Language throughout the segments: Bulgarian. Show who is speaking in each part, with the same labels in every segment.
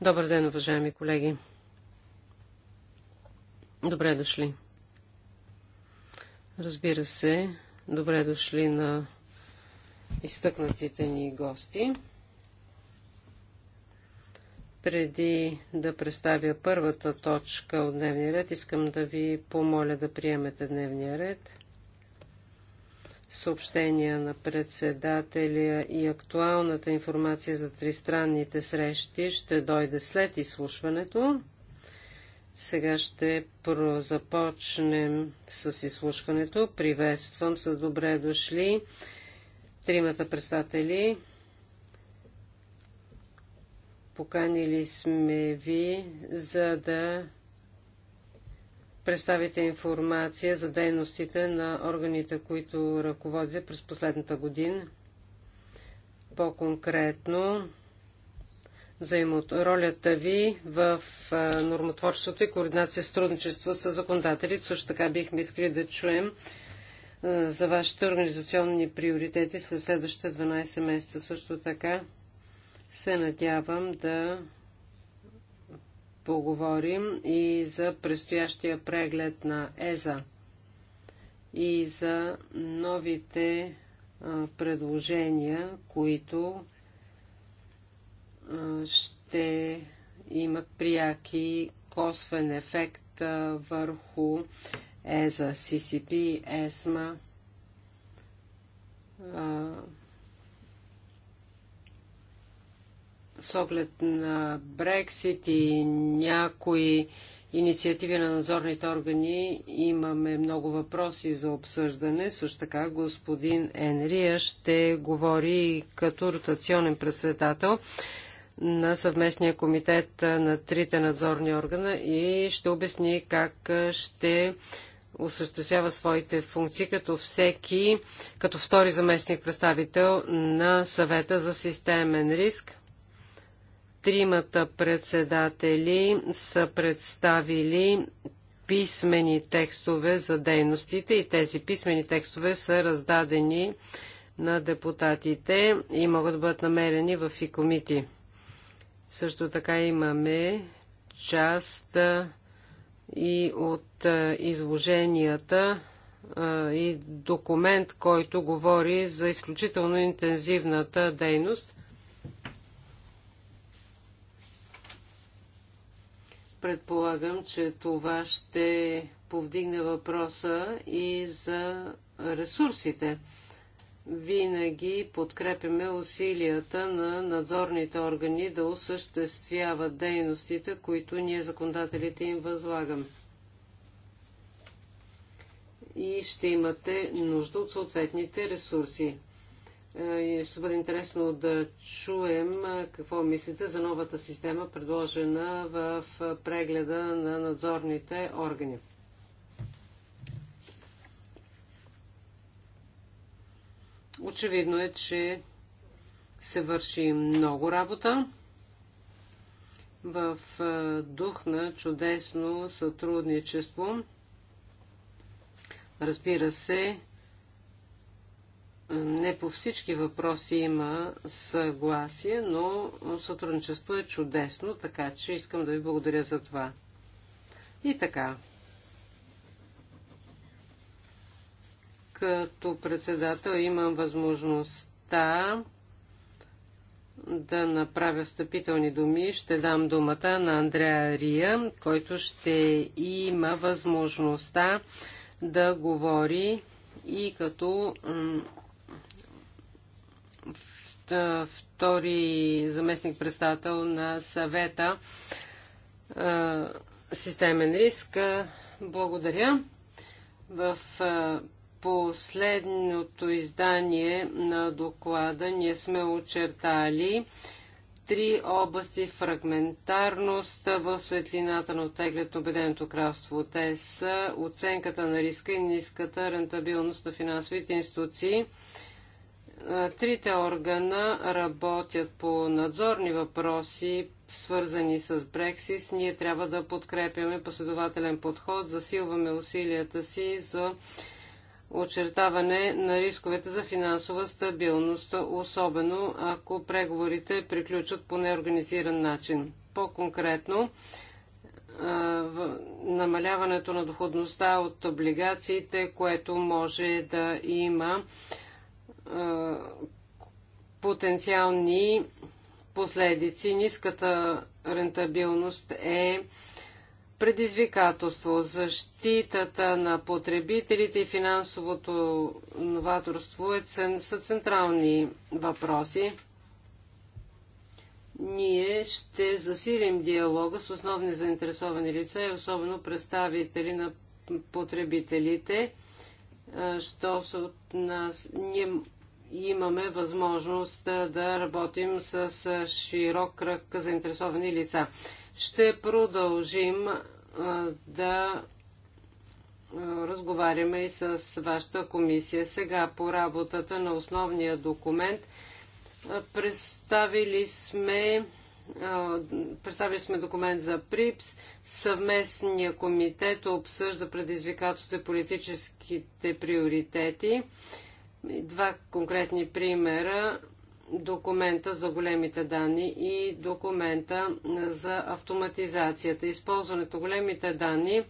Speaker 1: Добър ден, уважаеми колеги. Добре дошли. Разбира се, добре дошли на изтъкнатите ни гости. Преди да представя първата точка от дневния ред, искам да ви помоля да приемете дневния ред – съобщения на председателя и актуалната информация за тристранните срещи ще дойде след изслушването. Сега ще започнем с изслушването. Приветствам с добре дошли тримата представители. Поканили сме ви, за да представите информация за дейностите на органите, които ръководят през последната година. По-конкретно, ролята ви в нормотворчеството и координация с трудничество с законодателите. Също така бихме искали да чуем за вашите организационни приоритети след следващите 12 месеца. Също така се надявам да поговорим и за предстоящия преглед на ЕЗА и за новите а, предложения, които а, ще имат прияки косвен ефект а, върху ЕЗА, CCP, ЕСМА с оглед на Брексит и някои инициативи на надзорните органи имаме много въпроси за обсъждане. Също така господин Енрия ще говори като ротационен председател на съвместния комитет на трите надзорни органа и ще обясни как ще осъществява своите функции като всеки, като втори заместник представител на съвета за системен риск тримата председатели са представили писмени текстове за дейностите и тези писмени текстове са раздадени на депутатите и могат да бъдат намерени в икомити. Също така имаме част и от изложенията и документ, който говори за изключително интензивната дейност – Предполагам, че това ще повдигне въпроса и за ресурсите. Винаги подкрепяме усилията на надзорните органи да осъществяват дейностите, които ние законодателите им възлагам. И ще имате нужда от съответните ресурси. Е, и ще бъде интересно да чуем е, какво мислите за новата система, предложена в е, прегледа на надзорните органи. Очевидно е, че се върши много работа в дух на чудесно сътрудничество. Разбира се, не по всички въпроси има съгласие, но сътрудничество е чудесно, така че искам да ви благодаря за това. И така. Като председател имам възможността да направя встъпителни думи, ще дам думата на Андрея Рия, който ще има възможността да говори и като втори заместник представител на съвета системен риск. Благодаря. В последното издание на доклада ние сме очертали три области фрагментарност в светлината на оттеглят Обеденото кралство. Те са оценката на риска и ниската рентабилност на финансовите институции е, трите органа работят по надзорни въпроси, свързани с Брексис. Ние трябва да подкрепяме последователен подход, засилваме усилията си за очертаване на рисковете за финансова стабилност, особено ако преговорите приключат по неорганизиран начин. По-конкретно, е, намаляването на доходността от облигациите, което може да има потенциални последици. Ниската рентабилност е предизвикателство. Защитата на потребителите и финансовото новаторство е, са централни въпроси. Ние ще засилим диалога с основни заинтересовани лица и особено представители на потребителите. Що се от нас... Ние имаме възможност да работим с широк кръг заинтересовани лица. Ще продължим да разговаряме и с вашата комисия. Сега по работата на основния документ представили сме представили сме документ за ПРИПС. Съвместния комитет обсъжда предизвикателството и политическите приоритети. Два конкретни примера документа за големите данни и документа за автоматизацията. Използването големите данни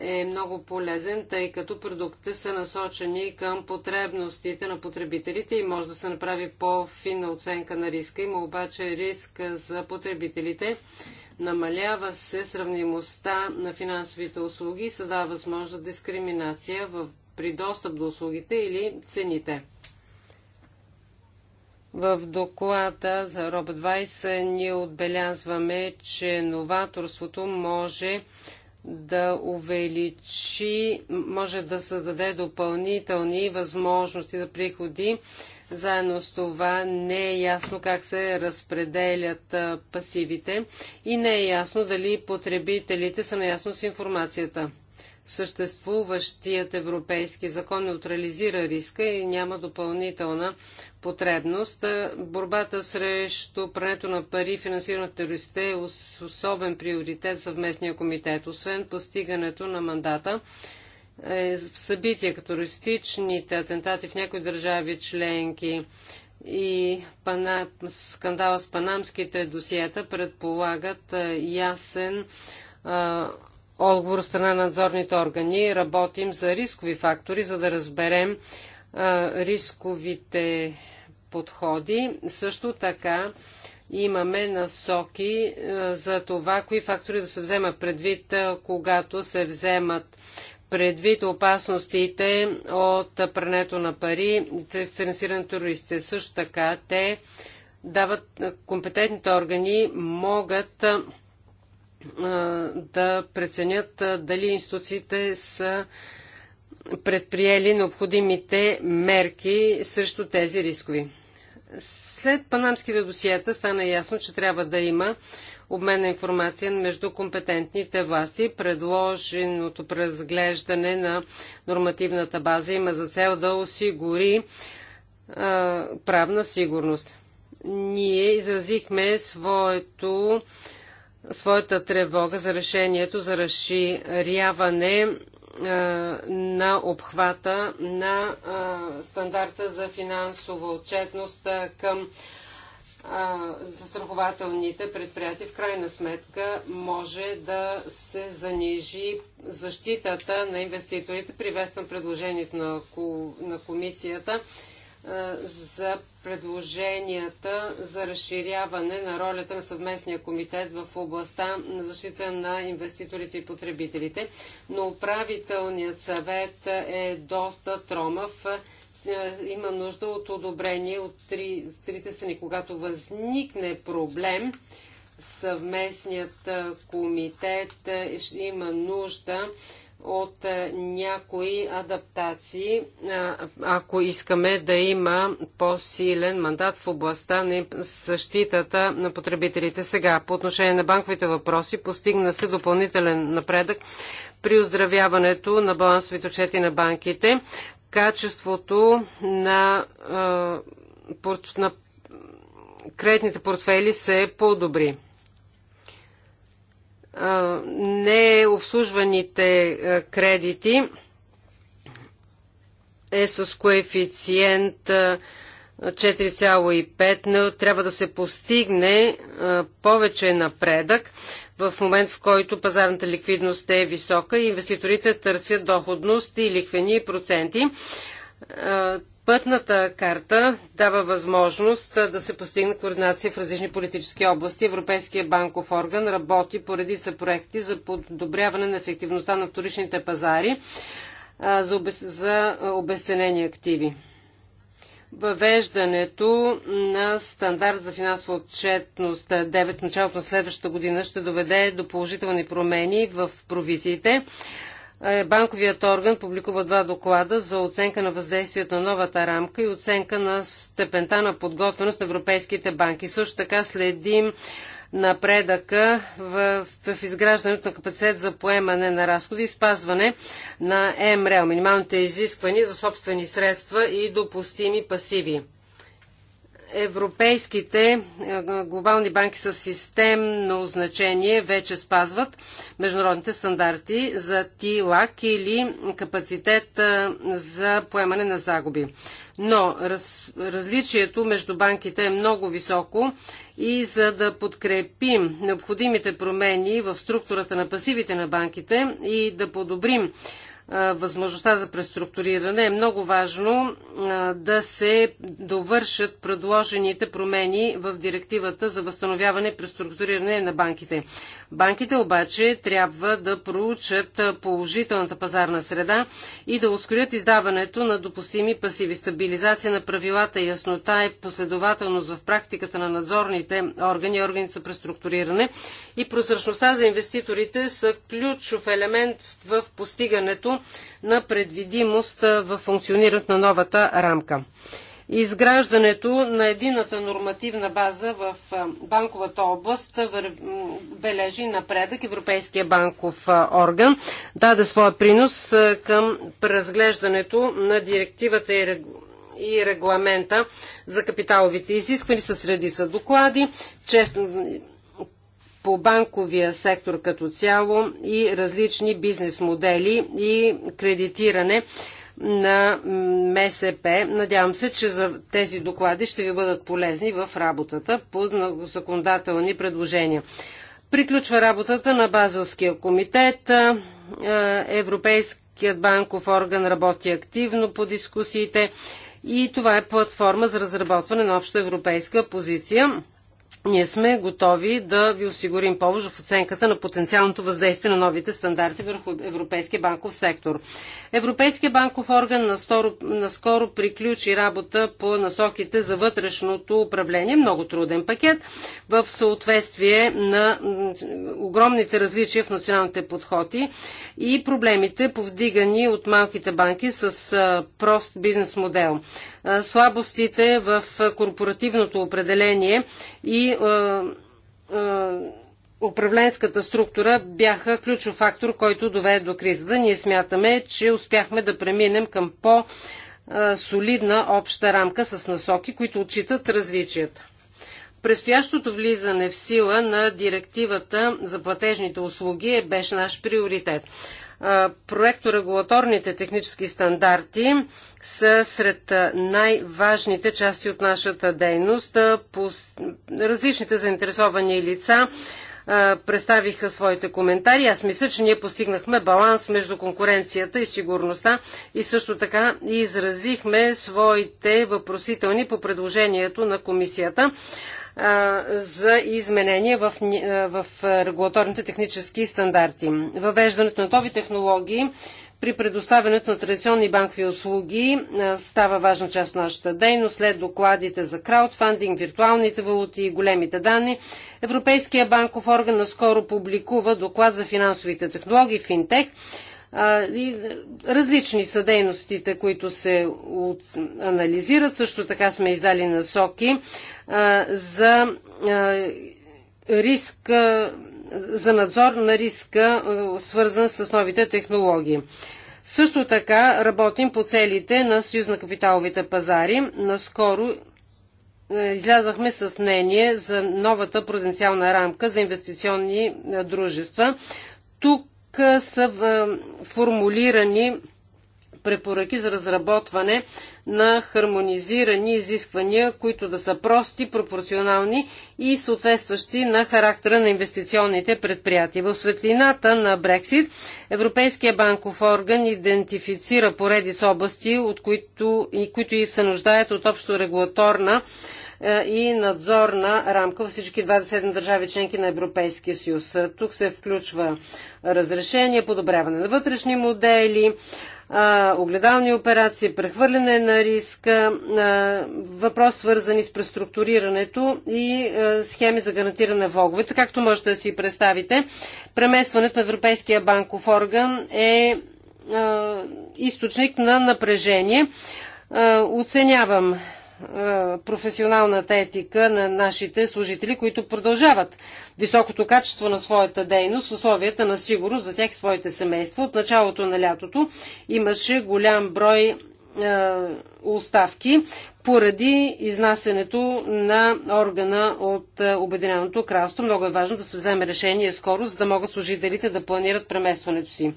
Speaker 1: е много полезен, тъй като продуктите са насочени към потребностите на потребителите и може да се направи по-финна оценка на риска. Има обаче риск за потребителите. Намалява се сравнимостта на финансовите услуги и създава възможност възможност дискриминация в при достъп до услугите или цените. В доклада за Роб 20 ние отбелязваме, че новаторството може да увеличи, може да създаде допълнителни възможности за приходи. Заедно с това не е ясно как се разпределят пасивите и не е ясно дали потребителите са наясно с информацията съществуващият европейски закон неутрализира риска и няма допълнителна потребност. Борбата срещу прането на пари и финансирането на терористите е особен приоритет съвместния комитет. Освен постигането на мандата, е, събития като терористичните атентати в някои държави членки и скандала с панамските досиета предполагат е, ясен отговор от страна на надзорните органи. Работим за рискови фактори, за да разберем а, рисковите подходи. Също така имаме насоки а, за това, кои фактори да се вземат предвид, а, когато се вземат предвид опасностите от прането на пари и финансиране на терористите. Също така те дават компетентните органи могат да преценят дали институциите са предприели необходимите мерки срещу тези рискови. След панамските досиета стана ясно, че трябва да има обмен на информация между компетентните власти. Предложеното преразглеждане на нормативната база има за цел да осигури а, правна сигурност. Ние изразихме своето своята тревога за решението за разширяване на обхвата на стандарта за финансова отчетност към застрахователните предприятия. В крайна сметка може да се занижи защитата на инвеститорите. Приветствам предложението на, на комисията е, за предложенията за разширяване на ролята на съвместния комитет в областта на защита на инвеститорите и потребителите. Но управителният съвет е доста тромав. Е, има нужда от одобрение от три, трите страни. Когато възникне проблем, съвместният е, комитет има нужда от е, някои адаптации, е, ако искаме да има по-силен мандат в областта на защитата на потребителите. Сега, по отношение на банковите въпроси, постигна се допълнителен напредък при оздравяването на балансовите отчети на банките, качеството на, е, на кредитните портфели се подобри необслужваните кредити е с коефициент 4,5. но Трябва да се постигне повече напредък в момент, в който пазарната ликвидност е висока и инвеститорите търсят доходност и лихвени проценти. Е, пътната карта дава възможност е, да се постигне координация в различни политически области. Европейския банков орган работи по редица проекти за подобряване на ефективността на вторичните пазари е, за, обесценени активи. Въвеждането на стандарт за финансова отчетност 9 в началото на следващата година ще доведе до положителни промени в провизиите е, банковият орган публикува два доклада за оценка на въздействието на новата рамка и оценка на степента на подготвеност на европейските банки. Също така следим напредъка в, в изграждането на капацитет за поемане на разходи и спазване на МРЛ, минималните изисквания за собствени средства и допустими пасиви европейските е, глобални банки с системно значение вече спазват международните стандарти за ТИЛАК или капацитет е, за поемане на загуби. Но раз, различието между банките е много високо и за да подкрепим необходимите промени в структурата на пасивите на банките и да подобрим възможността за преструктуриране, е много важно да се довършат предложените промени в директивата за възстановяване и преструктуриране на банките. Банките обаче трябва да проучат положителната пазарна среда и да ускорят издаването на допустими пасиви. Стабилизация на правилата, яснота и последователност в практиката на надзорните органи, органи за преструктуриране и прозрачността за инвеститорите са ключов елемент в постигането на предвидимост в функционирането на новата рамка. Изграждането на едината нормативна база в банковата област бележи напредък. Европейския банков орган даде своя принос към преразглеждането на директивата и регламента и регламента за капиталовите изисквания с редица доклади по банковия сектор като цяло и различни бизнес модели и кредитиране на МСП. Надявам се, че за тези доклади ще ви бъдат полезни в работата по законодателни предложения. Приключва работата на Базълския комитет. Е, Европейският банков орган работи активно по дискусиите и това е платформа за разработване на обща европейска позиция ние сме готови да ви осигурим помощ в оценката на потенциалното въздействие на новите стандарти върху Европейския банков сектор. Европейския банков орган наскоро, наскоро приключи работа по насоките за вътрешното управление, много труден пакет, в съответствие на огромните различия в националните подходи и проблемите повдигани от малките банки с прост бизнес модел слабостите в корпоративното определение и управленската структура бяха ключов фактор, който доведе до кризата. Ние смятаме, че успяхме да преминем към по- солидна обща рамка с насоки, които отчитат различията. Предстоящото влизане в сила на директивата за платежните услуги е, беше наш приоритет проекторегулаторните технически стандарти са сред най-важните части от нашата дейност. различните заинтересовани лица представиха своите коментари. Аз мисля, че ние постигнахме баланс между конкуренцията и сигурността и също така изразихме своите въпросителни по предложението на комисията за изменения в, в регулаторните технически стандарти. Въвеждането на нови технологии при предоставянето на традиционни банкови услуги става важна част на нашата дейност. След докладите за краудфандинг, виртуалните валути и големите данни, Европейския банков орган наскоро публикува доклад за финансовите технологии, финтех. Различни са дейностите, които се анализират. Също така сме издали насоки за риск, за надзор на риска, свързан с новите технологии. Също така работим по целите на Съюз на капиталовите пазари. Наскоро излязахме с мнение за новата пруденциална рамка за инвестиционни дружества. Тук са формулирани препоръки за разработване на хармонизирани изисквания, които да са прости, пропорционални и съответстващи на характера на инвестиционните предприятия. В светлината на Брексит Европейския банков орган идентифицира поредица области, от които, и които и се нуждаят от общо регулаторна е, и надзорна рамка във всички 27 държави членки на Европейския съюз. Тук се включва разрешение, подобряване на вътрешни модели, а, огледални операции, прехвърляне на риска, а, въпрос свързани с преструктурирането и а, схеми за гарантиране на влоговете. Както можете да си представите, премесването на Европейския банков орган е източник на напрежение. Оценявам е, професионалната етика на нашите служители, които продължават високото качество на своята дейност в условията на сигурност за тях и своите семейства. От началото на лятото имаше голям брой е, оставки поради изнасянето на органа от е, Обединеното кралство. Много е важно да се вземе решение скоро, за да могат служителите да планират преместването си.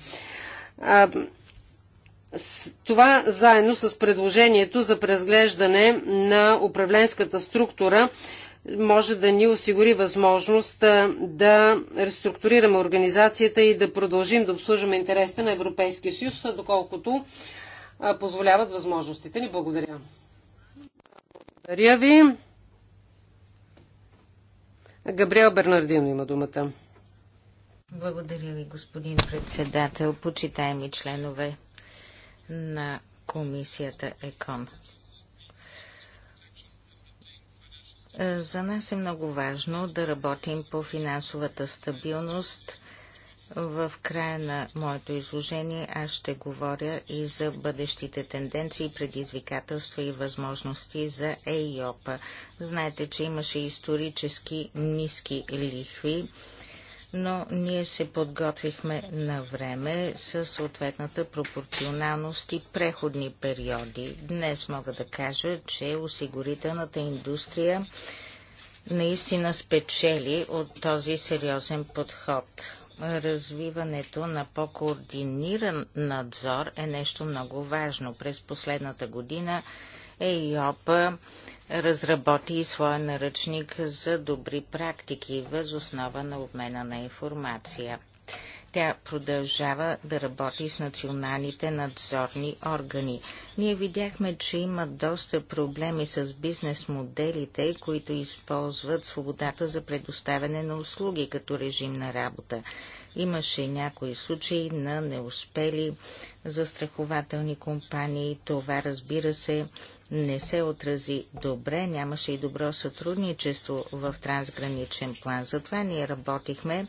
Speaker 1: Това заедно с предложението за презглеждане на управленската структура може да ни осигури възможност да реструктурираме организацията и да продължим да обслужваме интересите на Европейския съюз, доколкото позволяват възможностите ни. Благодаря. Благодаря ви. Габриел Бернардино има думата.
Speaker 2: Благодаря ви, господин председател, почитаеми членове на комисията ЕКОН. За нас е много важно да работим по финансовата стабилност. В края на моето изложение аз ще говоря и за бъдещите тенденции, предизвикателства и възможности за ЕИОПа. Знаете, че имаше исторически ниски лихви но ние се подготвихме на време с съответната пропорционалност и преходни периоди. Днес мога да кажа, че осигурителната индустрия наистина спечели от този сериозен подход. Развиването на по-координиран надзор е нещо много важно. През последната година ЕИОПа разработи и своя наръчник за добри практики въз основа на обмена на информация. Тя продължава да работи с националните надзорни органи. Ние видяхме, че има доста проблеми с бизнес моделите, които използват свободата за предоставяне на услуги като режим на работа. Имаше някои случаи на неуспели застрахователни компании. Това, разбира се, не се отрази добре, нямаше и добро сътрудничество в трансграничен план. Затова ние работихме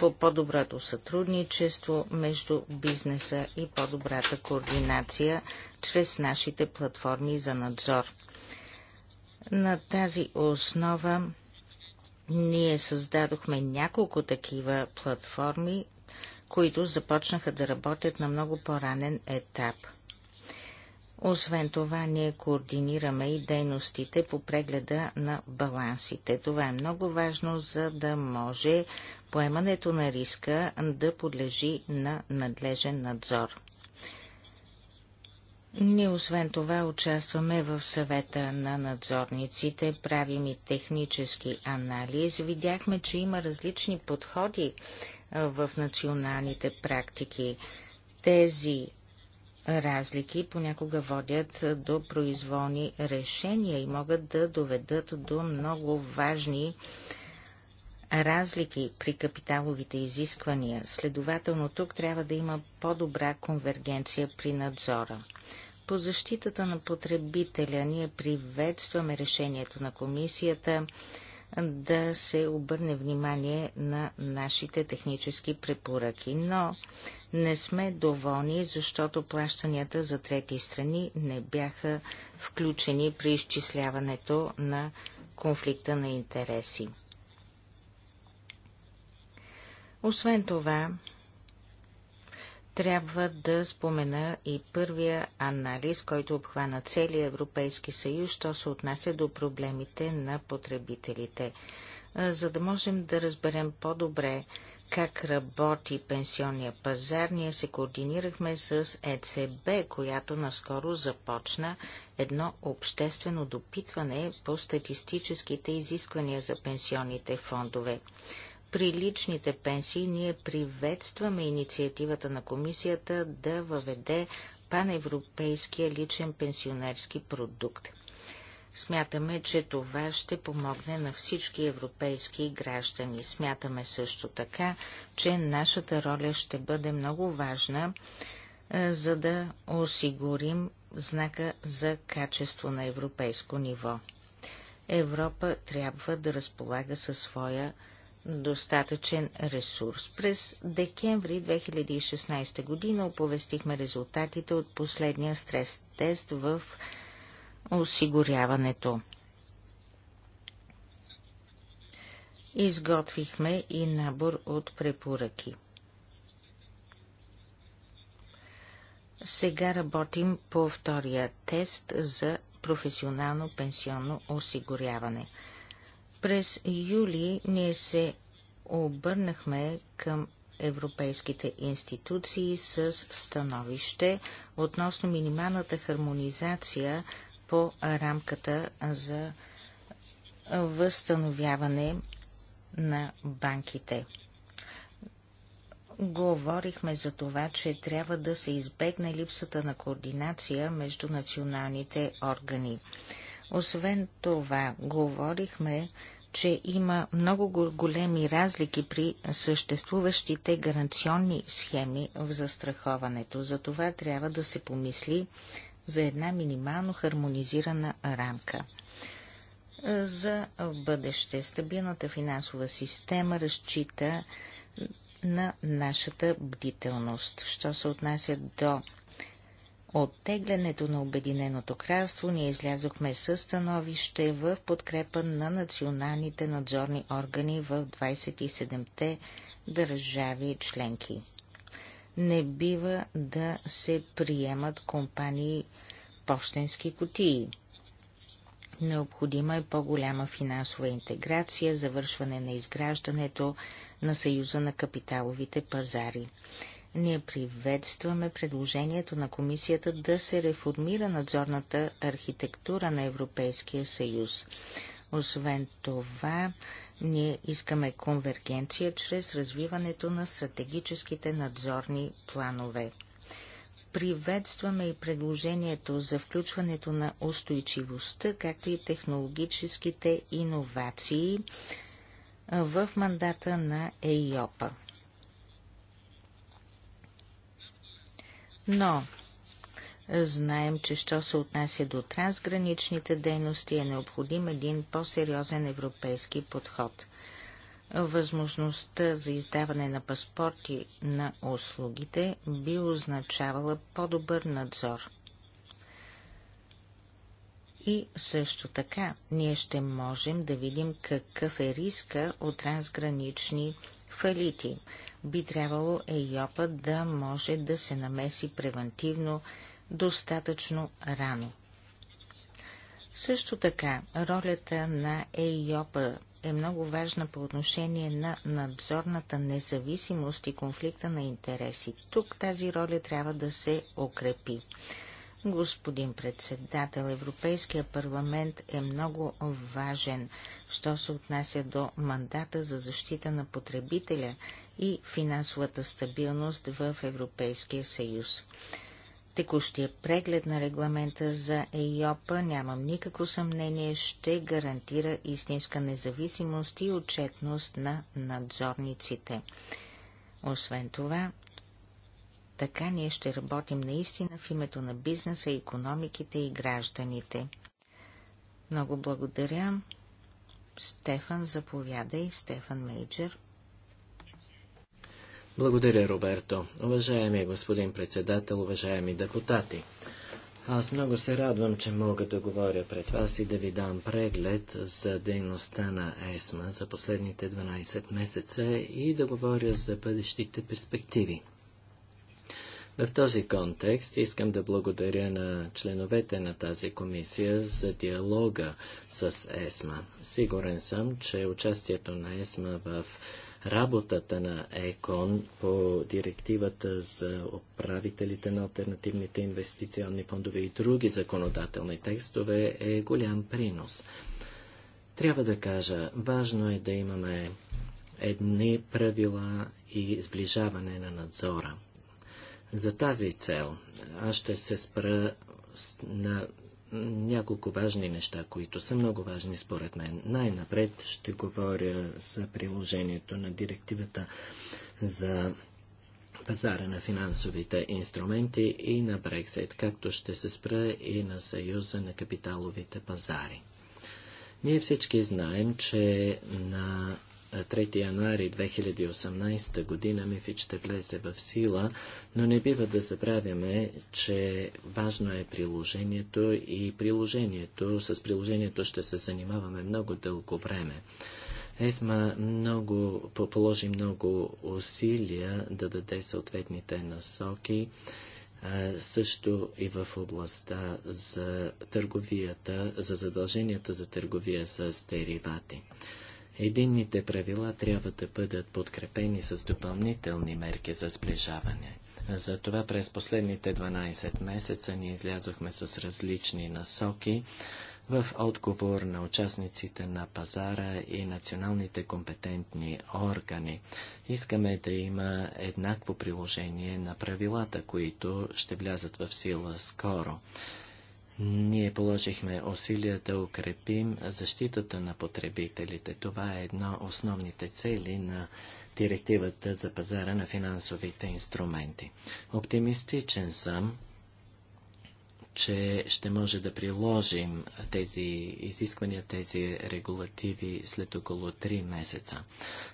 Speaker 2: по по-доброто сътрудничество между бизнеса и по-добрата координация чрез нашите платформи за надзор. На тази основа ние създадохме няколко такива платформи, които започнаха да работят на много по-ранен етап – освен това, ние координираме и дейностите по прегледа на балансите. Това е много важно, за да може поемането на риска да подлежи на надлежен надзор. Ние освен това участваме в съвета на надзорниците, правим и технически анализ. Видяхме, че има различни подходи в националните практики. Тези разлики понякога водят до произволни решения и могат да доведат до много важни разлики при капиталовите изисквания. Следователно, тук трябва да има по-добра конвергенция при надзора. По защитата на потребителя ние приветстваме решението на комисията да се обърне внимание на нашите технически препоръки, но не сме доволни, защото плащанията за трети страни не бяха включени при изчисляването на конфликта на интереси. Освен това, трябва да спомена и първия анализ, който обхвана целия Европейски съюз, що се отнася до проблемите на потребителите. За да можем да разберем по-добре как работи пенсионния пазар, ние се координирахме с ЕЦБ, която наскоро започна едно обществено допитване по статистическите изисквания за пенсионните фондове приличните пенсии, ние приветстваме инициативата на комисията да въведе паневропейския личен пенсионерски продукт. Смятаме, че това ще помогне на всички европейски граждани. Смятаме също така, че нашата роля ще бъде много важна, е, за да осигурим знака за качество на европейско ниво. Европа трябва да разполага със своя достатъчен ресурс. През декември 2016 година оповестихме резултатите от последния стрес тест в осигуряването. Изготвихме и набор от препоръки. Сега работим по втория тест за професионално пенсионно осигуряване – през юли ние се обърнахме към европейските институции с становище относно минималната хармонизация по рамката за възстановяване на банките. Говорихме за това, че трябва да се избегне липсата на координация между националните органи. Освен това, говорихме, че има много големи разлики при съществуващите гаранционни схеми в застраховането. За това трябва да се помисли за една минимално хармонизирана рамка. За бъдеще стабилната финансова система разчита на нашата бдителност. Що се отнася до оттеглянето на Обединеното кралство ние излязохме със становище в подкрепа на националните надзорни органи в 27-те държави членки. Не бива да се приемат компании почтенски кутии. Необходима е по-голяма финансова интеграция, завършване на изграждането на Съюза на капиталовите пазари. Ние приветстваме предложението на комисията да се реформира надзорната архитектура на Европейския съюз. Освен това, ние искаме конвергенция чрез развиването на стратегическите надзорни планове. Приветстваме и предложението за включването на устойчивостта, както и технологическите иновации в мандата на ЕИОПА. Но знаем, че що се отнася до трансграничните дейности е необходим един по-сериозен европейски подход. Възможността за издаване на паспорти на услугите би означавала по-добър надзор. И също така ние ще можем да видим какъв е риска от трансгранични фалити би трябвало ЕЙОПА да може да се намеси превентивно достатъчно рано. Също така, ролята на ЕИОПА е много важна по отношение на надзорната независимост и конфликта на интереси. Тук тази роля трябва да се укрепи. Господин председател, Европейския парламент е много важен, що се отнася до мандата за защита на потребителя и финансовата стабилност в Европейския съюз. Текущия преглед на регламента за ЕИОПа, нямам никакво съмнение, ще гарантира истинска независимост и отчетност на надзорниците. Освен това, така ние ще работим наистина в името на бизнеса, економиките и гражданите. Много благодаря. Стефан, заповядай, Стефан Мейджер.
Speaker 3: Благодаря, Роберто. Уважаеми господин председател, уважаеми депутати. Аз много се радвам, че мога да говоря пред вас и да ви дам преглед за дейността на ЕСМА за последните 12 месеца и да говоря за бъдещите перспективи. В този контекст искам да благодаря на членовете на тази комисия за диалога с ЕСМА. Сигурен съм, че участието на ЕСМА в работата на ЕКОН по директивата за управителите на альтернативните инвестиционни фондове и други законодателни текстове е голям принос. Трябва да кажа, важно е да имаме едни правила и сближаване на надзора. За тази цел аз ще се спра на няколко важни неща, които са много важни според мен. Най-напред ще говоря за приложението на директивата за пазара на финансовите инструменти и на Брексит, както ще се спра и на Съюза на капиталовите пазари. Ние всички знаем, че на 3 януари 2018 година МИФИ ще влезе в сила, но не бива да забравяме, че важно е приложението и приложението, с приложението ще се занимаваме много дълго време. ЕСМА много, положи много усилия да даде съответните насоки, също и в областта за търговията, за задълженията за търговия с деривати. Единните правила трябва да бъдат подкрепени с допълнителни мерки за сближаване. Затова през последните 12 месеца ние излязохме с различни насоки в отговор на участниците на пазара и националните компетентни органи. Искаме да има еднакво приложение на правилата, които ще влязат в сила скоро. Ние положихме усилия да укрепим защитата на потребителите. Това е една от основните цели на директивата за пазара на финансовите инструменти. Оптимистичен съм, че ще може да приложим тези изисквания, тези регулативи след около 3 месеца.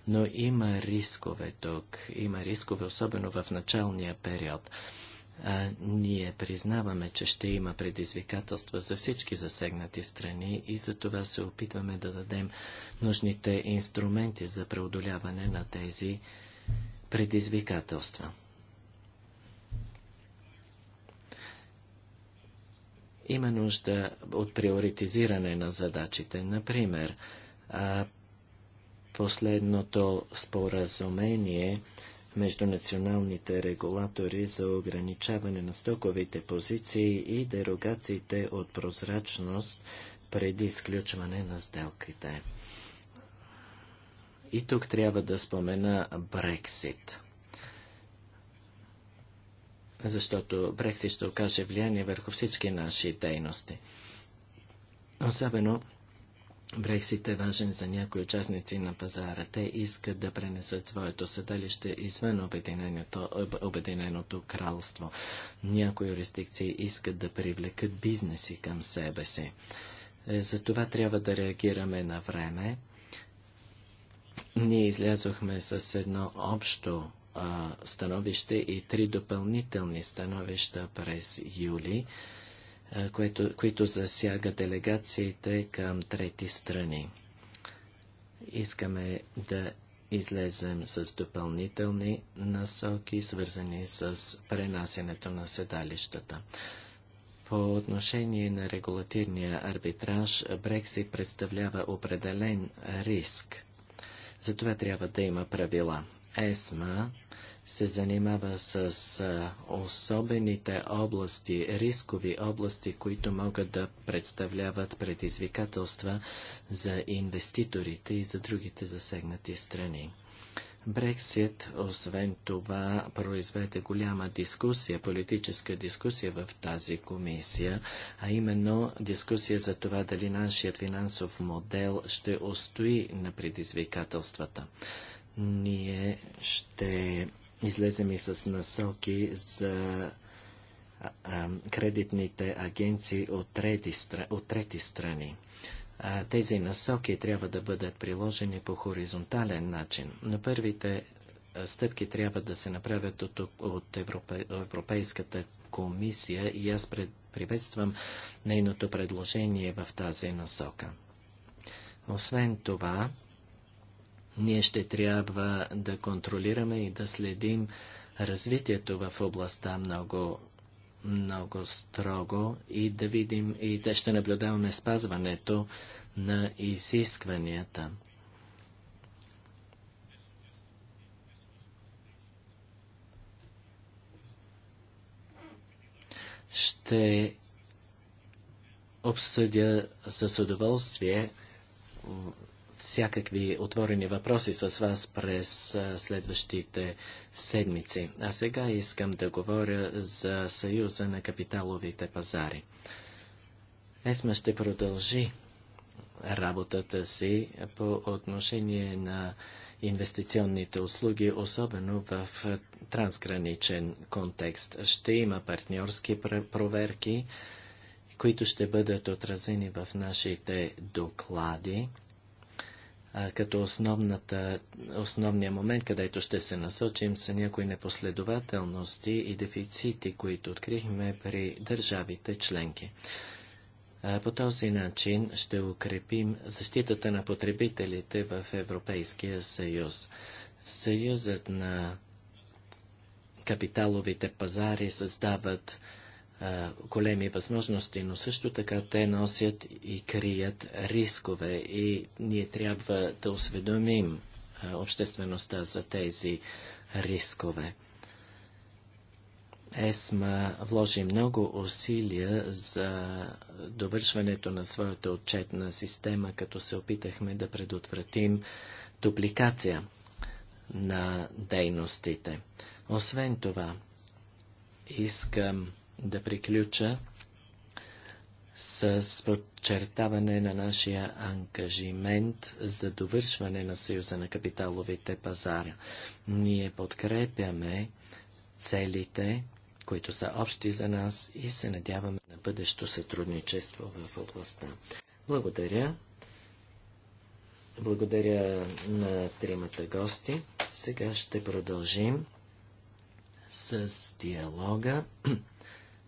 Speaker 3: Но има рискове тук, има рискове особено в началния период а, ние признаваме, че ще има предизвикателства за всички засегнати страни и за това се опитваме да дадем нужните инструменти за преодоляване на тези предизвикателства. Има нужда от приоритизиране на задачите. Например, а, последното споразумение – между националните регулатори за ограничаване на стоковите позиции и дерогациите от прозрачност преди изключване на сделките. И тук трябва да спомена Брексит. Защото Брексит ще окаже влияние върху всички наши дейности. Особено Брексит е важен за някои участници на пазара. Те искат да пренесат своето съдалище извън Обединеното, Обединеното кралство. Някои юрисдикции искат да привлекат бизнеси към себе си. Е, за това трябва да реагираме на време. Ние излязохме с едно общо а, становище и три допълнителни становища през юли което, които засяга делегациите към трети страни. Искаме да излезем с допълнителни насоки, свързани с пренасенето на седалищата. По отношение на регулативния арбитраж, Брексит представлява определен риск. Затова трябва да има правила. ЕСМА се занимава с особените области, рискови области, които могат да представляват предизвикателства за инвеститорите и за другите засегнати страни. Брексит, освен това, произведе голяма дискусия, политическа дискусия в тази комисия, а именно дискусия за това дали нашият финансов модел ще устои на предизвикателствата. Ние ще Излезем и с насоки за кредитните агенции от трети, от трети страни. Тези насоки трябва да бъдат приложени по хоризонтален начин. На първите стъпки трябва да се направят от, от Европе, Европейската комисия и аз пред, приветствам нейното предложение в тази насока. Освен това, ние ще трябва да контролираме и да следим развитието в областта много, много строго и да видим и да ще наблюдаваме спазването на изискванията. Ще обсъдя с удоволствие всякакви отворени въпроси с вас през следващите седмици. А сега искам да говоря за Съюза на капиталовите пазари. ЕСМА ще продължи работата си по отношение на инвестиционните услуги, особено в трансграничен контекст. Ще има партньорски проверки, които ще бъдат отразени в нашите доклади а, като основната, основния момент, където ще се насочим, са някои непоследователности и дефицити, които открихме при държавите членки. А, по този начин ще укрепим защитата на потребителите в Европейския съюз. Съюзът на капиталовите пазари създават големи възможности, но също така те носят и крият рискове и ние трябва да осведомим обществеността за тези рискове. ЕСМА вложи много усилия за довършването на своята отчетна система, като се опитахме да предотвратим дупликация на дейностите. Освен това, искам да приключа с подчертаване на нашия ангажимент за довършване на Съюза на капиталовите пазара. Ние подкрепяме целите, които са общи за нас и се надяваме на бъдещо сътрудничество в областта. Благодаря. Благодаря на тримата гости. Сега ще продължим с диалога.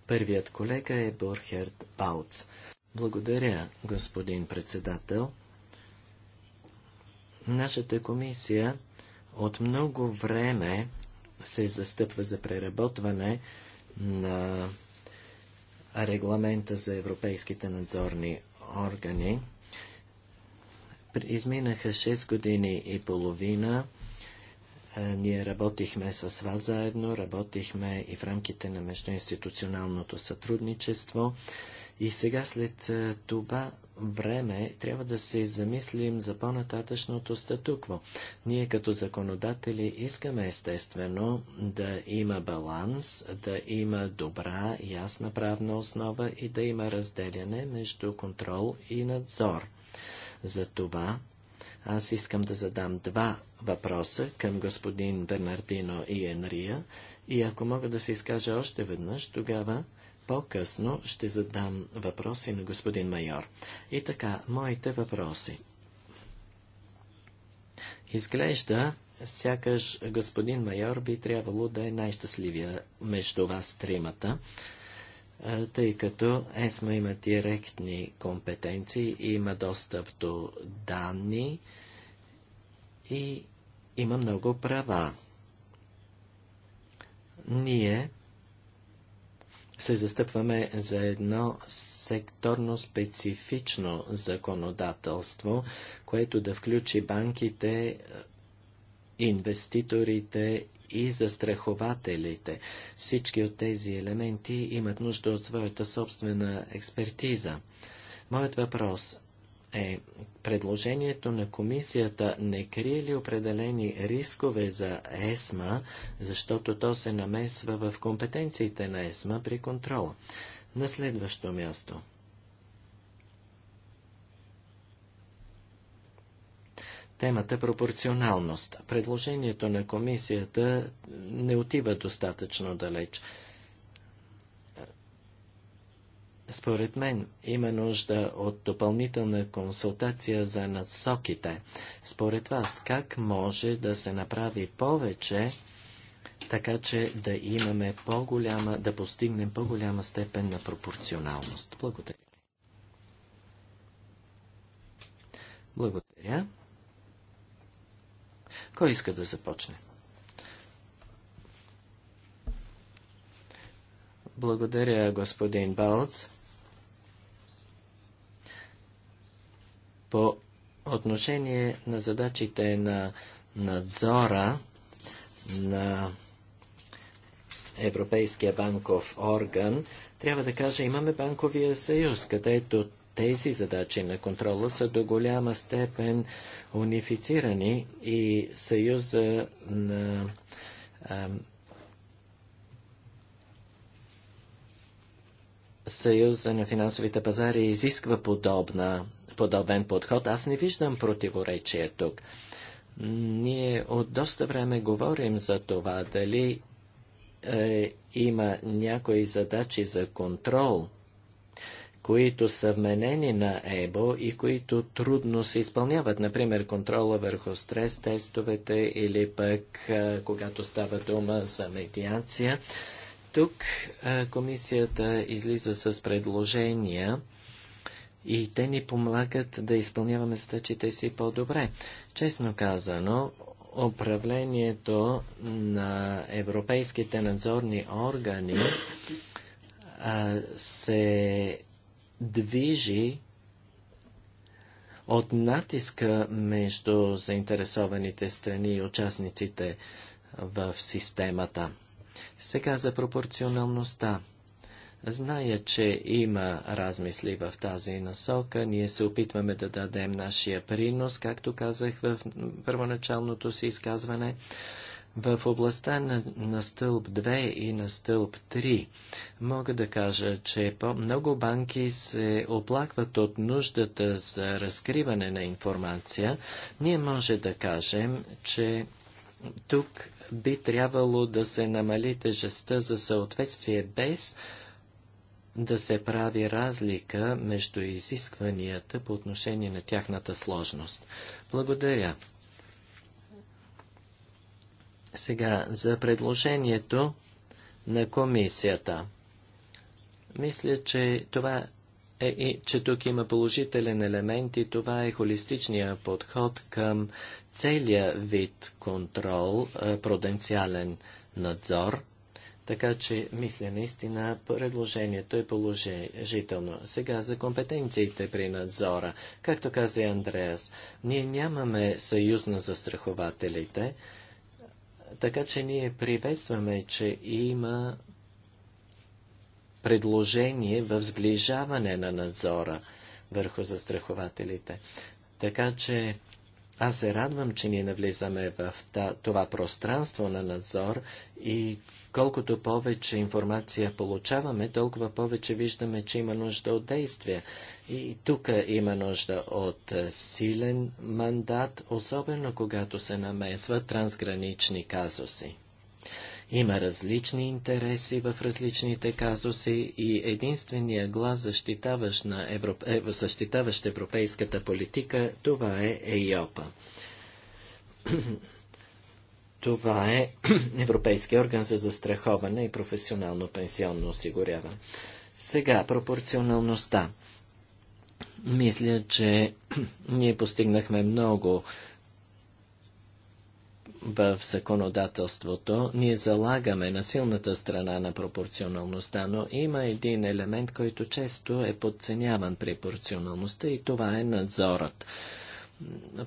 Speaker 3: Първият колега е Борхерт Бауц. Благодаря, господин председател. Нашата комисия от много време се застъпва за преработване на регламента за европейските надзорни органи. Изминаха 6 години и половина ние работихме с вас заедно, работихме и в рамките на междуинституционалното сътрудничество. И сега след това време трябва да се замислим за по-нататъчното статукво. Ние като законодатели искаме естествено да има баланс, да има добра, ясна правна основа и да има разделяне между контрол и надзор. За това аз искам да задам два въпроса към господин Бернардино и Енрия и ако мога да се изкажа още веднъж, тогава по-късно ще задам въпроси на господин майор. И така, моите въпроси. Изглежда, сякаш господин майор би трябвало да е най-щастливия между вас тримата, тъй като ЕСМА има директни компетенции, има достъп до данни и има много права. Ние се застъпваме за едно секторно специфично законодателство, което да включи банките, инвеститорите и застрахователите. Всички от тези елементи имат нужда от своята собствена експертиза. Моят въпрос е, предложението на комисията не крие ли определени рискове за ЕСМА, защото то се намесва в компетенциите на ЕСМА при контрола? На следващо място – темата е пропорционалност. Предложението на комисията не отива достатъчно далеч. Според мен има нужда от допълнителна консултация за надсоките. Според вас, как може да се направи повече, така че да имаме по-голяма, да постигнем по-голяма степен на пропорционалност? Благодаря. Благодаря. Кой иска да започне? Благодаря, господин Балц. По отношение на задачите на надзора на Европейския банков орган, трябва да кажа, имаме банковия съюз, където тези задачи на контрола са до голяма степен унифицирани и съюза на Съюза на финансовите пазари изисква подобна, подобен подход. Аз не виждам противоречие тук. Ние от доста време говорим за това дали е, има някои задачи за контрол, които са вменени на ЕБО и които трудно се изпълняват. Например, контрола върху стрес тестовете или пък когато става дума за медиация. Тук комисията излиза с предложения и те ни помагат да изпълняваме стъчите си по-добре. Честно казано, управлението на европейските надзорни органи се движи от натиска между заинтересованите страни и участниците в системата. Сега за пропорционалността. Зная, че има размисли в тази насока, ние се опитваме да дадем нашия принос, както казах в първоначалното си изказване. В областта на, на стълб 2 и на стълб 3 мога да кажа, че по- много банки се оплакват от нуждата за разкриване на информация. Ние може да кажем, че тук би трябвало да се намали тежестта за съответствие без да се прави разлика между изискванията по отношение на тяхната сложност. Благодаря. Сега за предложението на комисията. Мисля, че това е, и, че тук има положителен елемент и това е холистичния подход към целия вид контрол, е, проденциален надзор. Така че, мисля наистина, предложението е положително. Сега за компетенциите при надзора. Както каза Андреас, ние нямаме съюз на застрахователите. Така че ние приветстваме, че има предложение в сближаване на надзора върху застрахователите. Така че аз се радвам, че ние навлизаме в това пространство на надзор и колкото повече информация получаваме, толкова повече виждаме, че има нужда от действия. И тук има нужда от силен мандат, особено когато се намесват трансгранични казуси. Има различни интереси в различните казуси и единствения глас защитаващ, на Европ... е, защитаващ европейската политика, това е ЕЙОПА. Това е Европейския орган за застраховане и професионално пенсионно осигуряване. Сега, пропорционалността. Мисля, че ние постигнахме много в законодателството ние залагаме на силната страна на пропорционалността, но има един елемент, който често е подценяван при пропорционалността и това е надзорът.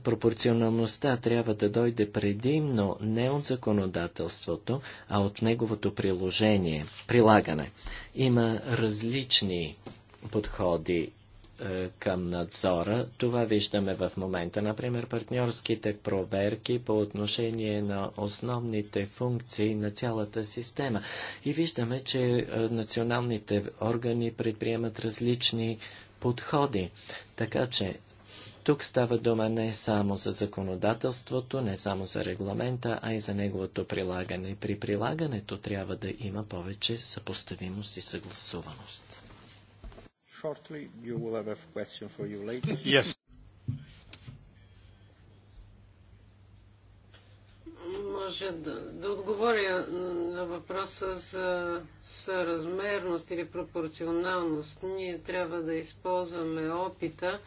Speaker 3: Пропорционалността трябва да дойде предимно не от законодателството, а от неговото приложение, прилагане. Има различни подходи е, към надзора. Това виждаме в момента. Например, партньорските проверки по отношение на основните функции на цялата система. И виждаме, че е, националните органи предприемат различни подходи. Така че тук става дума не само за законодателството, не само за регламента, а и за неговото прилагане. При прилагането трябва да има повече съпоставимост и съгласуваност shortly. You will have a question for you later. Yes.
Speaker 1: Може да, да отговоря на въпроса за съразмерност или пропорционалност. Ние трябва да използваме опита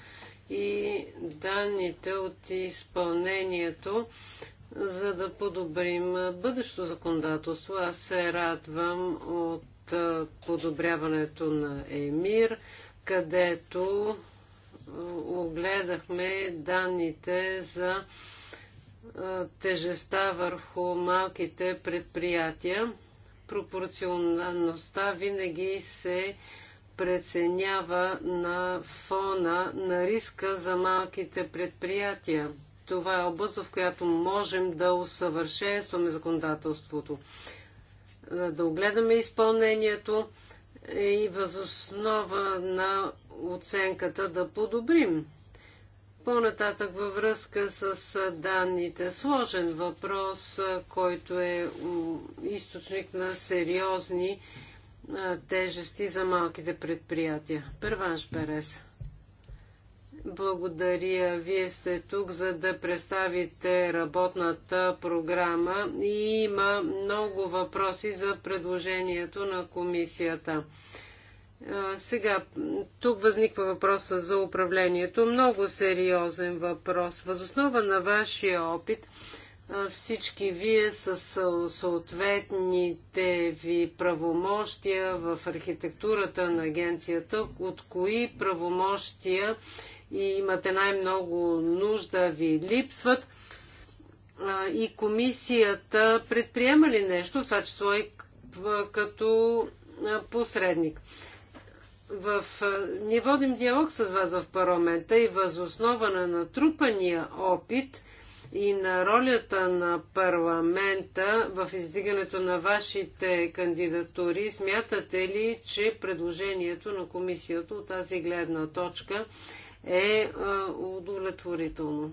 Speaker 1: и данните от изпълнението, за да подобрим бъдещо законодателство. Аз се радвам от подобряването на ЕМИР, където огледахме данните за тежеста върху малките предприятия. Пропорционалността винаги се преценява на фона на риска за малките предприятия. Това е област, в която можем да усъвършенстваме законодателството, да огледаме изпълнението, е и възоснова на оценката да подобрим. По-нататък във връзка с данните. Сложен въпрос, който е източник на сериозни тежести за малките предприятия. Първаш Берес. Благодаря. Вие сте тук, за да представите работната програма и има много въпроси за предложението на комисията. Сега, тук възниква въпроса за управлението. Много сериозен въпрос. Възоснова на вашия опит, всички вие с съответните ви правомощия в архитектурата на агенцията, от кои правомощия и имате най-много нужда, ви липсват. И комисията предприема ли нещо, в това число и като посредник? в, ние водим диалог с вас в парламента и възоснова на натрупания опит и на ролята на парламента в издигането на вашите кандидатури, смятате ли, че предложението на комисията от тази гледна точка е, е удовлетворително.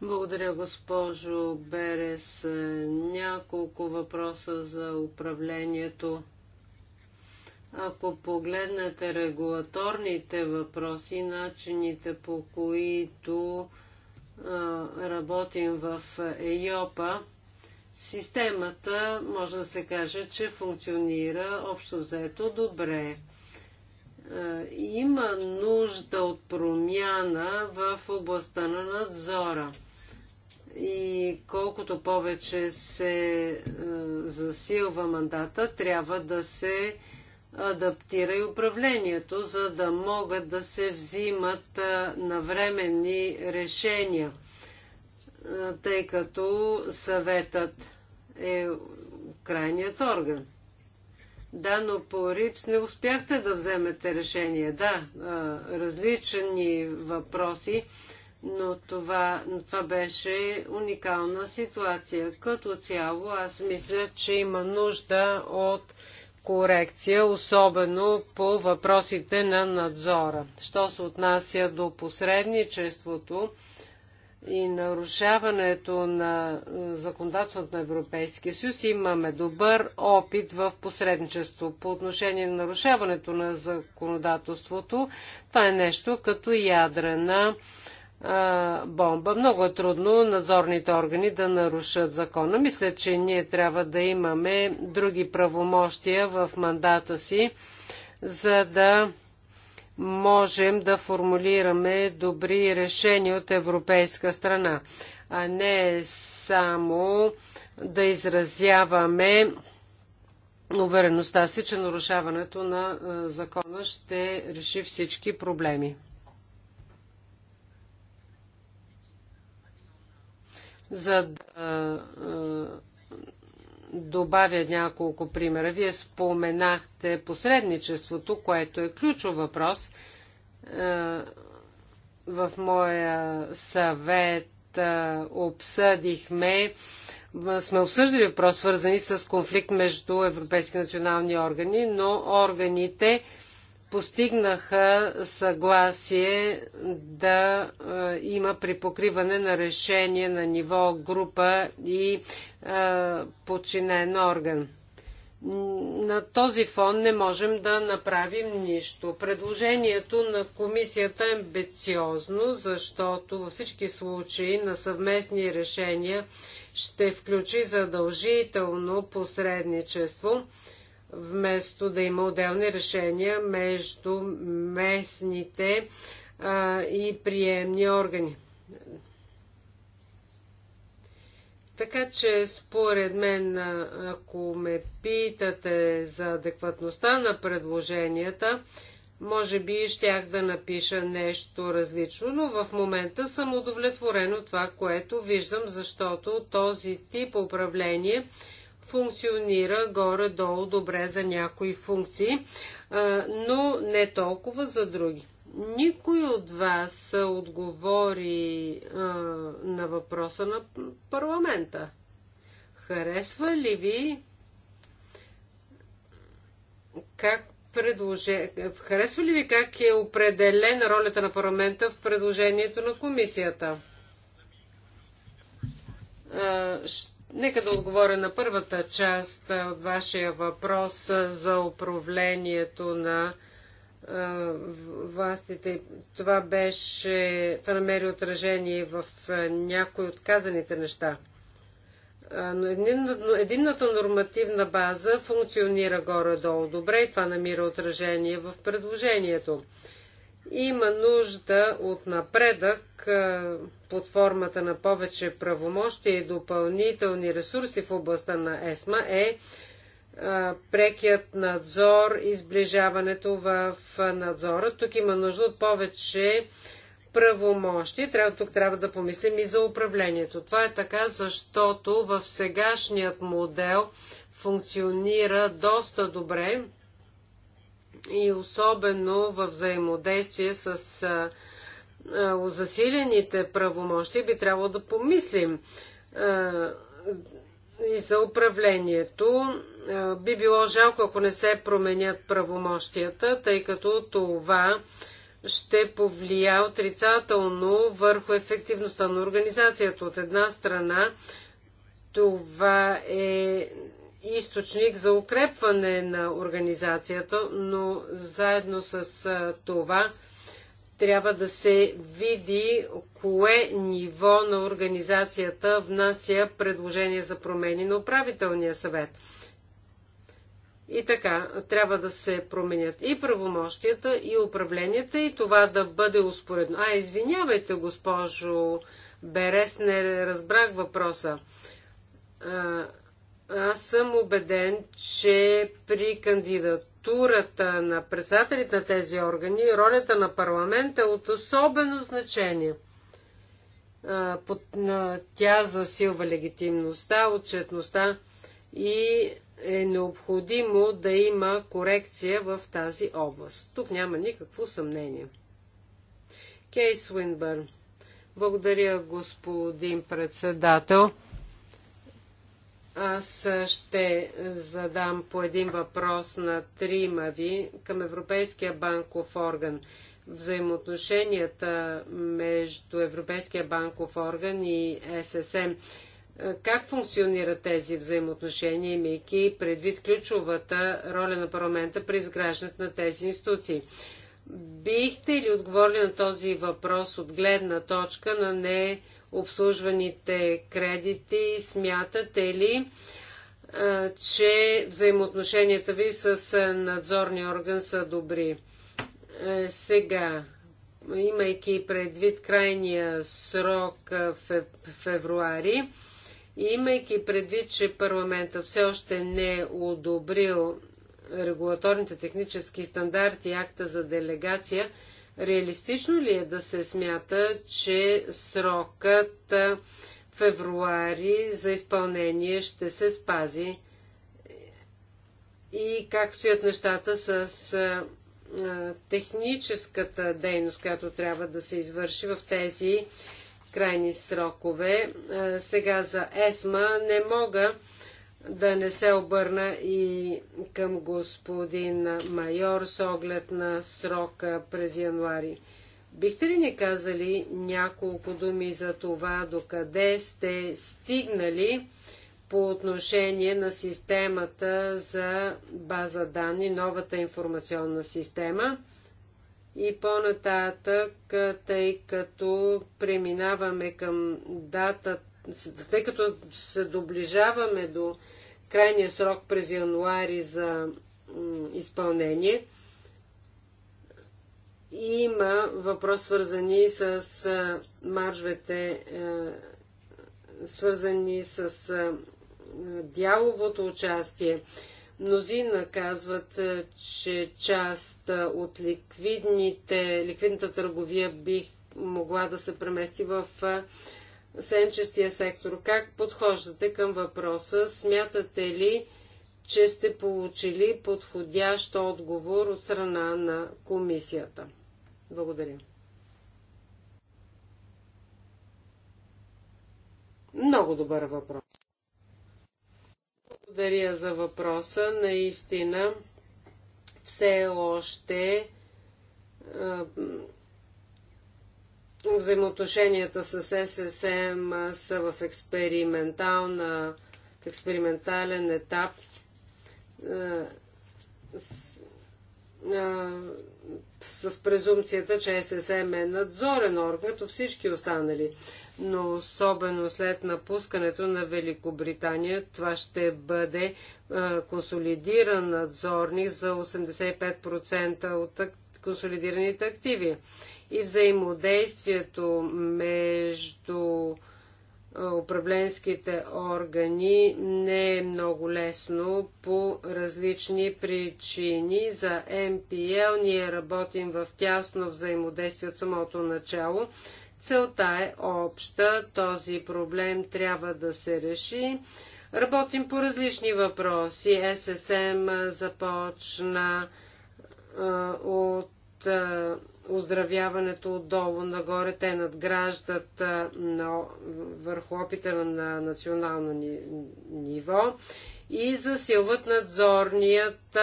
Speaker 1: Благодаря, госпожо Берес. Няколко въпроса за управлението. Ако погледнете регулаторните въпроси, начините по които а, работим в ЕЙОПА, Системата може да се каже, че функционира общо взето добре. Е, има нужда от промяна в областта на надзора. И колкото повече се е, засилва мандата, трябва да се адаптира и управлението, за да могат да се взимат е, навременни решения, тъй като съветът е крайният орган. Да, но по РИПС не успяхте да вземете решение. Да, различни въпроси, но това, но това беше уникална ситуация. Като цяло, аз мисля, че има нужда от корекция, особено по въпросите на надзора. Що се отнася до посредничеството, и нарушаването на е, законодателството на Европейския съюз имаме добър опит в посредничество. По отношение на нарушаването на законодателството, това е нещо като ядрена е, бомба. Много е трудно надзорните органи да нарушат закона. Мисля, че ние трябва да имаме други правомощия в мандата си, за да можем да формулираме добри решения от европейска страна, а не само да изразяваме увереността си, че нарушаването на е, закона ще реши всички проблеми. За да е, добавя няколко примера. Вие споменахте посредничеството, което е ключов въпрос. Е, в моя съвет е, обсъдихме, сме обсъждали въпрос, свързани с конфликт между европейски национални органи, но органите постигнаха съгласие да е, има припокриване на решение на ниво група и е, подчинен орган. На този фон не можем да направим нищо. Предложението на комисията е амбициозно, защото във всички случаи на съвместни решения ще включи задължително посредничество вместо да има отделни решения между местните а, и приемни органи. Така че, според мен, ако ме питате за адекватността на предложенията, може би щях да напиша нещо различно, но в момента съм удовлетворен от това, което виждам, защото този тип управление – функционира горе-долу добре за някои функции, но не толкова за други. Никой от вас отговори на въпроса на парламента. Харесва ли ви как предложе... Харесва ли ви как е определена ролята на парламента в предложението на комисията? ще Нека да отговоря на първата част от вашия въпрос за управлението на властите. Това беше, това намери отражение в някои от казаните неща. единната нормативна база функционира горе-долу добре и това намира отражение в предложението. Има нужда от напредък е, под формата на повече правомощия и допълнителни ресурси в областта на ЕСМА е, е прекият надзор и сближаването в надзора. Тук има нужда от повече правомощи. Трябва, тук трябва да помислим и за управлението. Това е така, защото в сегашният модел функционира доста добре и особено в взаимодействие с засилените правомощи би трябвало да помислим и за управлението. Би било жалко, ако не се променят правомощията, тъй като това ще повлия отрицателно върху ефективността на организацията. От една страна, това е източник за укрепване на организацията, но заедно с това трябва да се види кое ниво на организацията внася предложение за промени на управителния съвет. И така, трябва да се променят и правомощията, и управленията, и това да бъде успоредно. А, извинявайте, госпожо Берес, не разбрах въпроса. Аз съм убеден, че при кандидатурата на председателите на тези органи ролята на парламента е от особено значение. Тя засилва легитимността, отчетността и е необходимо да има корекция в тази област. Тук няма никакво съмнение. Кейс Уинбърн. Благодаря, господин председател. Аз ще задам по един въпрос на трима ви към Европейския банков орган. Взаимоотношенията между Европейския банков орган и ССМ. Как функционират тези взаимоотношения, имайки предвид ключовата роля на парламента при изграждането на тези институции? Бихте ли отговорили на този въпрос от гледна точка на не обслужваните кредити? Смятате ли, че взаимоотношенията ви с надзорния орган са добри? Сега, имайки предвид крайния срок в февруари, имайки предвид, че парламента все още не е одобрил регулаторните технически стандарти и акта за делегация, Реалистично ли е да се смята, че срокът февруари за изпълнение ще се спази? И как стоят нещата с техническата дейност, която трябва да се извърши в тези крайни срокове? Сега за ЕСМА не мога да не се обърна и към господин майор с оглед на срока през януари. Бихте ли ни казали няколко думи за това, докъде сте стигнали по отношение на системата за база данни, новата информационна система? И по-нататък, тъй като преминаваме към датата, тъй като се доближаваме до крайния срок през януари за изпълнение, има въпрос свързани с маржвете, свързани с дяловото участие. Мнозина казват, че част от ликвидните, ликвидната търговия бих могла да се премести в сенчестия сектор. Как подхождате към въпроса? Смятате ли, че сте получили подходящ отговор от страна на комисията? Благодаря. Много добър въпрос. Благодаря за въпроса. Наистина, все още Взаимоотношенията с ССМ са в, експериментална, в експериментален етап. Е, с, е, с презумцията, че ССМ е надзорен орган, като всички останали. Но особено след напускането на Великобритания, това ще бъде а, е, консолидиран надзорник за 85% от консолидираните активи и взаимодействието между управленските органи не е много лесно по различни причини. За МПЛ ние работим в тясно взаимодействие от самото начало. Целта е обща. Този проблем трябва да се реши. Работим по различни въпроси. ССМ започна от оздравяването отдолу нагоре. Те надграждат на, върху опита на национално ни, ниво и засилват надзорният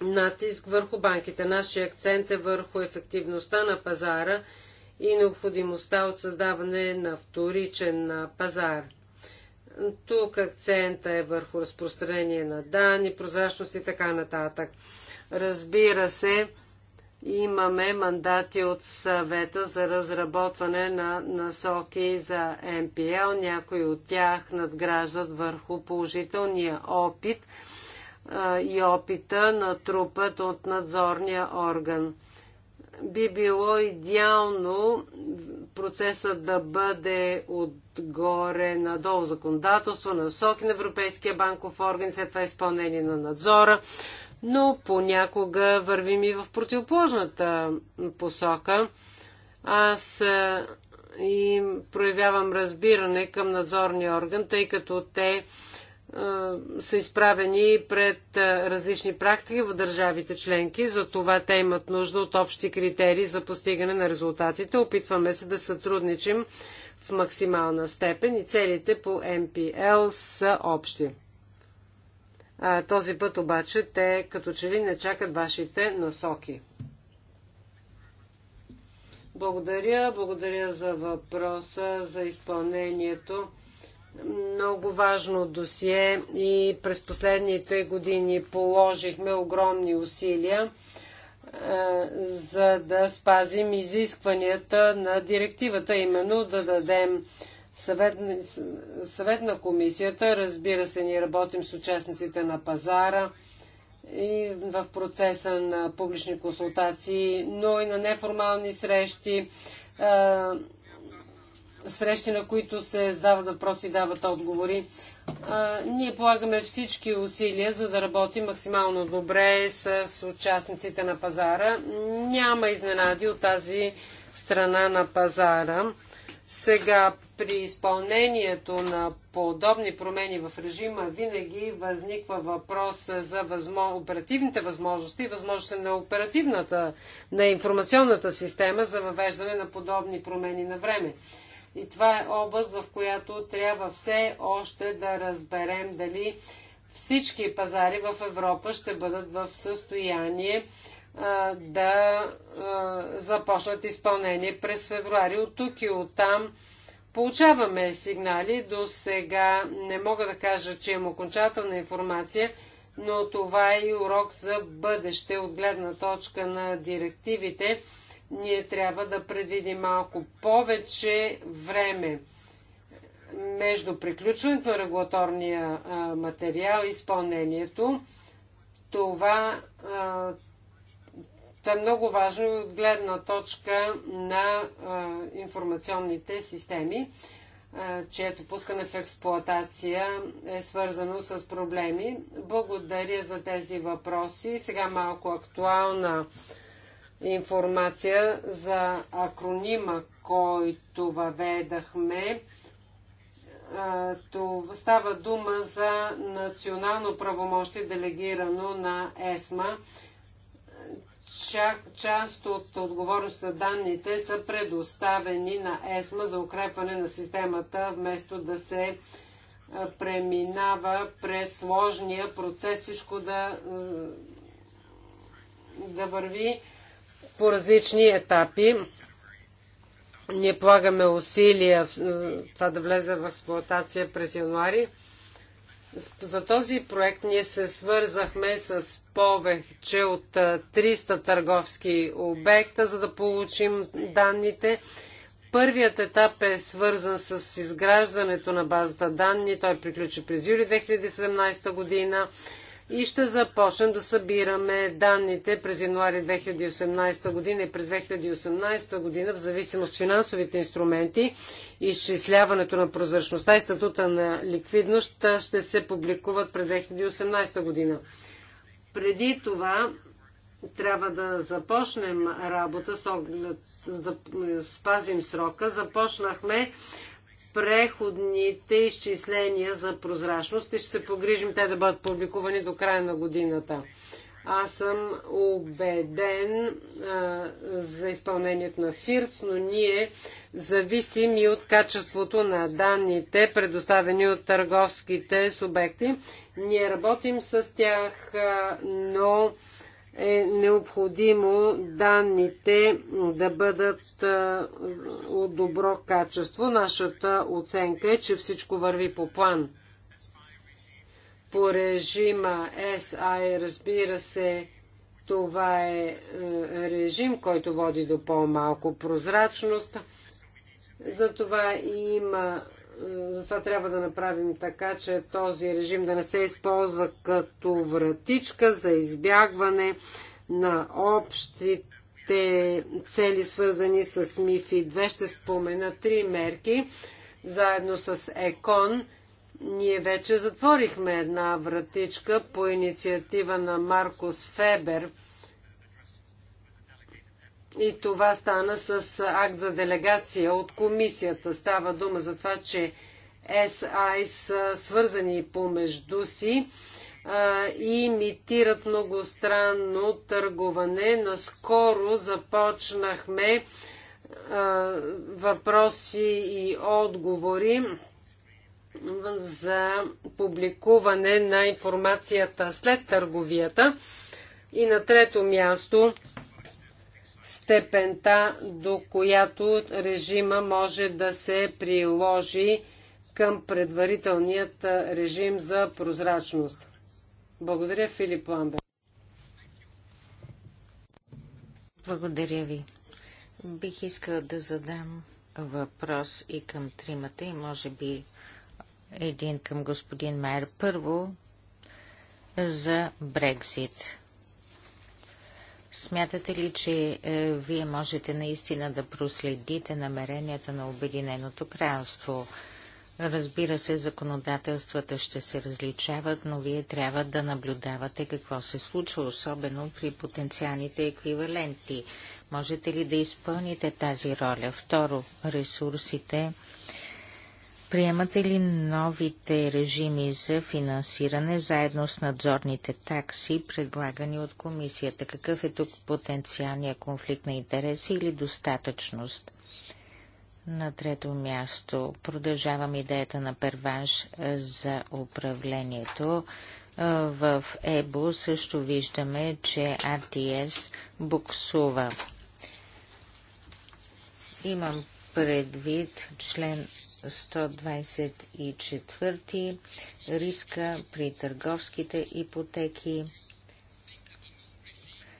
Speaker 1: натиск върху банките. Нашия акцент е върху ефективността на пазара и необходимостта от създаване на вторичен пазар. Тук акцента е върху разпространение на данни, прозрачност и така нататък. Разбира се, Имаме мандати от съвета за разработване на насоки за МПЛ. Някои от тях надграждат върху положителния опит и опита на трупът от надзорния орган би било идеално процесът да бъде отгоре надолу законодателство, насоки на Европейския банков орган, след това изпълнение на надзора, но понякога вървим и в противоположната посока. Аз и проявявам разбиране към надзорния орган, тъй като те са изправени пред различни практики в държавите членки, за това те имат нужда от общи критерии за постигане на резултатите. Опитваме се да сътрудничим в максимална степен и целите по МПЛ са общи. А, този път обаче те като че ли не чакат вашите насоки. Благодаря, благодаря за въпроса, за изпълнението. Много важно досие и през последните години положихме огромни усилия за да спазим изискванията на директивата, именно да дадем съвет, съвет на комисията. Разбира се, ние работим с участниците на пазара и в процеса на публични консултации, но и на неформални срещи, срещи, на които се задават въпроси и дават отговори. ние полагаме всички усилия, за да работим максимално добре с участниците на пазара. Няма изненади от тази страна на пазара. Сега при изпълнението на подобни промени в режима винаги възниква въпрос за възмо... оперативните възможности и възможности на оперативната, на информационната система за въвеждане на подобни промени на време. И това е област, в която трябва все още да разберем дали всички пазари в Европа ще бъдат в състояние да започнат изпълнение през февруари. От тук и от там получаваме сигнали. До сега не мога да кажа, че имам окончателна информация, но това е и урок за бъдеще от гледна точка на директивите. Ние трябва да предвидим малко повече време между приключването на регулаторния материал и изпълнението. Това това е много важно и е от гледна точка на а, информационните системи, а, чието пускане в експлоатация е свързано с проблеми. Благодаря за тези въпроси. Сега малко актуална информация за акронима, който въведахме. Това става дума за национално правомощие, делегирано на ЕСМА част от отговорност за данните са предоставени на ЕСМА за укрепване на системата, вместо да се е, преминава през сложния процес, всичко да, е, да върви по различни етапи. Ние полагаме усилия е, това да влезе в експлуатация през януари. За този проект ние се свързахме с повече от 300 търговски обекта, за да получим данните. Първият етап е свързан с изграждането на базата данни. Той приключи през юли 2017 година и ще започнем да събираме данните през януари 2018 година и през 2018 година, в зависимост от финансовите инструменти, изчисляването на прозрачността и статута на ликвидност ще се публикуват през 2018 година. Преди това трябва да започнем работа, с оглед да спазим срока. Започнахме преходните изчисления за прозрачност и ще се погрижим те да бъдат публикувани до края на годината. Аз съм убеден а, за изпълнението на ФИРЦ, но ние зависим и от качеството на данните, предоставени от търговските субекти. Ние работим с тях, а, но е необходимо данните да бъдат от добро качество. Нашата оценка е, че всичко върви по план. По режима SI, разбира се, това е, е режим, който води до по-малко прозрачност. Затова има затова трябва да направим така, че този режим да не се използва като вратичка за избягване на общите цели, свързани с МИФИ 2. Ще спомена три мерки. Заедно с ЕКОН ние вече затворихме една вратичка по инициатива на Маркус Фебер – и това стана с акт за делегация от комисията. Става дума за това, че SI са свързани помежду си и имитират многостранно търговане. Наскоро започнахме въпроси и отговори за публикуване на информацията след търговията. И на трето място степента, до която режима може да се приложи към предварителният режим за прозрачност. Благодаря, Филип Ламбер.
Speaker 2: Благодаря ви. Бих искал да задам въпрос и към тримата и може би един към господин Майер. Първо за Брекзит. Смятате ли, че е, вие можете наистина да проследите намеренията на Обединеното кралство? Разбира се, законодателствата ще се различават, но вие трябва да наблюдавате какво се случва, особено при потенциалните еквиваленти. Можете ли да изпълните тази роля? Второ, ресурсите. Приемате ли новите режими за финансиране заедно с надзорните такси, предлагани от комисията? Какъв е тук потенциалния конфликт на интереси или достатъчност? На трето място продължавам идеята на перванш за управлението. В ЕБО също виждаме, че RTS буксува. Имам предвид член 124 риска при търговските ипотеки.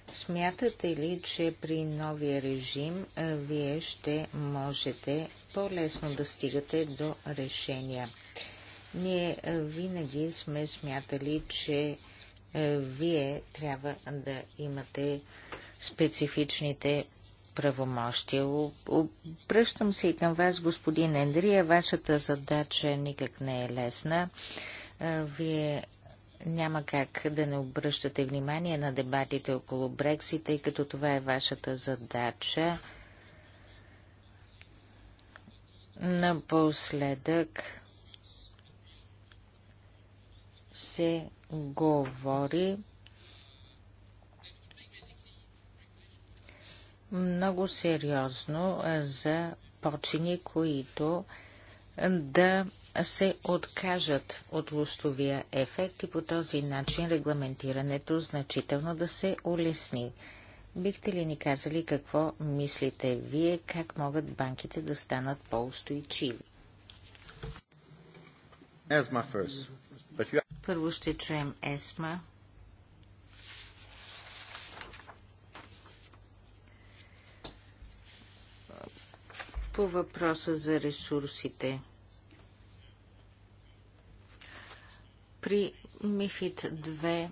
Speaker 2: Смятате ли, че при новия режим вие ще можете по-лесно да стигате до решения? Ние винаги сме смятали, че вие трябва да имате специфичните правомощия. Обръщам се и към вас, господин Ендрия. Вашата задача никак не е лесна. Вие няма как да не обръщате внимание на дебатите около Брексит, тъй като това е вашата задача. Напоследък се говори много сериозно за почини, които да се откажат от лустовия ефект и по този начин регламентирането значително да се улесни. Бихте ли ни казали какво мислите вие, как могат банките да станат по-устойчиви? Първо ще чуем ЕСМА. по въпроса за ресурсите. При Мифит 2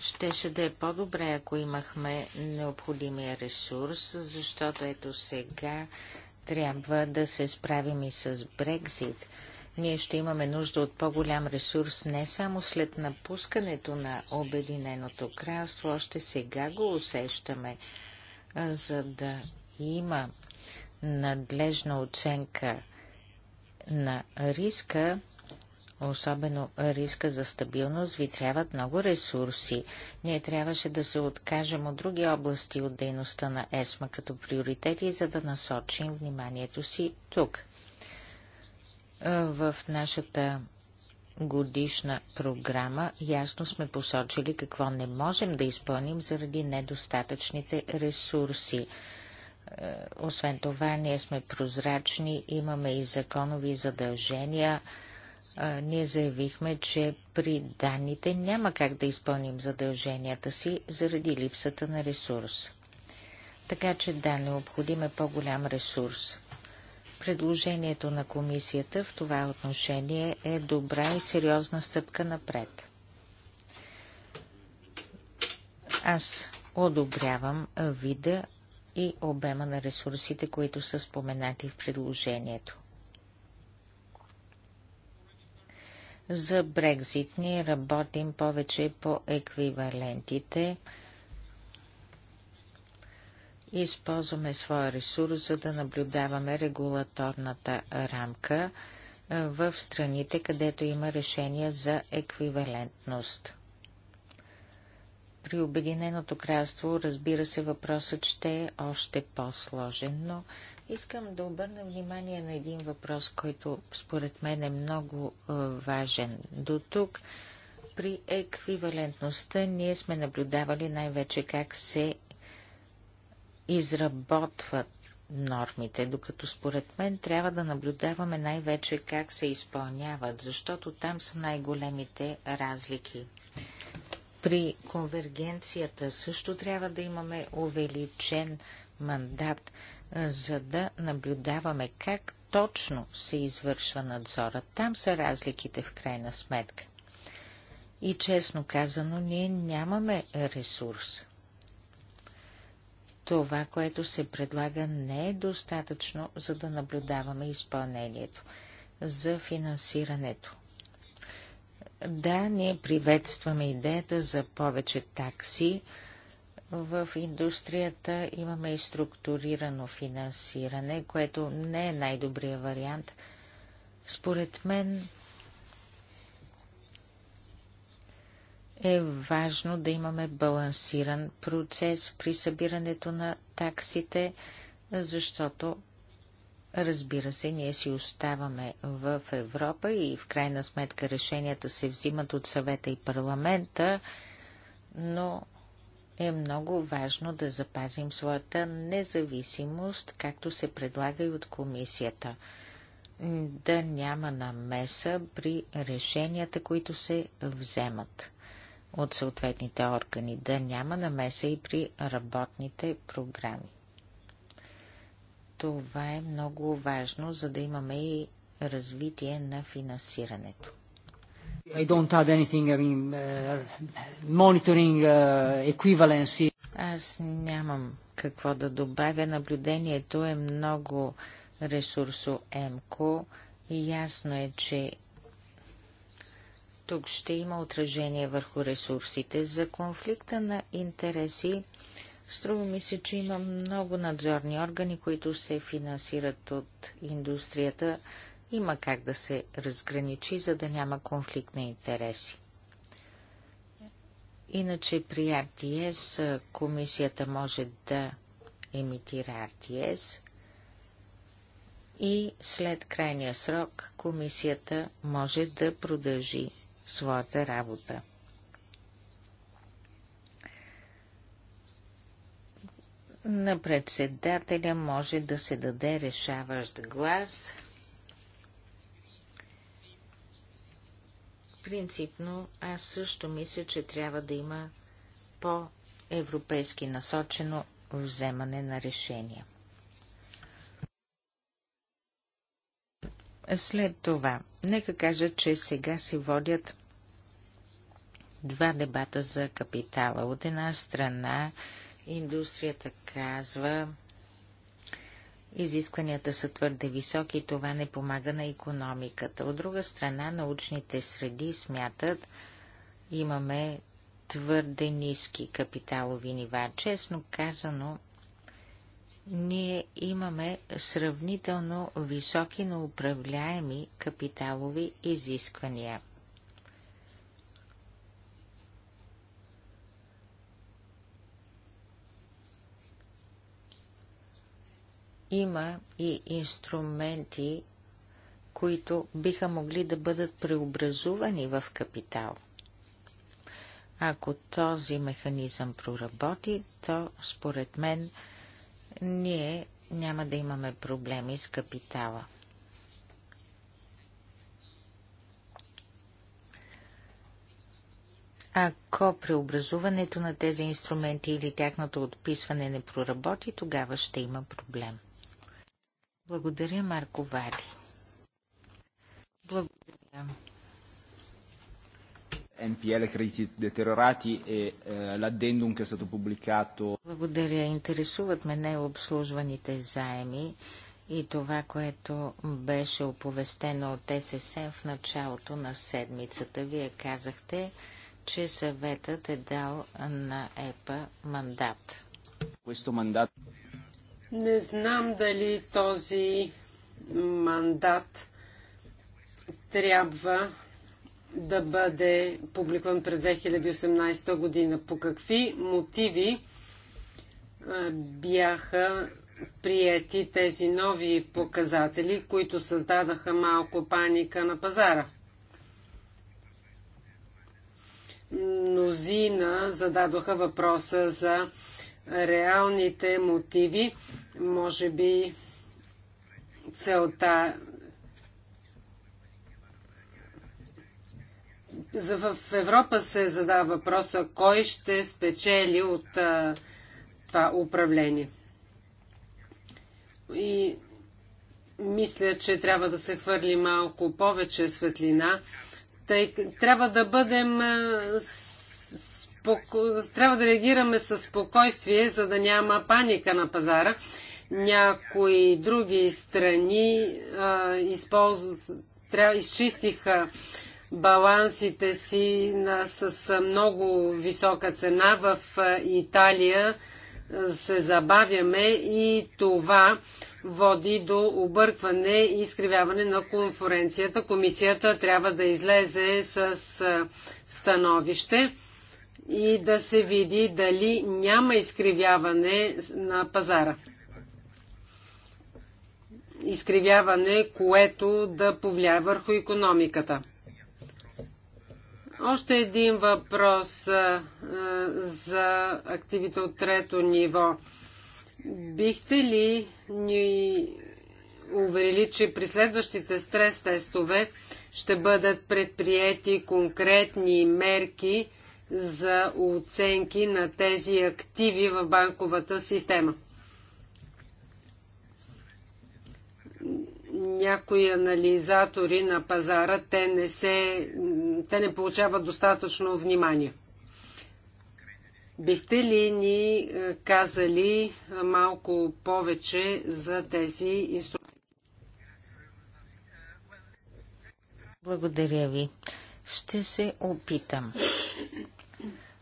Speaker 2: щеше да е по-добре, ако имахме необходимия ресурс, защото ето сега трябва да се справим и с Брекзит – ние ще имаме нужда от по-голям ресурс не само след напускането на Обединеното кралство, още сега го усещаме, за да има надлежна оценка на риска, особено риска за стабилност, ви трябват много ресурси. Ние трябваше да се откажем от други области от дейността на ЕСМА като приоритети, за да насочим вниманието си тук. В нашата годишна програма ясно сме посочили какво не можем да изпълним заради недостатъчните ресурси. Освен това, ние сме прозрачни, имаме и законови задължения. Ние заявихме, че при данните няма как да изпълним задълженията си заради липсата на ресурс. Така че да, необходим е по-голям ресурс. Предложението на комисията в това отношение е добра и сериозна стъпка напред. Аз одобрявам вида и обема на ресурсите, които са споменати в предложението. За Брекзит ние работим повече по еквивалентите – използваме своя ресурс, за да наблюдаваме регулаторната рамка в страните, където има решения за еквивалентност. При Обединеното кралство, разбира се, въпросът ще е още по-сложен, но искам да обърна внимание на един въпрос, който според мен е много важен. До тук при еквивалентността ние сме наблюдавали най-вече как се изработват нормите, докато според мен трябва да наблюдаваме най-вече как се изпълняват, защото там са най-големите разлики. При конвергенцията също трябва да имаме увеличен мандат, за да наблюдаваме как точно се извършва надзора. Там са разликите в крайна сметка. И честно казано, ние нямаме ресурс това, което се предлага, не е достатъчно, за да наблюдаваме изпълнението, за финансирането. Да, ние приветстваме идеята за повече такси. В индустрията имаме и структурирано финансиране, което не е най-добрият вариант. Според мен е важно да имаме балансиран процес при събирането на таксите, защото Разбира се, ние си оставаме в Европа и в крайна сметка решенията се взимат от съвета и парламента, но е много важно да запазим своята независимост, както се предлага и от комисията. Да няма намеса при решенията, които се вземат от съответните органи, да няма намеса и при работните програми. Това е много важно, за да имаме и развитие на финансирането. I don't add anything, I mean, uh, monitoring uh, equivalency. Аз нямам какво да добавя. Наблюдението е много ресурсоемко. Ясно е, че тук ще има отражение върху ресурсите. За конфликта на интереси струва ми се, че има много надзорни органи, които се финансират от индустрията. Има как да се разграничи, за да няма конфликт на интереси. Иначе при RTS комисията може да емитира RTS и след крайния срок комисията може да продължи своята работа. На председателя може да се даде решаващ глас. Принципно аз също мисля, че трябва да има по-европейски насочено вземане на решения. След това, нека кажа, че сега се водят два дебата за капитала. От една страна, индустрията казва, изискванията са твърде високи и това не помага на економиката. От друга страна, научните среди смятат, имаме твърде ниски капиталови нива. Честно казано, ние имаме сравнително високи, но управляеми капиталови изисквания. Има и инструменти, които биха могли да бъдат преобразувани в капитал. Ако този механизъм проработи, то според мен – ние няма да имаме проблеми с капитала. Ако преобразуването на тези инструменти или тяхното отписване не проработи, тогава ще има проблем. Благодаря, Марко Вали. Благодаря.
Speaker 3: NPL кредити детерорати и е, е, l'addendum che è stato pubblicato.
Speaker 2: Благодаря. Интересуват ме необслужваните заеми и това, което беше оповестено от ССМ в началото на седмицата. Вие казахте, че съветът е дал на ЕПА мандат.
Speaker 1: Не знам дали този мандат трябва да бъде публикуван през 2018 година. По какви мотиви бяха приети тези нови показатели, които създадаха малко паника на пазара? Мнозина зададоха въпроса за реалните мотиви. Може би целта в Европа се задава въпроса кой ще спечели от а, това управление. И мисля, че трябва да се хвърли малко повече светлина. Тъй, трябва да бъдем споко... трябва да реагираме със спокойствие, за да няма паника на пазара. Някои други страни а, използ... трябва, изчистиха балансите си на, с много висока цена. В Италия се забавяме и това води до объркване и изкривяване на конференцията. Комисията трябва да излезе с становище и да се види дали няма изкривяване на пазара. Изкривяване, което да повлияе върху економиката. Още един въпрос а, за активите от трето ниво. Бихте ли ни уверили, че при следващите стрес тестове ще бъдат предприяти конкретни мерки за оценки на тези активи в банковата система? някои анализатори на пазара, те не, се, те не получават достатъчно внимание. Бихте ли ни е, казали е, малко повече за тези инструменти?
Speaker 2: Благодаря ви. Ще се опитам.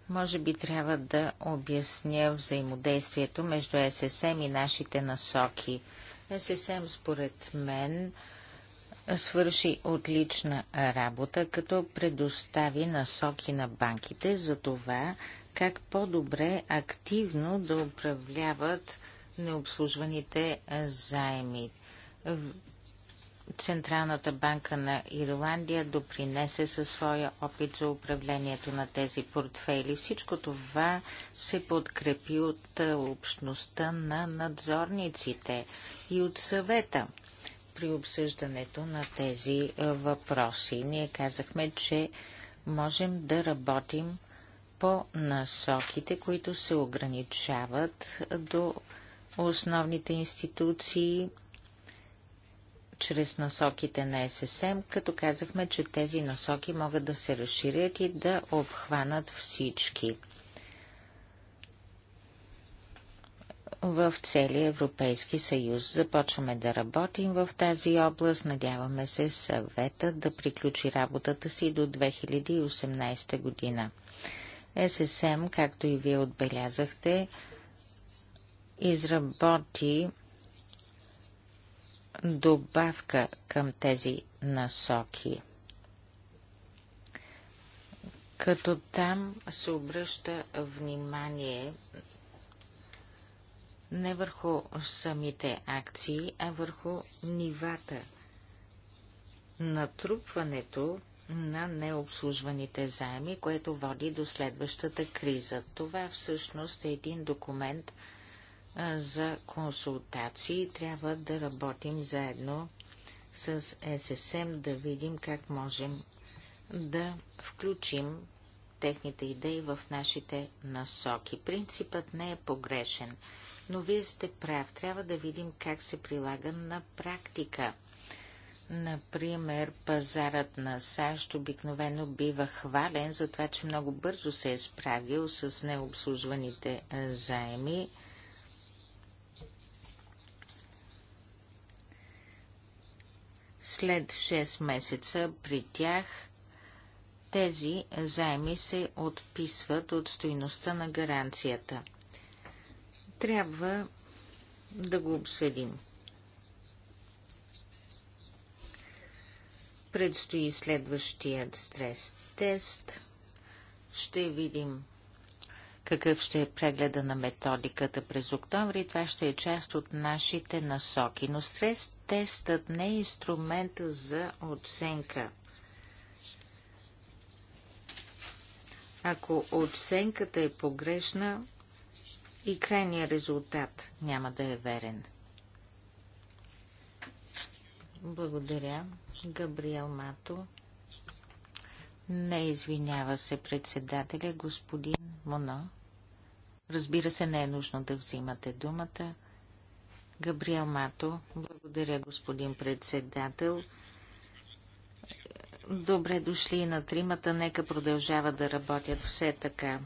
Speaker 2: Може би трябва да обясня взаимодействието между ССМ и нашите насоки – ССМ според мен свърши отлична работа, като предостави насоки на банките за това, как по-добре активно да управляват необслужваните заеми. Централната банка на Ирландия допринесе със своя опит за управлението на тези портфели. Всичко това се подкрепи от общността на надзорниците и от съвета при обсъждането на тези въпроси. Ние казахме, че можем да работим по насоките, които се ограничават до основните институции чрез насоките на ССМ, като казахме, че тези насоки могат да се разширят и да обхванат всички в целия Европейски съюз. Започваме да работим в тази област. Надяваме се съвета да приключи работата си до 2018 година. ССМ, както и вие отбелязахте, изработи добавка към тези насоки. Като там се обръща внимание не върху самите акции, а върху нивата. Натрупването на необслужваните заеми, което води до следващата криза. Това всъщност е един документ, за консултации. Трябва да работим заедно с ССМ, да видим как можем да включим техните идеи в нашите насоки. Принципът не е погрешен, но вие сте прав. Трябва да видим как се прилага на практика. Например, пазарът на САЩ обикновено бива хвален за това, че много бързо се е справил с необслужваните заеми След 6 месеца при тях тези заеми се отписват от стоиността на гаранцията. Трябва да го обсъдим. Предстои следващият стрес тест. Ще видим какъв ще е прегледа на методиката през октомври. Това ще е част от нашите насоки. Но стрес тестът не е инструмент за оценка. Ако оценката е погрешна, и крайният резултат няма да е верен. Благодаря. Габриел Мато. Не извинява се председателя, господин Мона. Разбира се, не е нужно да взимате думата. Габриел Мато, благодаря, господин председател. Добре дошли и на тримата. Нека продължава да работят все така.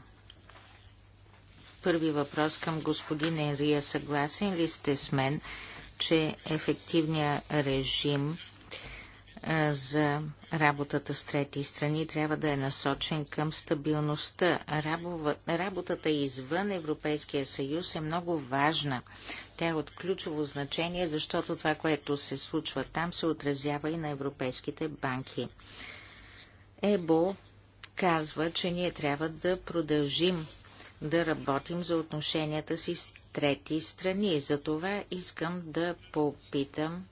Speaker 2: Първи въпрос към господин Енрия. Съгласен ли сте с мен, че ефективният режим за работата с трети страни трябва да е насочен към стабилността. Работата извън Европейския съюз е много важна. Тя е от ключово значение, защото това, което се случва там, се отразява и на европейските банки. ЕБО казва, че ние трябва да продължим да работим за отношенията си с трети страни. Затова искам да попитам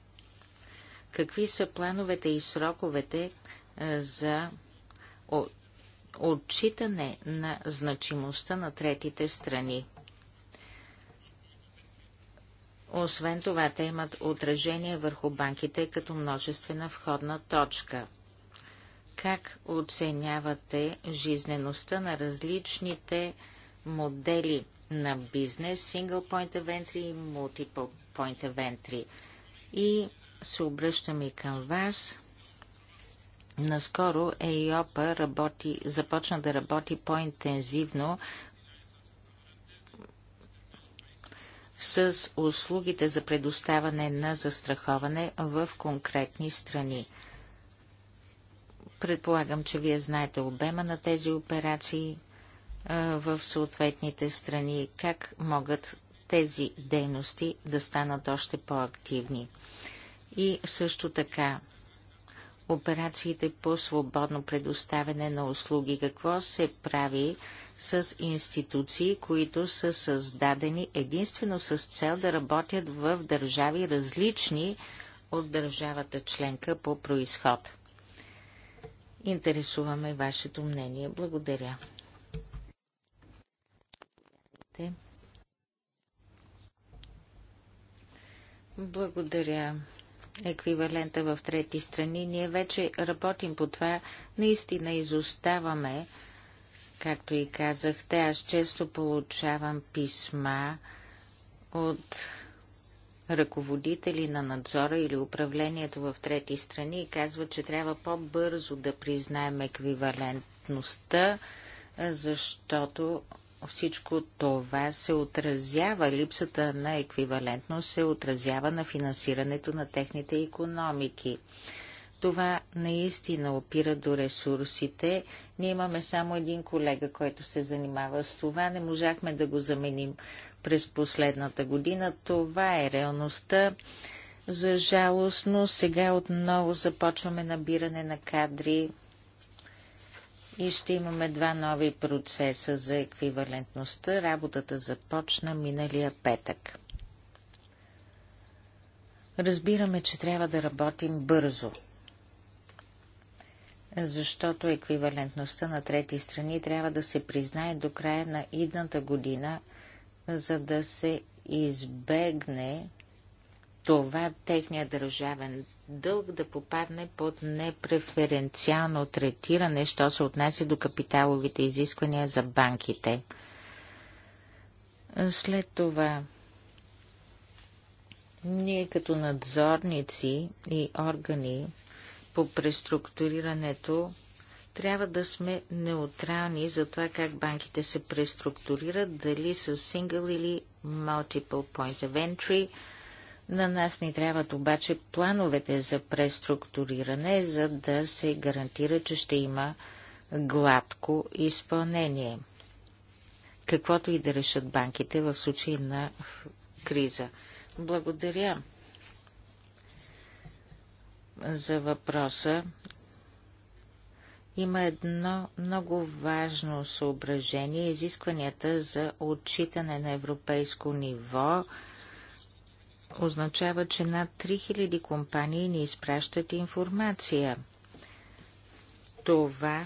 Speaker 2: Какви са плановете и сроковете е, за отчитане на значимостта на третите страни? Освен това, те имат отражение върху банките като множествена входна точка. Как оценявате жизнеността на различните модели на бизнес, Single Point of Entry и Multiple Point of Entry? И се обръщам и към вас. Наскоро ЕИОПА работи, започна да работи по-интензивно с услугите за предоставане на застраховане в конкретни страни. Предполагам, че вие знаете обема на тези операции в съответните страни, как могат тези дейности да станат още по-активни и също така операциите по свободно предоставяне на услуги. Какво се прави с институции, които са създадени единствено с цел да работят в държави различни от държавата членка по происход? Интересуваме вашето мнение. Благодаря. Благодаря еквивалента в трети страни. Ние вече работим по това. Наистина изоставаме, както и казахте. Аз често получавам писма от ръководители на надзора или управлението в трети страни и казват, че трябва по-бързо да признаем еквивалентността, защото всичко това се отразява, липсата на еквивалентност се отразява на финансирането на техните економики. Това наистина опира до ресурсите. Ние имаме само един колега, който се занимава с това. Не можахме да го заменим през последната година. Това е реалността. За жалост, но сега отново започваме набиране на кадри и ще имаме два нови процеса за еквивалентността. Работата започна миналия петък. Разбираме, че трябва да работим бързо, защото еквивалентността на трети страни трябва да се признае до края на идната година, за да се избегне това техният държавен дълг да попадне под непреференциално третиране, що се отнася до капиталовите изисквания за банките. След това ние като надзорници и органи по преструктурирането трябва да сме неутрални за това как банките се преструктурират, дали с single или multiple point of entry – на нас ни трябват обаче плановете за преструктуриране, за да се гарантира, че ще има гладко изпълнение. Каквото и да решат банките в случай на криза. Благодаря за въпроса. Има едно много важно съображение изискванията за отчитане на европейско ниво означава, че над 3000 компании ни изпращат информация. Това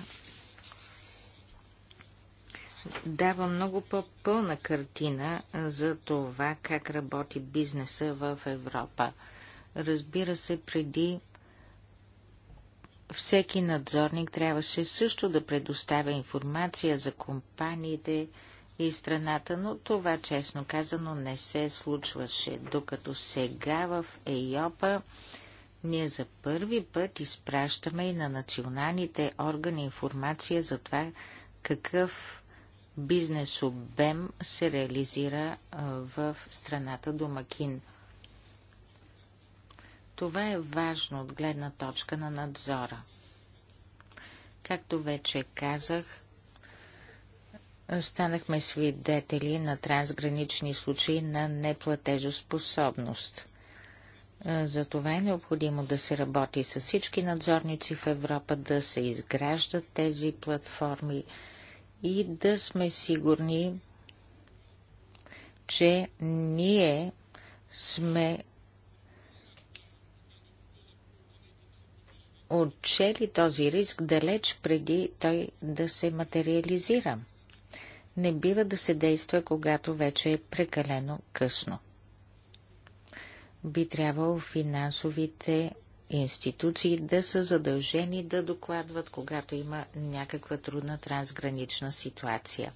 Speaker 2: дава много по-пълна картина за това как работи бизнеса в Европа. Разбира се, преди всеки надзорник трябваше също да предоставя информация за компаниите, и страната, но това честно казано не се случваше, докато сега в ЕЙОПА ние за първи път изпращаме и на националните органи информация за това какъв бизнес обем се реализира в страната домакин. Това е важно от гледна точка на надзора. Както вече казах, станахме свидетели на трансгранични случаи на неплатежоспособност. Е, Затова е необходимо да се работи с всички надзорници в Европа, да се изграждат тези платформи и да сме сигурни, че ние сме отчели този риск далеч преди той да се материализира не бива да се действа, когато вече е прекалено късно. Би трябвало финансовите институции да са задължени да докладват, когато има някаква трудна трансгранична ситуация.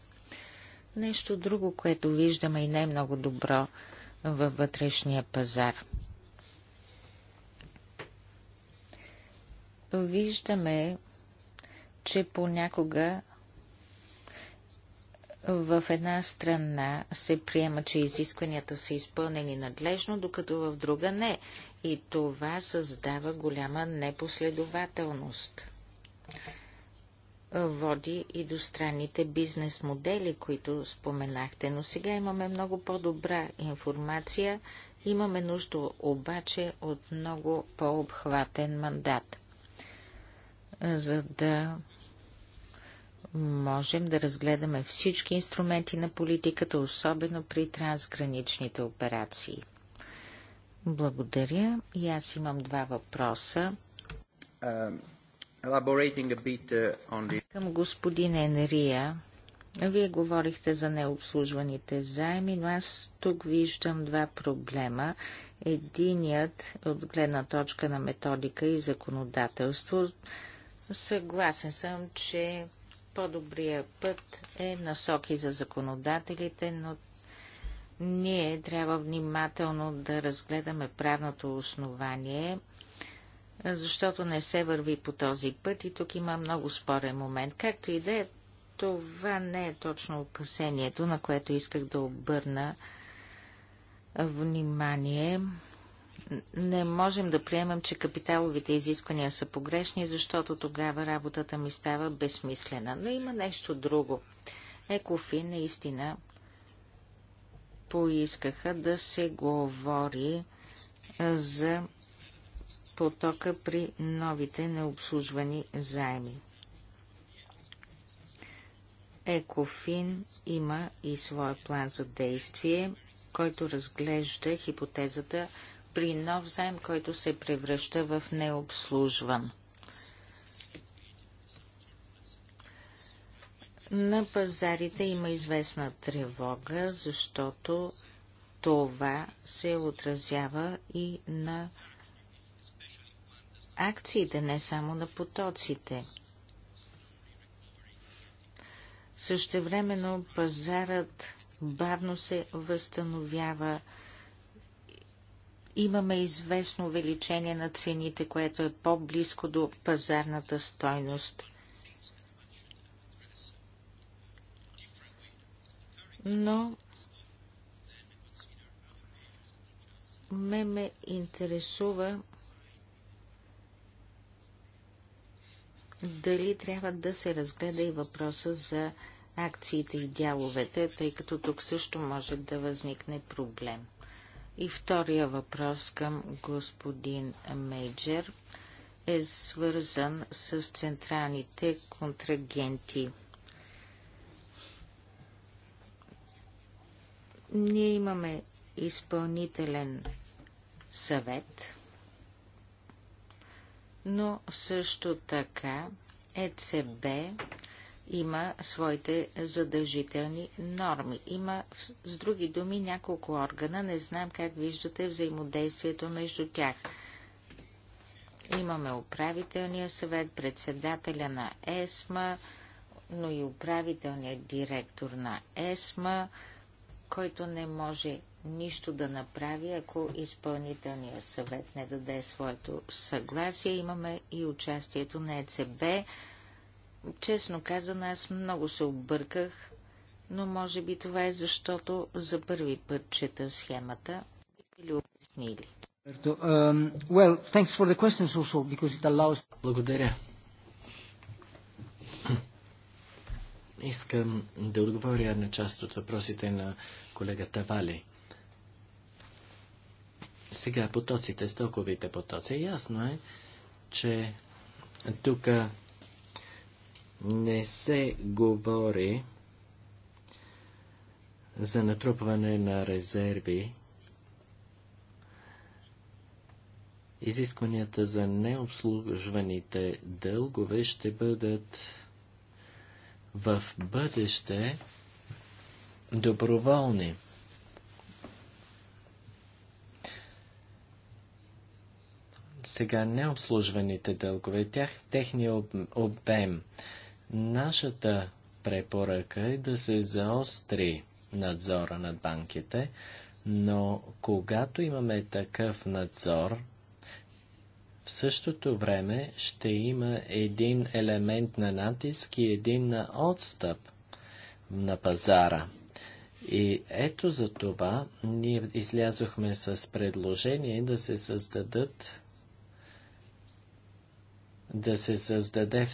Speaker 2: Нещо друго, което виждаме и не е много добро във вътрешния пазар. Виждаме, че понякога в една страна се приема, че изискванията са изпълнени надлежно, докато в друга не. И това създава голяма непоследователност. Води и до странните бизнес модели, които споменахте, но сега имаме много по-добра информация. Имаме нужда обаче от много по-обхватен мандат, за да можем да разгледаме всички инструменти на политиката, особено при трансграничните операции. Благодаря. И аз имам два въпроса.
Speaker 3: Um, bit, uh,
Speaker 2: Към господин Енрия. Вие говорихте за необслужваните заеми, но аз тук виждам два проблема. Единият от гледна точка на методика и законодателство. Съгласен съм, че по-добрият път е насоки за законодателите, но ние трябва внимателно да разгледаме правното основание, защото не се върви по този път и тук има много спорен момент. Както и да е, това не е точно опасението, на което исках да обърна внимание. Не можем да приемем, че капиталовите изисквания са погрешни, защото тогава работата ми става безсмислена. Но има нещо друго. Екофи наистина поискаха да се говори е, за потока при новите необслужвани заеми. Екофин има и своя план за действие, който разглежда хипотезата при нов заем, който се превръща в необслужван. На пазарите има известна тревога, защото това се отразява и на акциите, не само на потоците. Същевременно пазарът бавно се възстановява, имаме известно увеличение на цените, което е по-близко до пазарната стойност. Но ме ме интересува дали трябва да се разгледа и въпроса за акциите и дяловете, тъй като тук също може да възникне проблем. И втория въпрос към господин Мейджер е свързан с централните контрагенти. Ние имаме изпълнителен съвет, но също така ЕЦБ има своите задължителни норми. Има, с други думи, няколко органа. Не знам как виждате взаимодействието между тях. Имаме управителния съвет, председателя на ЕСМА, но и управителния директор на ЕСМА, който не може нищо да направи, ако изпълнителният съвет не даде своето съгласие. Имаме и участието на ЕЦБ, Честно казано, аз много се обърках, но може би това е защото за първи път чета схемата. Бихте ли обяснили? Um,
Speaker 3: Благодаря. Искам да отговоря на част от въпросите на колегата Вали. Сега потоците, стоковите потоци. Ясно е, че тук не се говори за натрупване на резерви. Изискванията за необслужваните дългове ще бъдат в бъдеще доброволни. Сега необслужваните дългове, тях, техния обем Нашата препоръка е да се заостри надзора над банките, но когато имаме такъв надзор, в същото време ще има един елемент на натиск и един на отстъп на пазара. И ето за това ние излязохме с предложение да се създадат да се създаде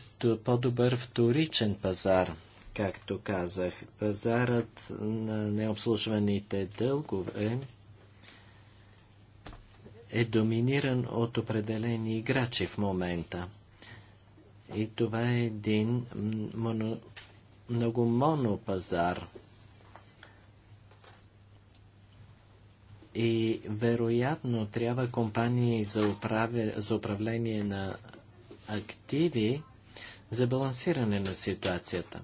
Speaker 3: по-добър вторичен пазар, както казах. Пазарът на необслужваните дългове е доминиран от определени играчи в момента. И това е един моно, много монопазар. И вероятно трябва компании за, управя, за управление на активи за балансиране на ситуацията.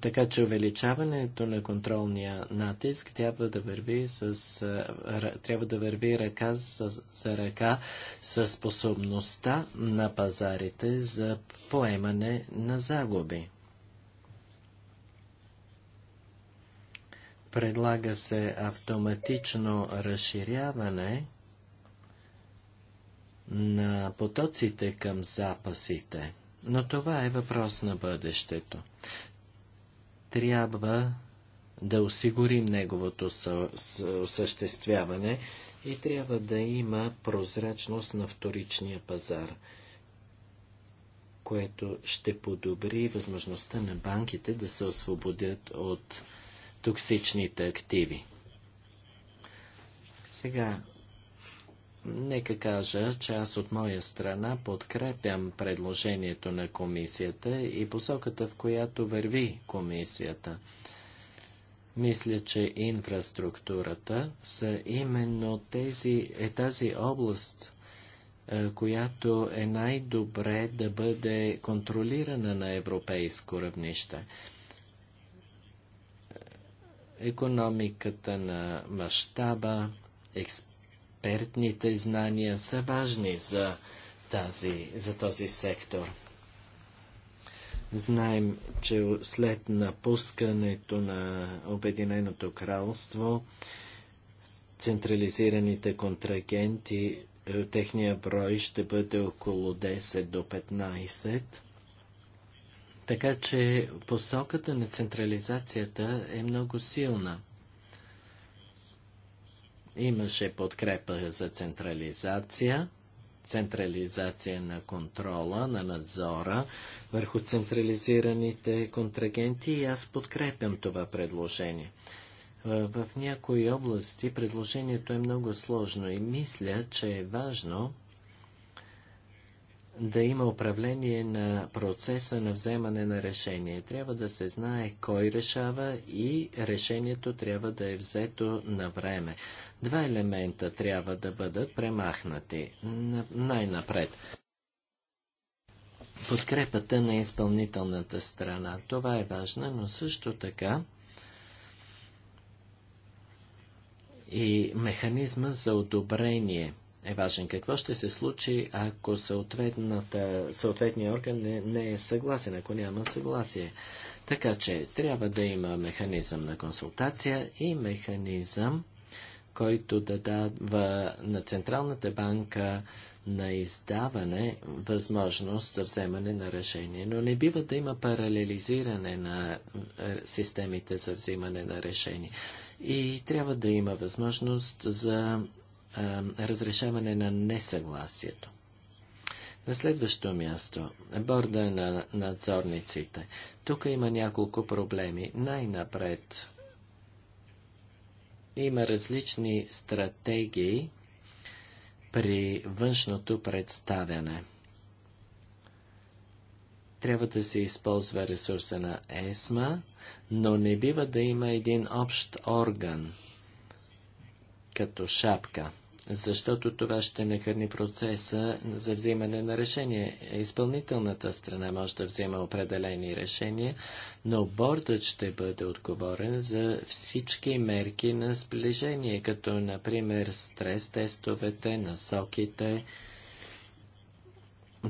Speaker 3: Така че увеличаването на контролния натиск трябва да върви, с, трябва да върви ръка за ръка с способността на пазарите за поемане на загуби. Предлага се автоматично разширяване на потоците към запасите. Но това е въпрос на бъдещето. Трябва да осигурим неговото осъществяване и трябва да има прозрачност на вторичния пазар, което ще подобри възможността на банките да се освободят от токсичните активи. Сега Нека кажа, че аз от моя страна подкрепям предложението на комисията и посоката, в която върви комисията. Мисля, че инфраструктурата са именно тези, е тази област, е, която е най-добре да бъде контролирана на европейско равнище. Е, економиката на мащаба, експерт експертните знания са важни за, тази, за този сектор. Знаем, че след напускането на Обединеното кралство, централизираните контрагенти, е, техния брой ще бъде около 10 до 15. Така че посоката на централизацията е много силна. Имаше подкрепа за централизация, централизация на контрола, на надзора върху централизираните контрагенти и аз подкрепям това предложение. В, в някои области предложението е много сложно и мисля, че е важно да има управление на процеса на вземане на решение. Трябва да се знае кой решава и решението трябва да е взето на време. Два елемента трябва да бъдат премахнати. Най-напред. Подкрепата на изпълнителната страна. Това е важно, но също така и механизма за одобрение – е важен. Какво ще се случи, ако съответният орган не, не е съгласен, ако няма съгласие? Така че трябва да има механизъм на консултация и механизъм, който да дава на Централната банка на издаване възможност за вземане на решение. Но не бива да има паралелизиране на е, системите за взимане на решение. И трябва да има възможност за разрешаване на несъгласието. На следващо място, борда на надзорниците. Тук има няколко проблеми. Най-напред има различни стратегии при външното представяне. Трябва да се използва ресурса на ЕСМА, но не бива да има един общ орган, като шапка защото това ще накърни процеса за взимане на решение. Изпълнителната страна може да взема определени решения, но бордът ще бъде отговорен за всички мерки на сближение, като например стрес-тестовете, насоките,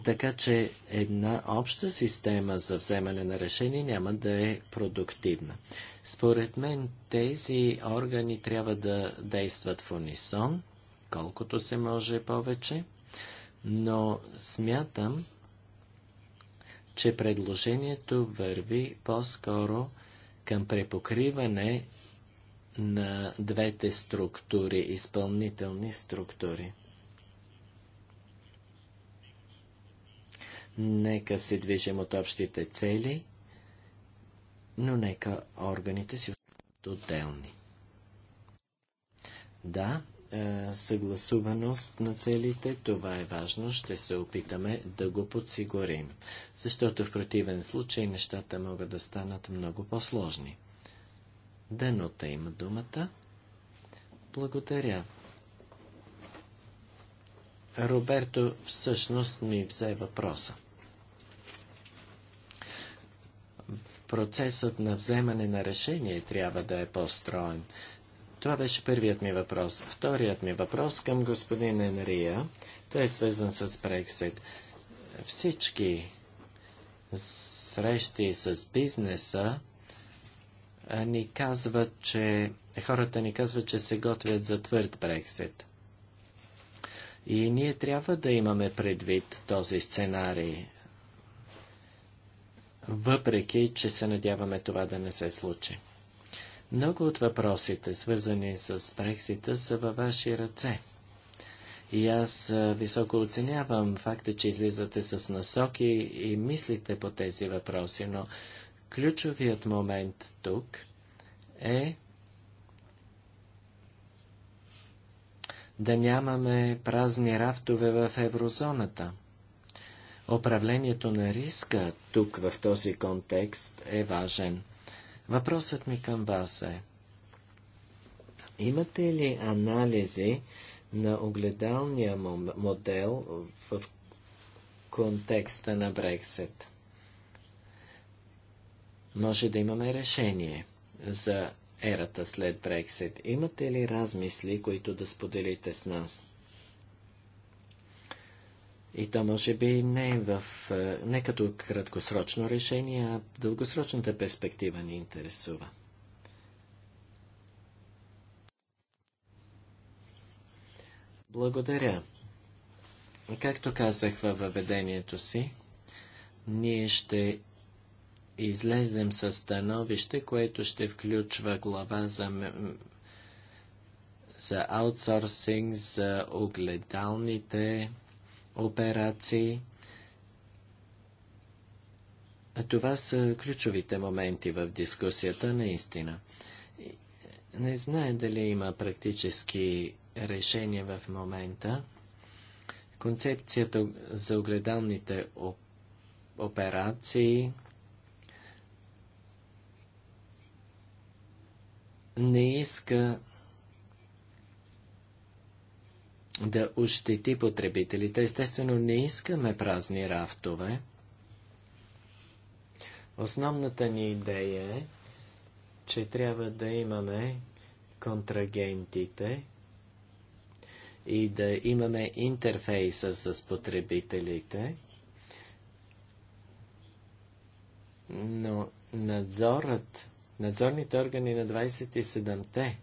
Speaker 3: така че една обща система за вземане на решение няма да е продуктивна. Според мен тези органи трябва да действат в унисон колкото се може повече, но смятам, че предложението върви по-скоро към препокриване на двете структури, изпълнителни структури. Нека се движим от общите цели, но нека органите си отделни. Да, е, съгласуваност на целите. Това е важно. Ще се опитаме да го подсигурим. Защото в противен случай нещата могат да станат много по-сложни. Денота има думата. Благодаря. Роберто всъщност ми взе въпроса. Процесът на вземане на решение трябва да е по-строен. Това беше първият ми въпрос. Вторият ми въпрос към господин Енрия. Той е свързан с Брексит. Всички срещи с бизнеса ни казват, че хората ни казват, че се готвят за твърд Брексит. И ние трябва да имаме предвид този сценарий, въпреки че се надяваме това да не се случи. Много от въпросите, свързани с Брексита, са във ваши ръце. И аз високо оценявам факта, че излизате с насоки и мислите по тези въпроси, но ключовият момент тук е да нямаме празни рафтове в еврозоната. Управлението на риска тук в този контекст е важен – Въпросът ми към вас е, имате ли анализи на огледалния модел в контекста на Брексит? Може да имаме решение за ерата след Брексит. Имате ли размисли, които да споделите с нас? И то може би не, в, е, не като краткосрочно решение, а дългосрочната е перспектива ни интересува. Благодаря. Както казах във въведението си, ние ще излезем със становище, което ще включва глава за, за аутсорсинг, за огледалните операции. А това са ключовите моменти в дискусията, наистина. Не знае дали има практически решения в момента. Концепцията за огледалните операции не иска да ощети потребителите. Естествено, не искаме празни рафтове. Основната ни идея е, че трябва да имаме контрагентите и да имаме интерфейса с потребителите, но надзорът, надзорните органи на 27-те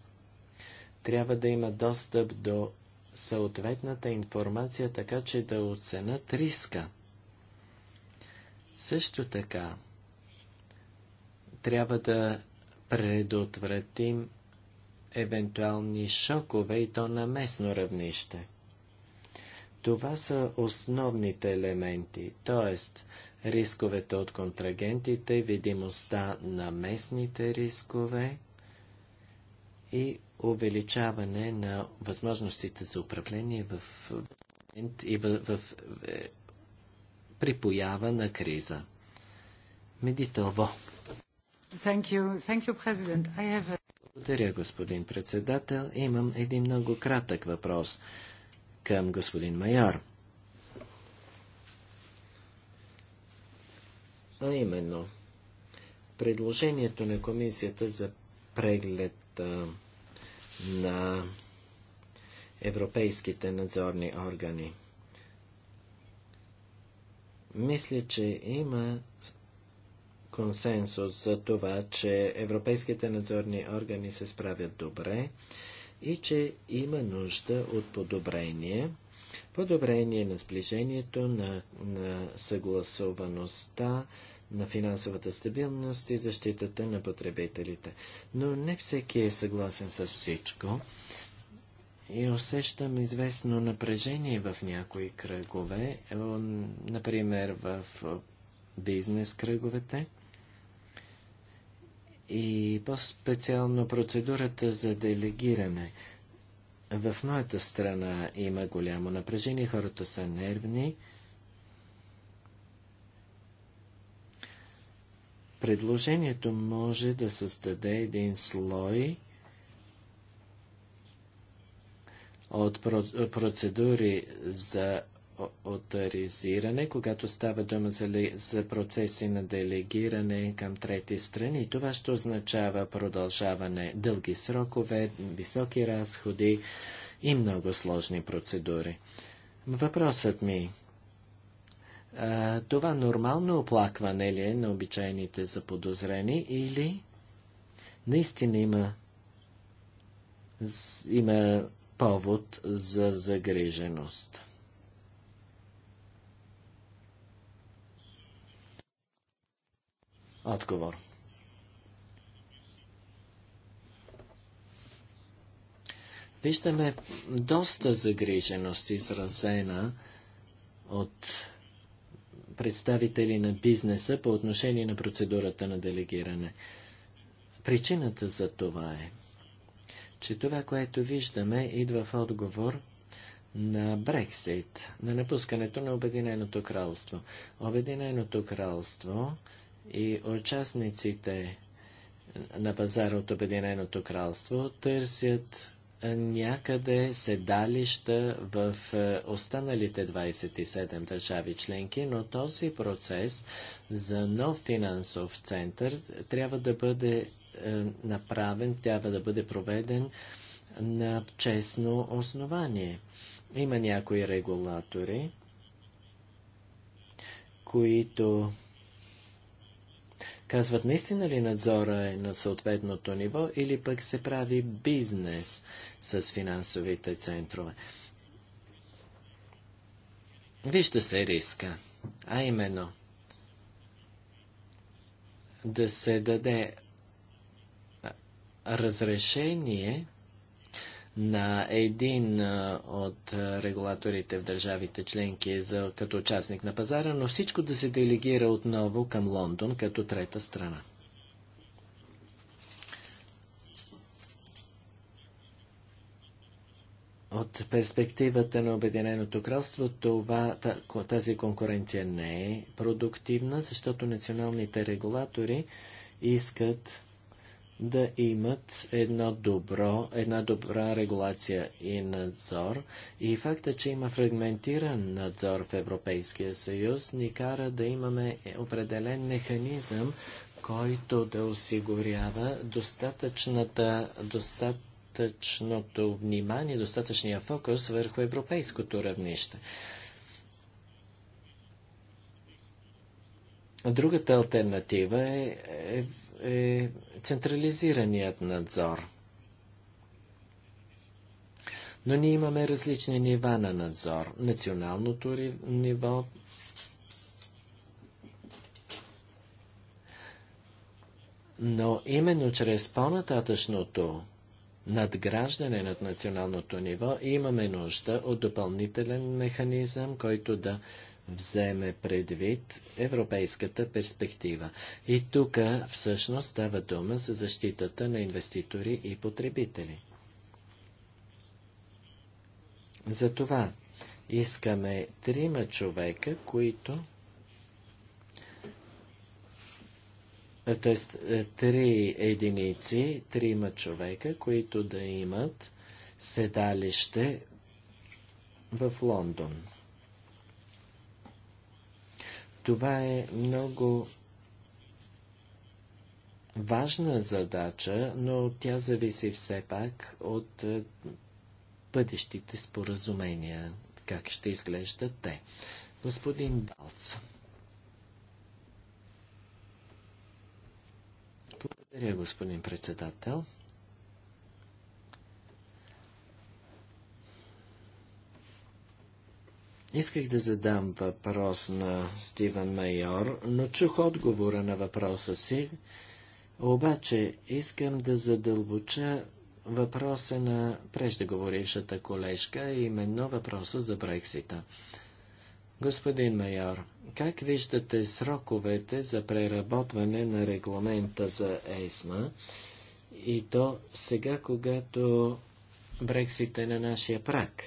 Speaker 3: трябва да има достъп до съответната информация, така че да оценят риска. Също така, трябва да предотвратим евентуални шокове и то на местно равнище. Това са основните елементи, т.е. рисковете от контрагентите, видимостта на местните рискове и увеличаване на възможностите за управление в, момент и в, в, в е, припоява на криза. Медитово.
Speaker 1: Thank you. Thank you, President. I have a...
Speaker 3: Благодаря, господин председател. Имам един много кратък въпрос към господин майор. А именно, предложението на комисията за преглед а, на европейските надзорни органи. Мисля, че има консенсус за това, че европейските надзорни органи се справят добре и че има нужда от подобрение. Подобрение на сближението, на, на съгласуваността, на финансовата стабилност и защитата на потребителите. Но не всеки е съгласен с всичко и усещам известно напрежение в някои кръгове, е, например в бизнес кръговете. И по-специално процедурата за делегиране. В моята страна има голямо напрежение, хората са нервни. предложението може да създаде един слой от процедури за авторизиране, когато става дума за, ли, за процеси на делегиране към трети страни. Това ще означава продължаване дълги срокове, високи разходи и много сложни процедури. Въпросът ми а, това нормално оплакване ли е на обичайните заподозрени или наистина има, има повод за загриженост? Отговор. Виждаме доста загриженост изразена от представители на бизнеса по отношение на процедурата на делегиране. Причината за това е, че това, което виждаме, идва в отговор на Брексит, на напускането на Обединеното кралство. Обединеното кралство и участниците на пазара от Обединеното кралство търсят някъде седалища в е, останалите 27 държави членки, но този процес за нов финансов център трябва да бъде е, направен, трябва да бъде проведен на честно основание. Има някои регулатори, които казват наистина ли надзора е на съответното ниво или пък се прави бизнес с финансовите центрове. Вижте се риска, а именно да се даде разрешение на един от регулаторите в държавите членки за, като участник на пазара, но всичко да се делегира отново към Лондон като трета страна. От перспективата на Обединеното кралство това, тази конкуренция не е продуктивна, защото националните регулатори искат да имат едно добро, една добра регулация и надзор. И факта, че има фрагментиран надзор в Европейския съюз, ни кара да имаме определен механизъм, който да осигурява достатъчната, достатъчното внимание, достатъчния фокус върху европейското равнище. Другата альтернатива е, е е централизираният надзор. Но ние имаме различни нива на надзор. Националното ниво, но именно чрез по-нататъчното надграждане над националното ниво имаме нужда от допълнителен механизъм, който да вземе предвид европейската перспектива. И тук всъщност става дума за защитата на инвеститори и потребители. Затова искаме трима човека, които т.е. три единици, трима човека, които да имат седалище в Лондон. Това е много важна задача, но тя зависи все пак от е, бъдещите споразумения, как ще изглеждат те. Господин Балц. Благодаря, господин председател. Исках да задам въпрос на Стивен Майор, но чух отговора на въпроса си. Обаче искам да задълбоча въпроса на преждеговорившата колежка, именно въпроса за Брексита. Господин майор, как виждате сроковете за преработване на регламента за ЕСМА и то сега, когато Брексит е на нашия прак?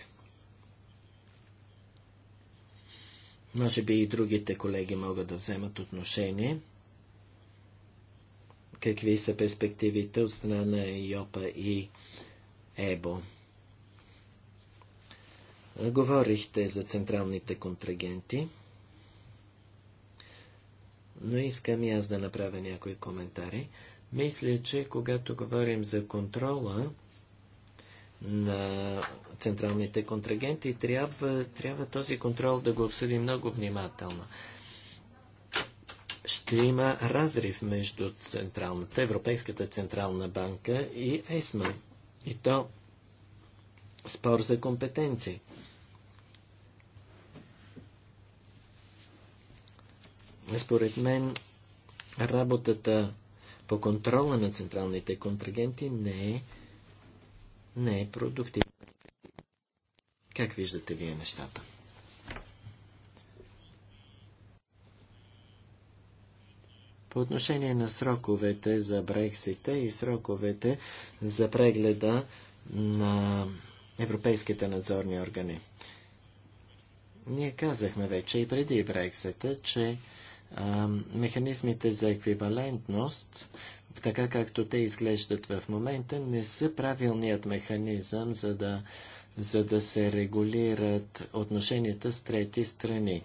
Speaker 3: Може би и другите колеги могат да вземат отношение. Какви са перспективите от страна на ИОПА и ЕБО? Говорихте за централните контрагенти, но искам и аз да направя някои коментари. Мисля, че когато говорим за контрола на централните контрагенти, трябва, трябва този контрол да го обсъди много внимателно. Ще има разрив между Централната, Европейската Централна банка и ЕСМА. И то спор за компетенции. Според мен, работата по контрола на централните контрагенти не е, не е продуктивна. Как виждате вие нещата? По отношение на сроковете за Брексита и сроковете за прегледа на европейските надзорни органи. Ние казахме вече и преди Брексита, че а, механизмите за еквивалентност, така както те изглеждат в момента, не са правилният механизъм, за да а, за да се регулират отношенията с трети страни.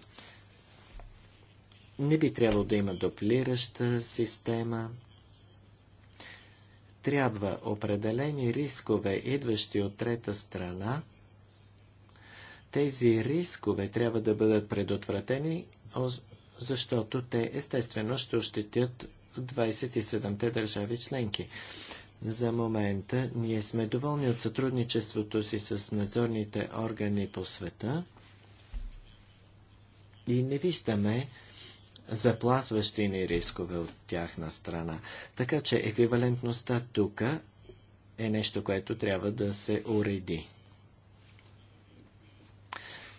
Speaker 3: Не би трябвало да има дуплираща система. Трябва определени рискове, идващи от трета страна. Тези рискове трябва да бъдат предотвратени, защото те естествено ще ощетят 27-те държави членки. За момента ние сме доволни от сътрудничеството си с надзорните органи по света и не виждаме запласващи ни рискове от тяхна страна. Така че еквивалентността тук е нещо, което трябва да се уреди.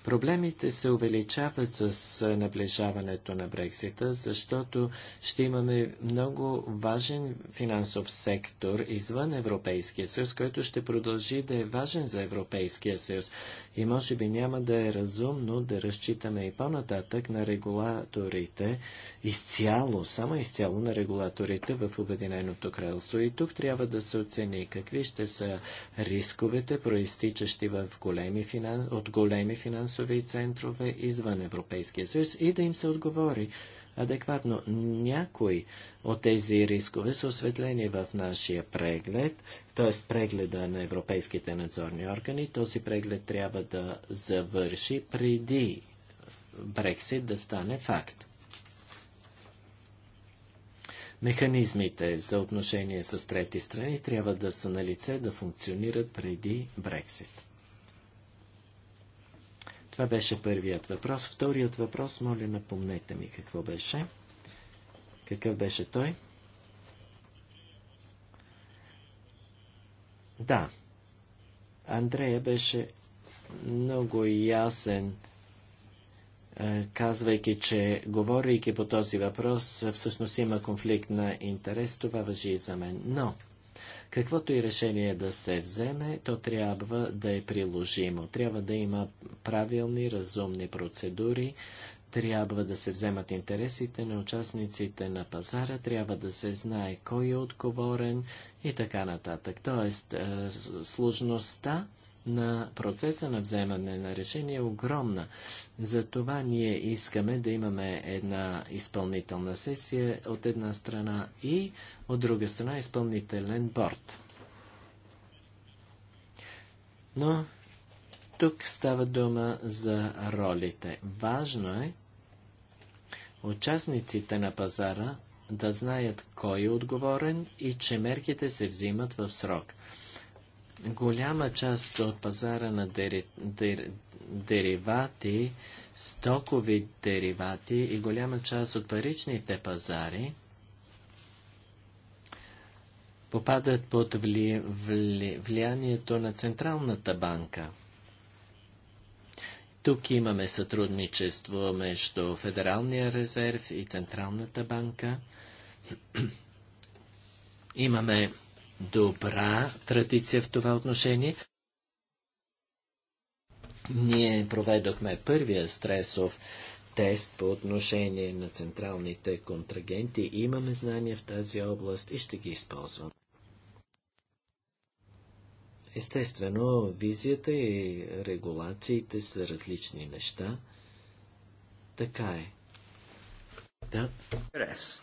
Speaker 3: Проблемите се увеличават с наближаването на Брексита, защото ще имаме много важен финансов сектор извън Европейския съюз, който ще продължи да е важен за Европейския съюз. И може би няма да е разумно да разчитаме и по-нататък на регулаторите изцяло, само изцяло на регулаторите в Обединеното кралство. И тук трябва да се оцени какви ще са рисковете, проистичащи в големи финанс... от големи финансови финансови центрове извън Европейския съюз и да им се отговори адекватно. Някои от тези рискове са осветлени в нашия преглед, т.е. прегледа на европейските надзорни органи. Този преглед трябва да завърши преди Брексит да стане факт. Механизмите за отношение с трети страни трябва да са на лице да функционират преди Брексит. Това беше първият въпрос. Вторият въпрос, моля, напомнете ми какво беше. Какъв беше той? Да. Андрея беше много ясен, е, казвайки, че говорейки по този въпрос, всъщност има конфликт на интерес. Това въжи и за мен. Но Каквото и решение да се вземе, то трябва да е приложимо. Трябва да има правилни, разумни процедури, трябва да се вземат интересите на участниците на пазара, трябва да се знае кой е отговорен и така нататък. Тоест, е, сложността на процеса на вземане на решение е огромна. Затова ние искаме да имаме една изпълнителна сесия от една страна и от друга страна изпълнителен борт. Но тук става дума за ролите. Важно е участниците на пазара да знаят кой е отговорен и че мерките се взимат в срок голяма част от пазара на дери, дер, деривати, стокови деривати и голяма част от паричните пазари попадат под вли, вли, влиянието на Централната банка. Тук имаме сътрудничество между Федералния резерв и Централната банка. имаме добра традиция в това отношение. Ние проведохме първия стресов тест по отношение на централните контрагенти. Имаме знания в тази област и ще ги използваме. Естествено, визията и регулациите са различни неща. Така е. Да. Прес.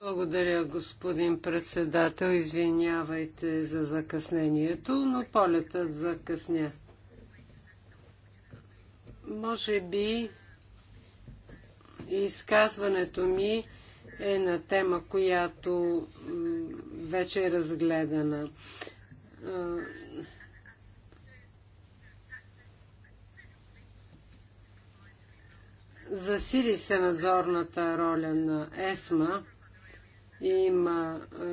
Speaker 1: Благодаря, господин председател. Извинявайте за закъснението, но полетът закъсня. Може би изказването ми е на тема, която вече е разгледана. Засили се надзорната роля на ЕСМА. Има е,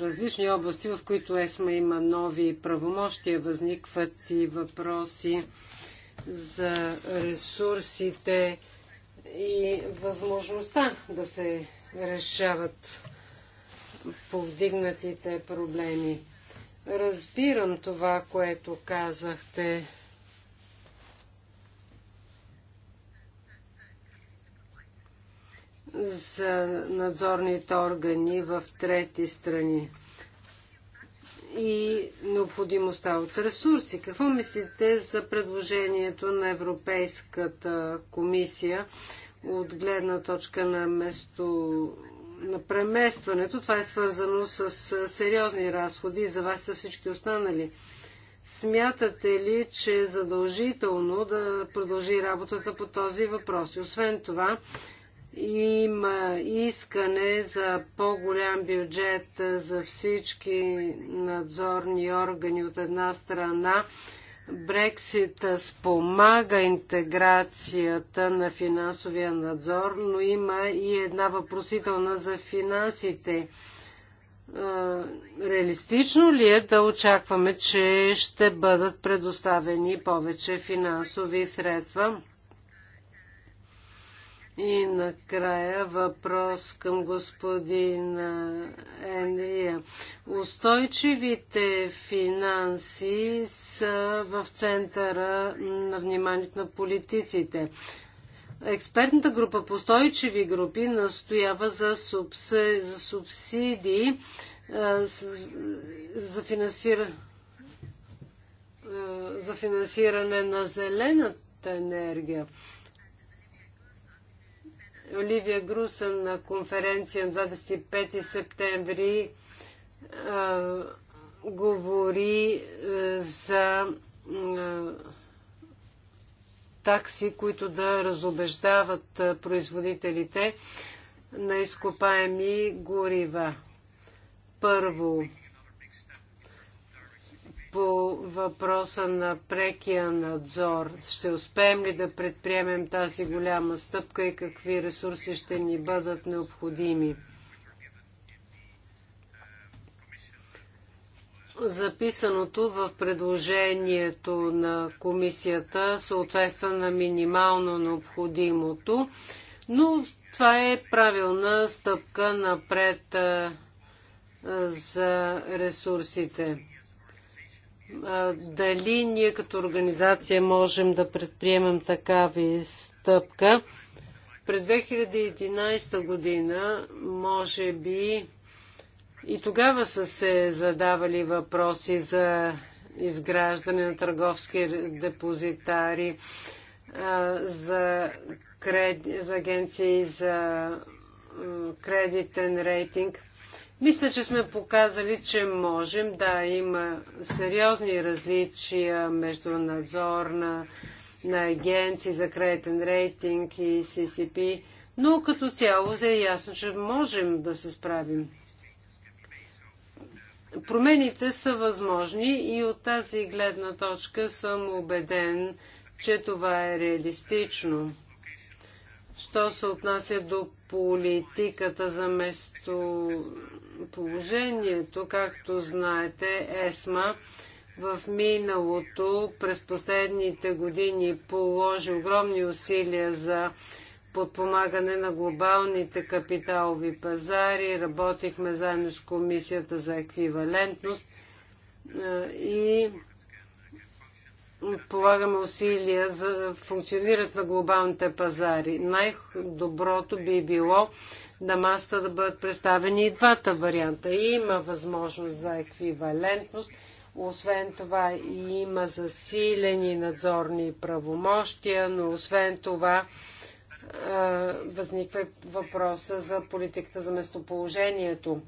Speaker 1: различни области, в които ЕСМА има нови правомощия. Възникват и въпроси за ресурсите и възможността да се решават повдигнатите проблеми. Разбирам това, което казахте за надзорните органи в трети страни и необходимостта от ресурси. Какво мислите за предложението на Европейската комисия от гледна точка на место на преместването? Това е свързано с сериозни разходи и за вас са всички останали. Смятате ли, че е задължително да продължи работата по този въпрос? И освен това, има искане за по-голям бюджет за всички надзорни органи от една страна. Брексит спомага интеграцията на финансовия надзор, но има и една въпросителна за финансите. Е, реалистично ли е да очакваме, че ще бъдат предоставени повече финансови средства? И накрая въпрос към господин Енрия. Устойчивите финанси са в центъра на вниманието на политиците. Експертната група по устойчиви групи настоява за, субси... за субсидии за, финансира... за финансиране на зелената енергия. Оливия Грусън на конференция на 25 септември а, говори а, за а, такси, които да разобеждават производителите на изкопаеми горива. Първо, по въпроса на прекия надзор. Ще успеем ли да предприемем тази голяма стъпка и какви ресурси ще ни бъдат необходими? Записаното в предложението на комисията съответства на минимално необходимото, но това е правилна стъпка напред за ресурсите дали ние като организация можем да предприемем такава стъпка. През 2011 година, може би, и тогава са се задавали въпроси за изграждане на търговски депозитари, за, кред... за агенции за кредитен рейтинг – мисля, че сме показали, че можем. Да, има сериозни различия между надзор на, на агенции за кредитен рейтинг и CCP, но като цяло се е ясно, че можем да се справим. Промените са възможни и от тази гледна точка съм убеден, че това е реалистично. Що се отнася до политиката за местоположението, както знаете, ЕСМА в миналото през последните години положи огромни усилия за подпомагане на глобалните капиталови пазари. Работихме заедно с Комисията за еквивалентност и полагаме усилия за функционират на глобалните пазари. Най-доброто би било на масата да бъдат представени и двата варианта. И има възможност за еквивалентност. Освен това има засилени надзорни правомощия, но освен това възниква въпроса за политиката за местоположението.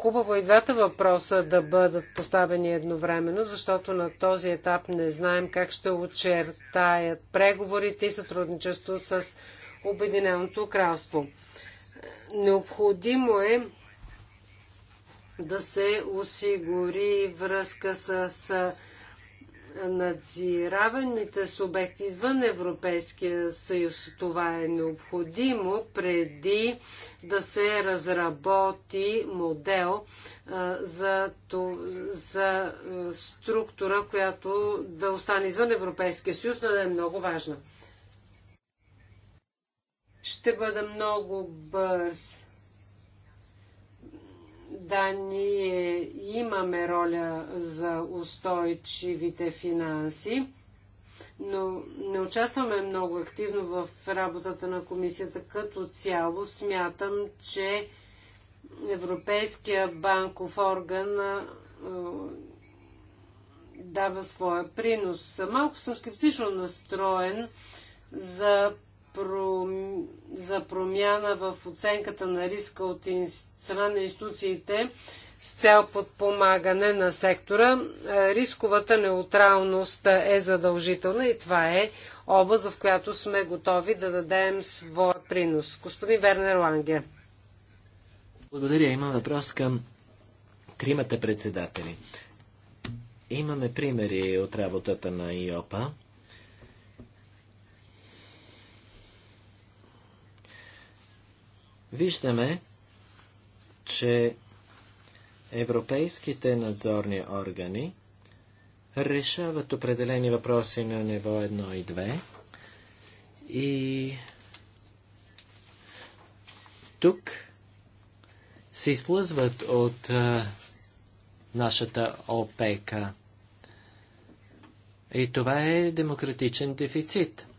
Speaker 1: Хубаво е и двата въпроса да бъдат поставени едновременно, защото на този етап не знаем как ще очертаят преговорите и сътрудничество с Обединеното кралство. Необходимо е да се осигури връзка с надзираваните субекти извън Европейския съюз. Това е необходимо преди да се разработи модел за, за структура, която да остане извън Европейския съюз, но да е много важна. Ще бъда много бърз. Да, ние имаме роля за устойчивите финанси, но не участваме много активно в работата на комисията. Като цяло смятам, че Европейския банков орган дава своя принос. Малко съм скептично настроен за пром... за промяна в оценката на риска от страна на институциите с цел подпомагане на сектора. Е, рисковата неутралност е задължителна и това е област, в която сме готови да дадем своя принос. Господин Вернер Ланге.
Speaker 3: Благодаря. Имам въпрос към тримата председатели. Имаме примери от работата на ИОПА. Виждаме, че европейските надзорни органи решават определени въпроси на ниво 1 и 2 и тук се изплъзват от а, нашата опека. И това е демократичен дефицит –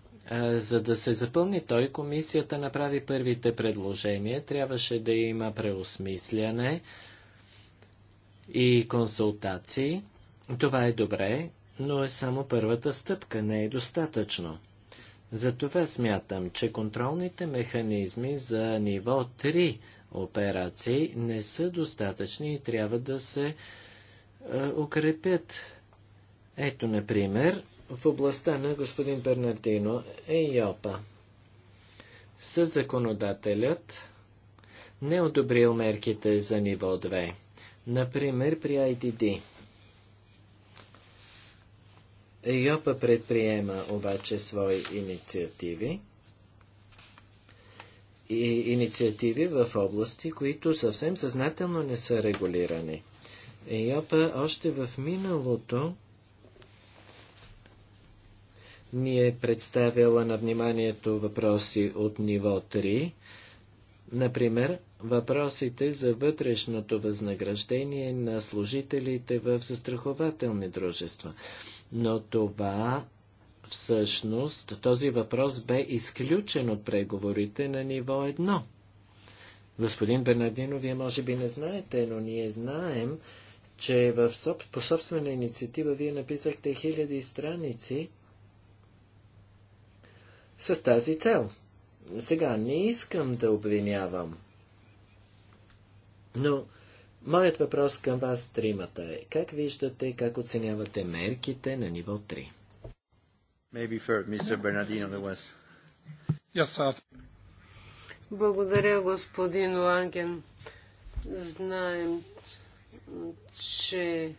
Speaker 3: за да се запълни той, комисията направи първите предложения. Трябваше да има преосмисляне и консултации. Това е добре, но е само първата стъпка, не е достатъчно. Затова смятам, че контролните механизми за ниво 3 операции не са достатъчни и трябва да се е, укрепят. Ето, например, в областта на господин Бернардино е ЙОПА. Със законодателят не е одобрил мерките за ниво 2. Например, при IDD. ЙОПА предприема обаче свои инициативи и инициативи в области, които съвсем съзнателно не са регулирани. ЙОПА още в миналото ни е представила на вниманието въпроси от ниво 3. Например, въпросите за вътрешното възнаграждение на служителите в застрахователни дружества. Но това всъщност, този въпрос бе изключен от преговорите на ниво 1. Господин Бернардино, вие може би не знаете, но ние знаем, че в, по собствена инициатива вие написахте хиляди страници с тази цел. Сега не искам да обвинявам, но моят въпрос към вас тримата е как виждате, как оценявате мерките на ниво 3? Maybe for Mr. Bernardino Yes, sir.
Speaker 1: Благодаря, господин Ланген. Знаем, че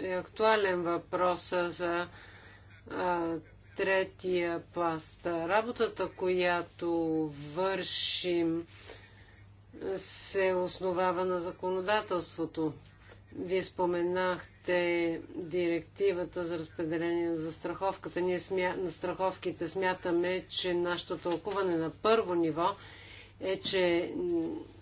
Speaker 1: е актуален въпрос за а, третия пласт. Работата, която вършим, се основава на законодателството. Вие споменахте директивата за разпределение на застраховката. Ние смя... на страховките смятаме, че нашето тълкуване на първо ниво е, че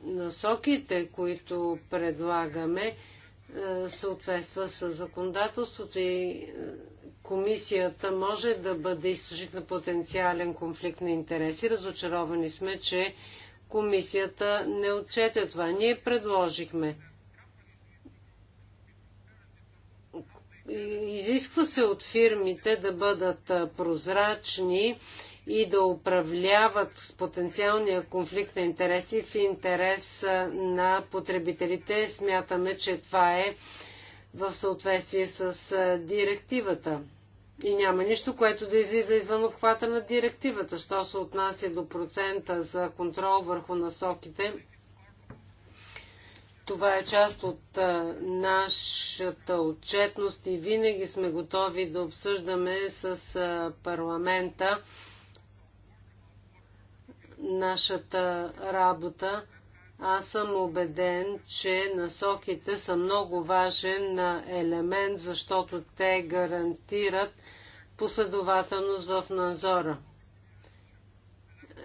Speaker 1: насоките, които предлагаме, е, съответства с законодателството и е, комисията може да бъде източник на потенциален конфликт на интереси. Разочаровани сме, че комисията не отчете това. Ние предложихме. Изисква се от фирмите да бъдат прозрачни и да управляват потенциалния конфликт на интереси в интерес на потребителите. Смятаме, че това е в съответствие с директивата. И няма нищо, което да излиза извън обхвата на директивата. Що се отнася до процента за контрол върху насоките, това е част от нашата отчетност и винаги сме готови да обсъждаме с парламента нашата работа. Аз съм убеден, че насоките са много важен елемент, защото те гарантират последователност в надзора.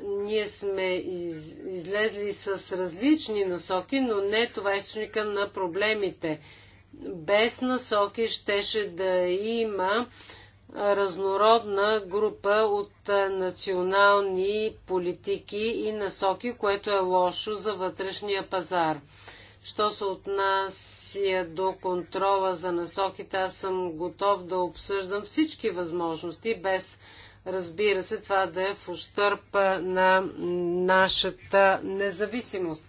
Speaker 1: Ние сме из, излезли с различни насоки, но не това е източника на проблемите. Без насоки щеше да има разнородна група от национални политики и насоки, което е лошо за вътрешния пазар. Що се отнася до контрола за насоките, аз съм готов да обсъждам всички възможности, без разбира се това да е в ущърп на нашата независимост.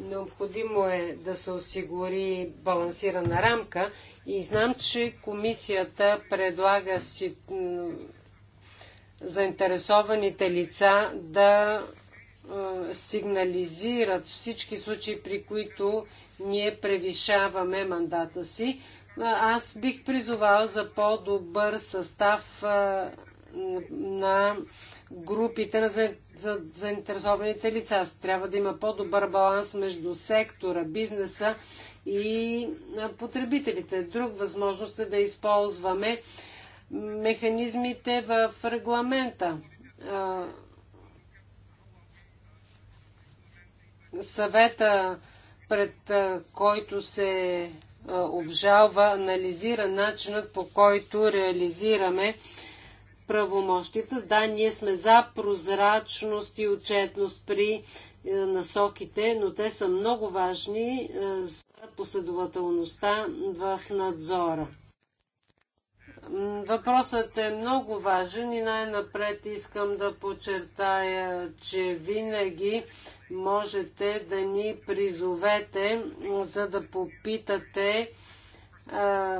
Speaker 1: Необходимо е да се осигури балансирана рамка и знам, че комисията предлага си, заинтересованите лица да сигнализират всички случаи, при които ние превишаваме мандата си. Аз бих призовал за по-добър състав на групите на заинтересованите лица. Трябва да има по-добър баланс между сектора, бизнеса и потребителите. Друг възможност е да използваме механизмите в регламента. съвета, пред който се обжалва, анализира начинът по който реализираме правомощията. Да, ние сме за прозрачност и отчетност при е, насоките, но те са много важни е, за последователността в надзора. Въпросът е много важен и най-напред искам да подчертая, че винаги можете да ни призовете, за да попитате е,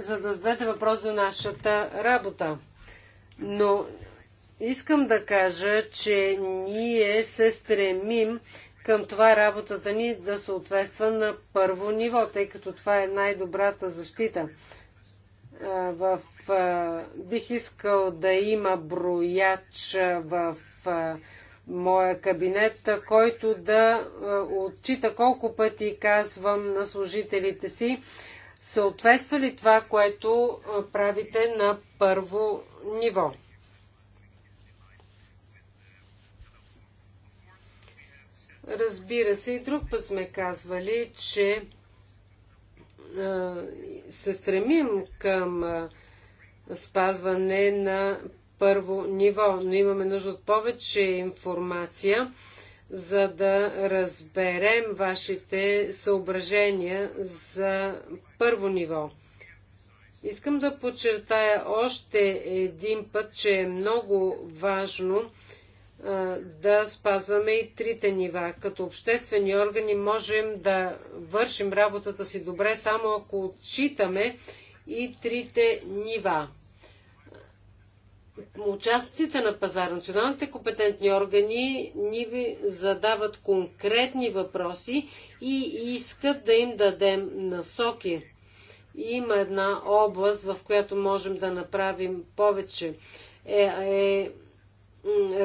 Speaker 1: за да зададе въпрос за нашата работа. Но искам да кажа, че ние се стремим към това работата ни да съответства на първо ниво, тъй като това е най-добрата защита. В, бих искал да има брояч в моя кабинет, който да отчита колко пъти казвам на служителите си, Съответства ли това, което правите на първо ниво? Разбира се, и друг път сме казвали, че е, се стремим към е, спазване на първо ниво, но имаме нужда от повече информация, за да разберем вашите съображения за първо ниво. Искам да подчертая още един път, че е много важно а, да спазваме и трите нива. Като обществени органи можем да вършим работата си добре, само ако отчитаме и трите нива. Участниците на пазар, националните компетентни органи ни ви задават конкретни въпроси и искат да им дадем насоки има една област, в която можем да направим повече. Е, е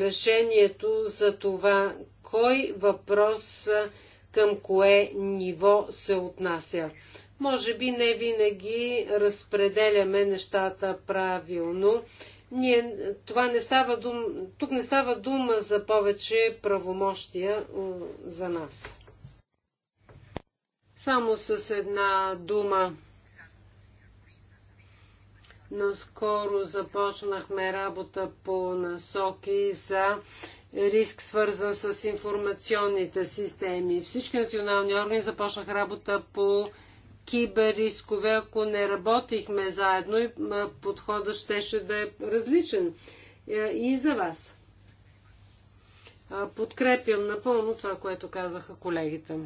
Speaker 1: решението за това кой въпрос към кое ниво се отнася. Може би не винаги разпределяме нещата правилно. Ние, това не става дум, тук не става дума за повече правомощия за нас. Само с една дума Наскоро започнахме работа по насоки за риск, свързан с информационните системи. Всички национални органи започнаха работа по киберрискове. Ако не работихме заедно, подхода щеше да е различен и за вас. Подкрепям напълно това, което казаха колегите.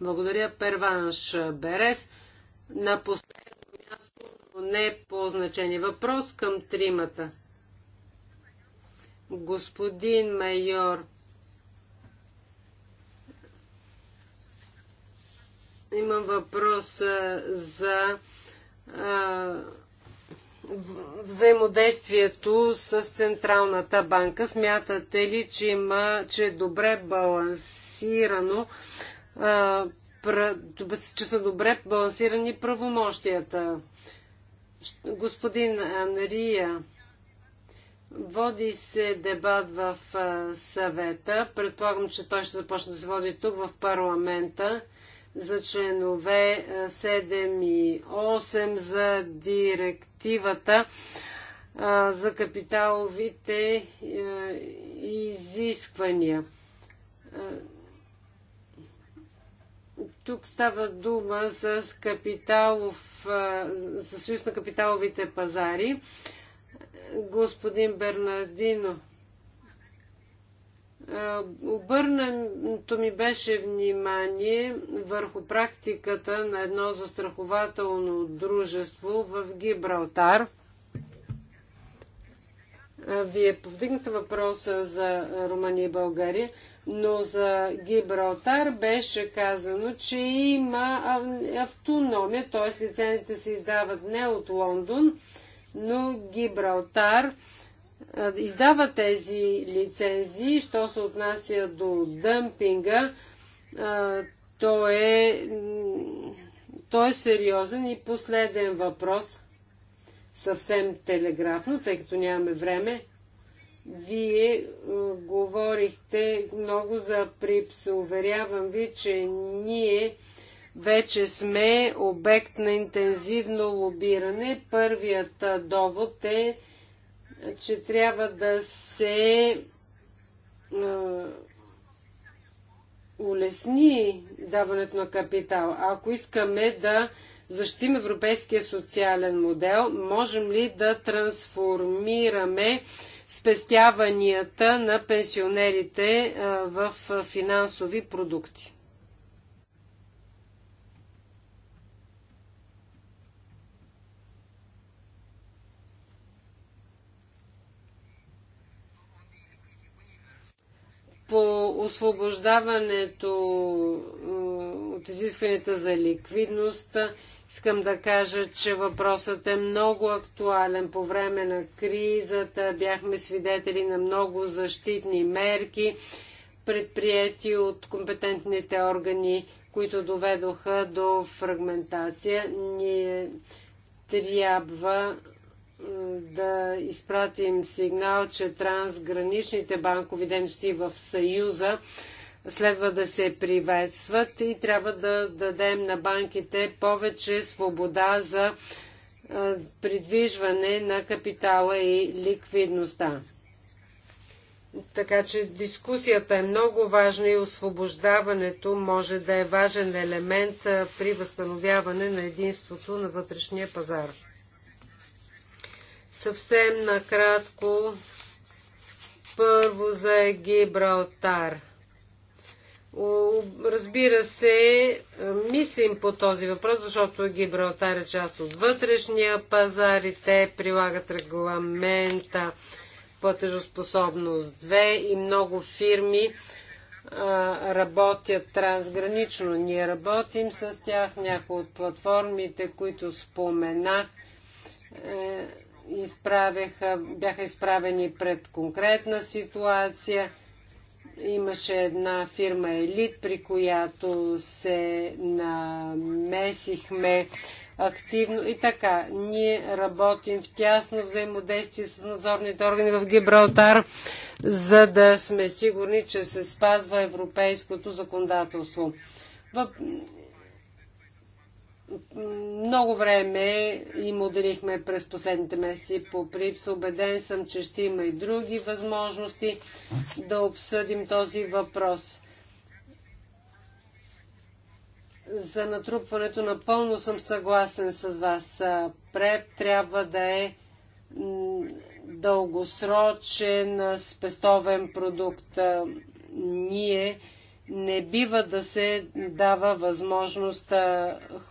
Speaker 1: Благодаря, Перванш Берес. Напоследък не по значение. Въпрос към тримата. Господин майор, имам въпрос за а, взаимодействието с Централната банка. Смятате ли, че, има, че е добре балансирано а, че са добре балансирани правомощията господин Анрия, води се дебат в съвета. Предполагам, че той ще започне да се води тук в парламента за членове 7 и 8 за директивата за капиталовите изисквания. Тук става дума за, капиталов, за съюз на капиталовите пазари. Господин Бернардино, обърнато ми беше внимание върху практиката на едно застрахователно дружество в Гибралтар. Вие повдигнате въпроса за Румъния и България. Но за Гибралтар беше казано, че има автономия, т.е. лицензите се издават не от Лондон, но Гибралтар издава тези лицензии, що се отнася до дъмпинга, то е, то е сериозен и последен въпрос, съвсем телеграфно, тъй като нямаме време. Вие е, говорихте много за ПРИПС. Уверявам ви, че ние вече сме обект на интензивно лобиране. Първият довод е, че трябва да се е, улесни даването на капитал. ако искаме да защитим европейския социален модел, можем ли да трансформираме спестяванията на пенсионерите в финансови продукти. по освобождаването от изискванията за ликвидност Искам да кажа, че въпросът е много актуален. По време на кризата бяхме свидетели на много защитни мерки, предприяти от компетентните органи, които доведоха до фрагментация. Ние трябва да изпратим сигнал, че трансграничните банкови дейности в Съюза следва да се приветстват и трябва да дадем на банките повече свобода за придвижване на капитала и ликвидността. Така че дискусията е много важна и освобождаването може да е важен елемент при възстановяване на единството на вътрешния пазар. Съвсем накратко, първо за Гибралтар. Разбира се, мислим по този въпрос, защото Гибралтар е част от вътрешния пазар и те прилагат регламента платежоспособност 2 и много фирми работят трансгранично. Ние работим с тях. Някои от платформите, които споменах, е, бяха изправени пред конкретна ситуация – Имаше една фирма Елит, при която се намесихме активно и така. Ние работим в тясно взаимодействие с надзорните органи в Гибралтар, за да сме сигурни, че се спазва европейското законодателство много време им отделихме през последните месеци по ПРИПС. Обеден съм, че ще има и други възможности да обсъдим този въпрос. За натрупването напълно съм съгласен с вас. ПРЕП трябва да е дългосрочен спестовен продукт. Ние не бива да се дава възможност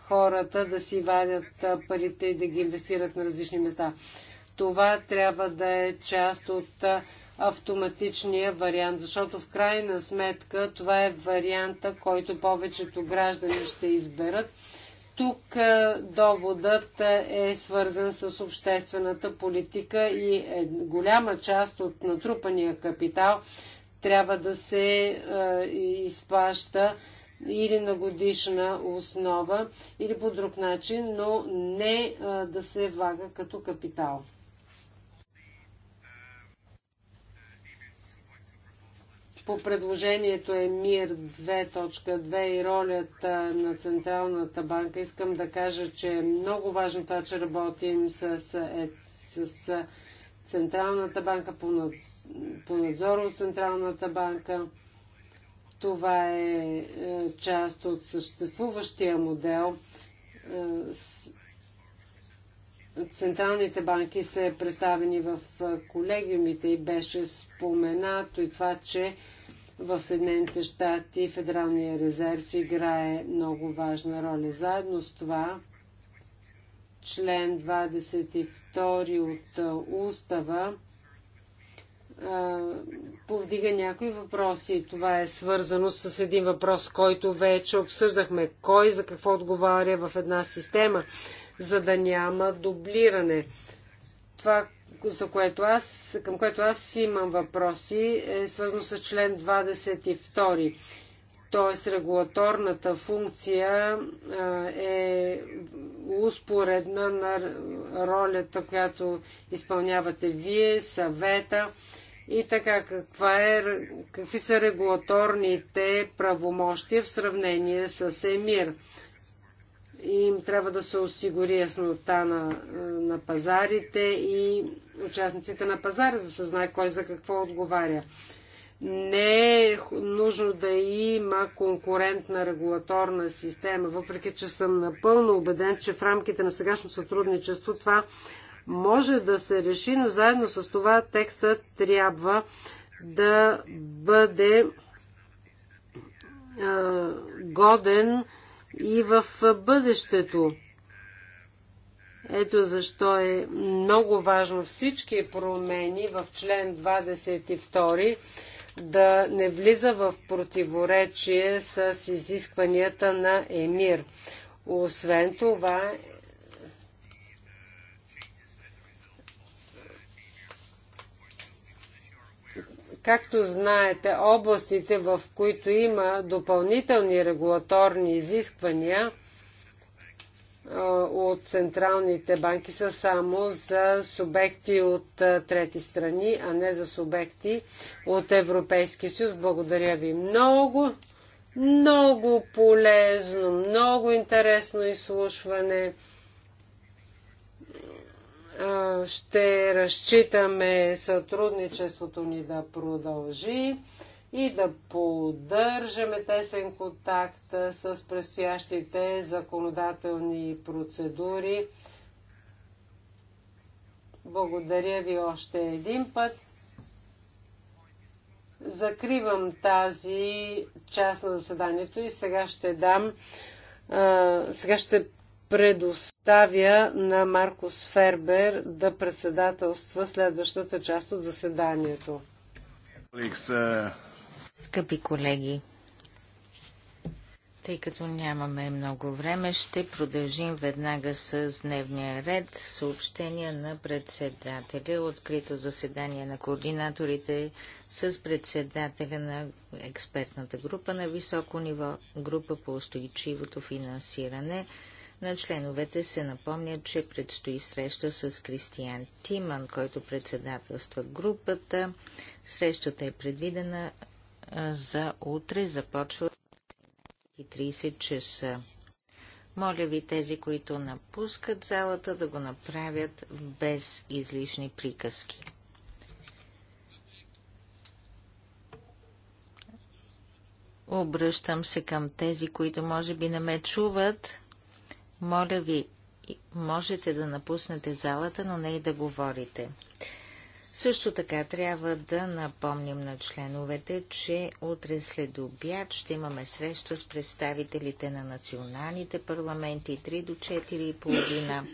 Speaker 1: хората да си вадят парите и да ги инвестират на различни места. Това трябва да е част от автоматичния вариант, защото в крайна сметка това е варианта, който повечето граждани ще изберат. Тук доводът е свързан с обществената политика и е голяма част от натрупания капитал трябва да се изплаща или на годишна основа, или по друг начин, но не да се влага като капитал. по предложението е МИР 2.2 и ролята на Централната банка. Искам да кажа, че е много важно това, че работим с, с, с Централната банка по по надзор от Централната банка. Това е, е част от съществуващия модел. Е, централните банки са представени в е, колегиумите и беше споменато и това, че в Съединените щати Федералния резерв играе много важна роля. Заедно с това, член 22 от устава повдига някои въпроси. Това е свързано с един въпрос, който вече обсъждахме. Кой за какво отговаря в една система, за да няма дублиране. Това, за което аз, към което аз имам въпроси, е свързано с член 22 т.е. регулаторната функция а, е успоредна на ролята, която изпълнявате вие, съвета и така, каква е, какви са регулаторните правомощия в сравнение с ЕМИР? И им трябва да се осигури яснота на, на пазарите и участниците на пазара, за да се знае кой за какво отговаря. Не е нужно да има конкурентна регулаторна система, въпреки че съм напълно убеден, че в рамките на сегашното сътрудничество това може да се реши, но заедно с това текстът трябва да бъде годен и в бъдещето. Ето защо е много важно всички промени в член 22 да не влиза в противоречие с изискванията на Емир. Освен това, Както знаете, областите, в които има допълнителни регулаторни изисквания от централните банки са само за субекти от трети страни, а не за субекти от Европейски съюз. Благодаря ви много. Много полезно, много интересно изслушване. Ще разчитаме сътрудничеството ни да продължи и да поддържаме тесен контакт с предстоящите законодателни процедури. Благодаря ви още един път. Закривам тази част на заседанието и сега ще дам. А, сега ще предоставя на Маркус Фербер да председателства следващата част от заседанието.
Speaker 3: Е,
Speaker 2: Скъпи колеги, тъй като нямаме много време, ще продължим веднага с дневния ред. Съобщения на председателя. Открито заседание на координаторите с председателя на експертната група на високо ниво, група по устойчивото финансиране – на членовете се напомня, че предстои среща с Кристиян Тиман, който председателства групата. Срещата е предвидена за утре, започва 30 часа. Моля ви тези, които напускат залата, да го направят без излишни приказки. Обръщам се към тези, които може би не ме чуват. Моля ви, можете да напуснете залата, но не и да говорите. Също така трябва да напомним на членовете, че утре след обяд ще имаме среща с представителите на националните парламенти 3 до половина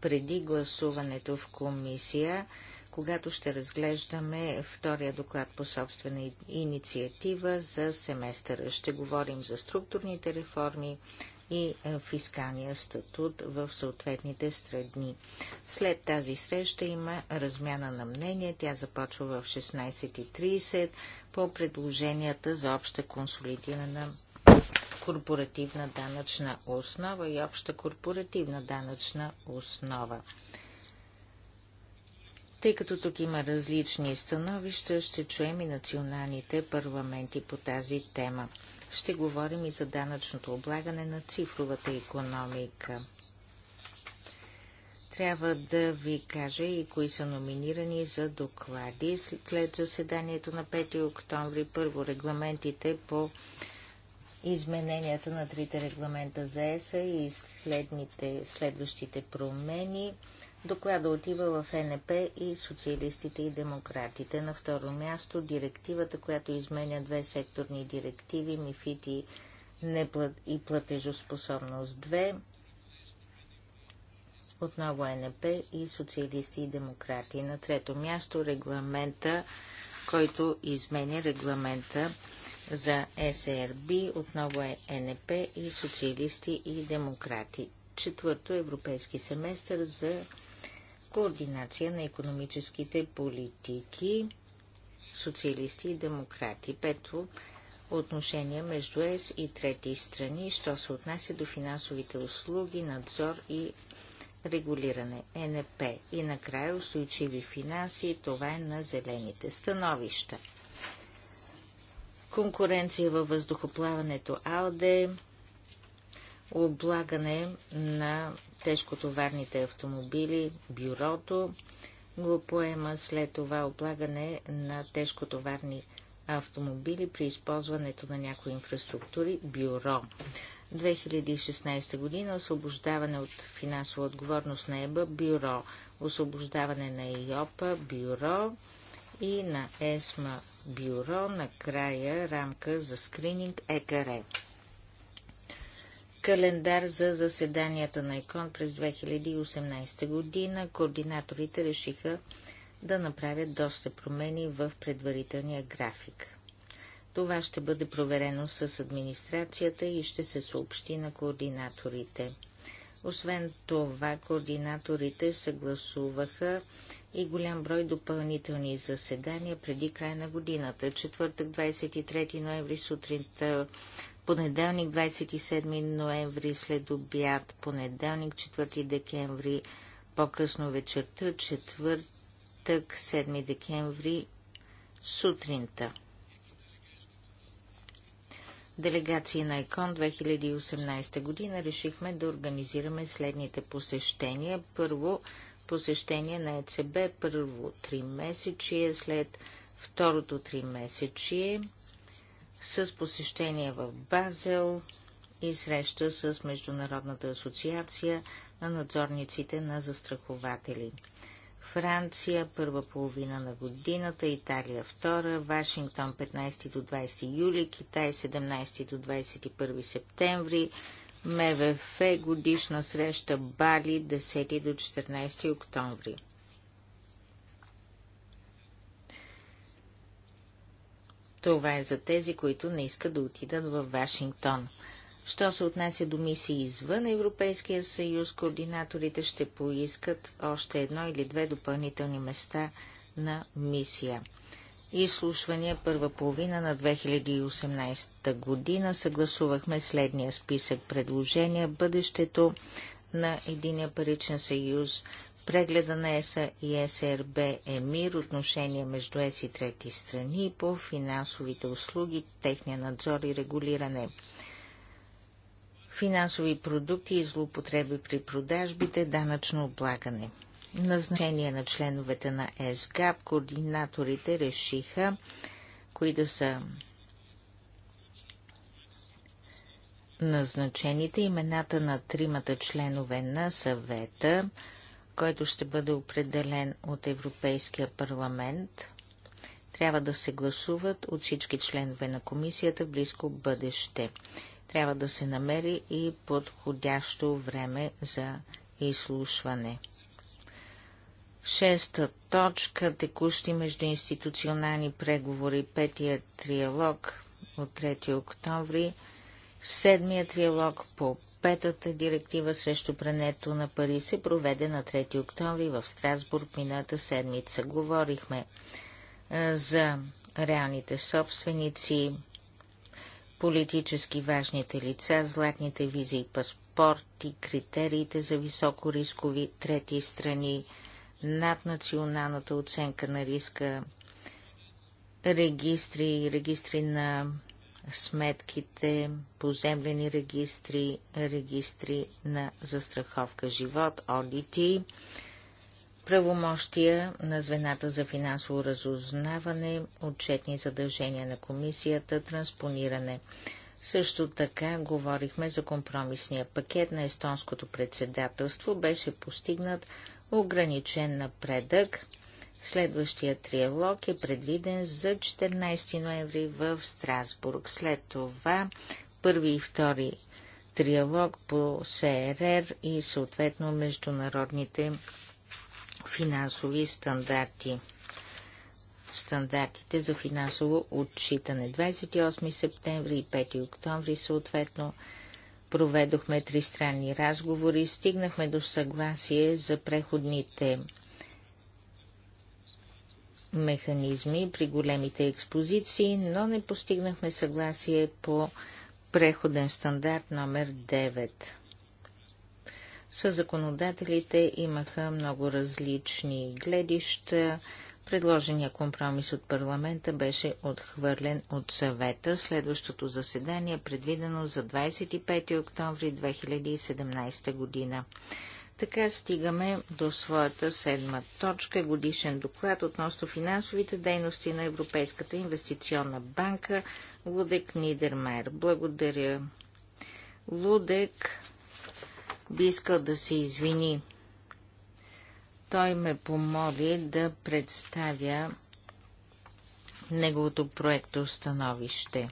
Speaker 2: преди гласуването в комисия, когато ще разглеждаме втория доклад по собствена инициатива за семестъра. Ще говорим за структурните реформи, и е, фискалния статут в съответните страни. След тази среща има размяна на мнение. Тя започва в 16.30 по предложенията за обща консолидирана корпоративна данъчна основа и обща корпоративна данъчна основа. Тъй като тук има различни становища, ще чуем и националните парламенти по тази тема ще говорим и за данъчното облагане на цифровата економика. Трябва да ви кажа и кои са номинирани за доклади след заседанието на 5 октомври. Първо регламентите по измененията на трите регламента за ЕСА и следните, следващите промени – Доклада отива в НП и социалистите и демократите. На второ място директивата, която изменя две секторни директиви, МИФИТ и, неплат... и платежоспособност 2. Отново НП и социалисти и демократи. На трето място регламента, който изменя регламента за СРБ. Отново е НП и социалисти и демократи. Четвърто европейски семестър за координация на економическите политики, социалисти и демократи. Пето, отношения между ЕС и трети страни, що се отнася до финансовите услуги, надзор и регулиране, е НП и накрая устойчиви финанси, това е на зелените становища. Конкуренция във въздухоплаването АЛДЕ, облагане на тежкотоварните автомобили, бюрото го поема след това облагане на тежкотоварни автомобили при използването на някои инфраструктури, бюро. 2016 година освобождаване от финансова отговорност на ЕБА, бюро, освобождаване на ИОПА, бюро и на ЕСМА, бюро, накрая рамка за скрининг ЕКРЕ календар за заседанията на ЕКОН през 2018 година. Координаторите решиха да направят доста промени в предварителния график. Това ще бъде проверено с администрацията и ще се съобщи на координаторите. Освен това, координаторите съгласуваха и голям брой допълнителни заседания преди края на годината. Четвъртък, 23 ноември сутринта понеделник 27 ноември след обяд, понеделник 4 декември по-късно вечерта, четвъртък 7 декември сутринта. Делегации на ИКОН 2018 година решихме да организираме следните посещения. Първо посещение на ЕЦБ, първо три месечие, след второто три месечие с посещение в Базел и среща с Международната асоциация на надзорниците на застрахователи. Франция първа половина на годината, Италия втора, Вашингтон 15 до 20 юли, Китай 17 до 21 септември, МВФ годишна среща Бали 10 до 14 октомври. Това е за тези, които не искат да отидат в Вашингтон. Що се отнася до мисии извън Европейския съюз, координаторите ще поискат още едно или две допълнителни места на мисия. Изслушвания първа половина на 2018 година съгласувахме следния списък предложения. Бъдещето на единия паричен съюз, прегледа на ЕСА и СРБ е мир, отношения между ЕС и трети страни по финансовите услуги, техния надзор и регулиране. Финансови продукти и злоупотреби при продажбите, данъчно облагане. Назначение на членовете на ЕСГАП, координаторите решиха, кои да са назначените имената на тримата членове на съвета – който ще бъде определен от Европейския парламент, трябва да се гласуват от всички членове на комисията в близко бъдеще. Трябва да се намери и подходящо време за изслушване. Шеста точка – текущи междуинституционални преговори. Петия триалог от 3 октомври – Седмият триалог по петата директива срещу прането на пари се проведе на 3 октомври в Страсбург мината седмица. Говорихме за реалните собственици, политически важните лица, златните визи и паспорти, критериите за високо рискови трети страни, наднационалната оценка на риска, регистри регистри на сметките, поземлени регистри, регистри на застраховка живот, одити, правомощия на звената за финансово разузнаване, отчетни задължения на комисията, транспониране. Също така говорихме за компромисния пакет на естонското председателство. Беше постигнат ограничен напредък Следващия триалог е предвиден за 14 ноември в Страсбург. След това първи и втори триалог по СРР и съответно международните финансови стандарти. Стандартите за финансово отчитане. 28 септември и 5 октомври съответно проведохме тристранни разговори. Стигнахме до съгласие за преходните механизми при големите експозиции, но не постигнахме съгласие по преходен стандарт номер 9. Със законодателите имаха много различни гледища. Предложения компромис от парламента беше отхвърлен от съвета. Следващото заседание е предвидено за 25 октомври 2017 година. Така стигаме до своята седма точка годишен доклад относно финансовите дейности на Европейската инвестиционна банка Лудек Нидермайер. Благодаря. Лудек би искал да се извини. Той ме помоли да представя неговото проекто становище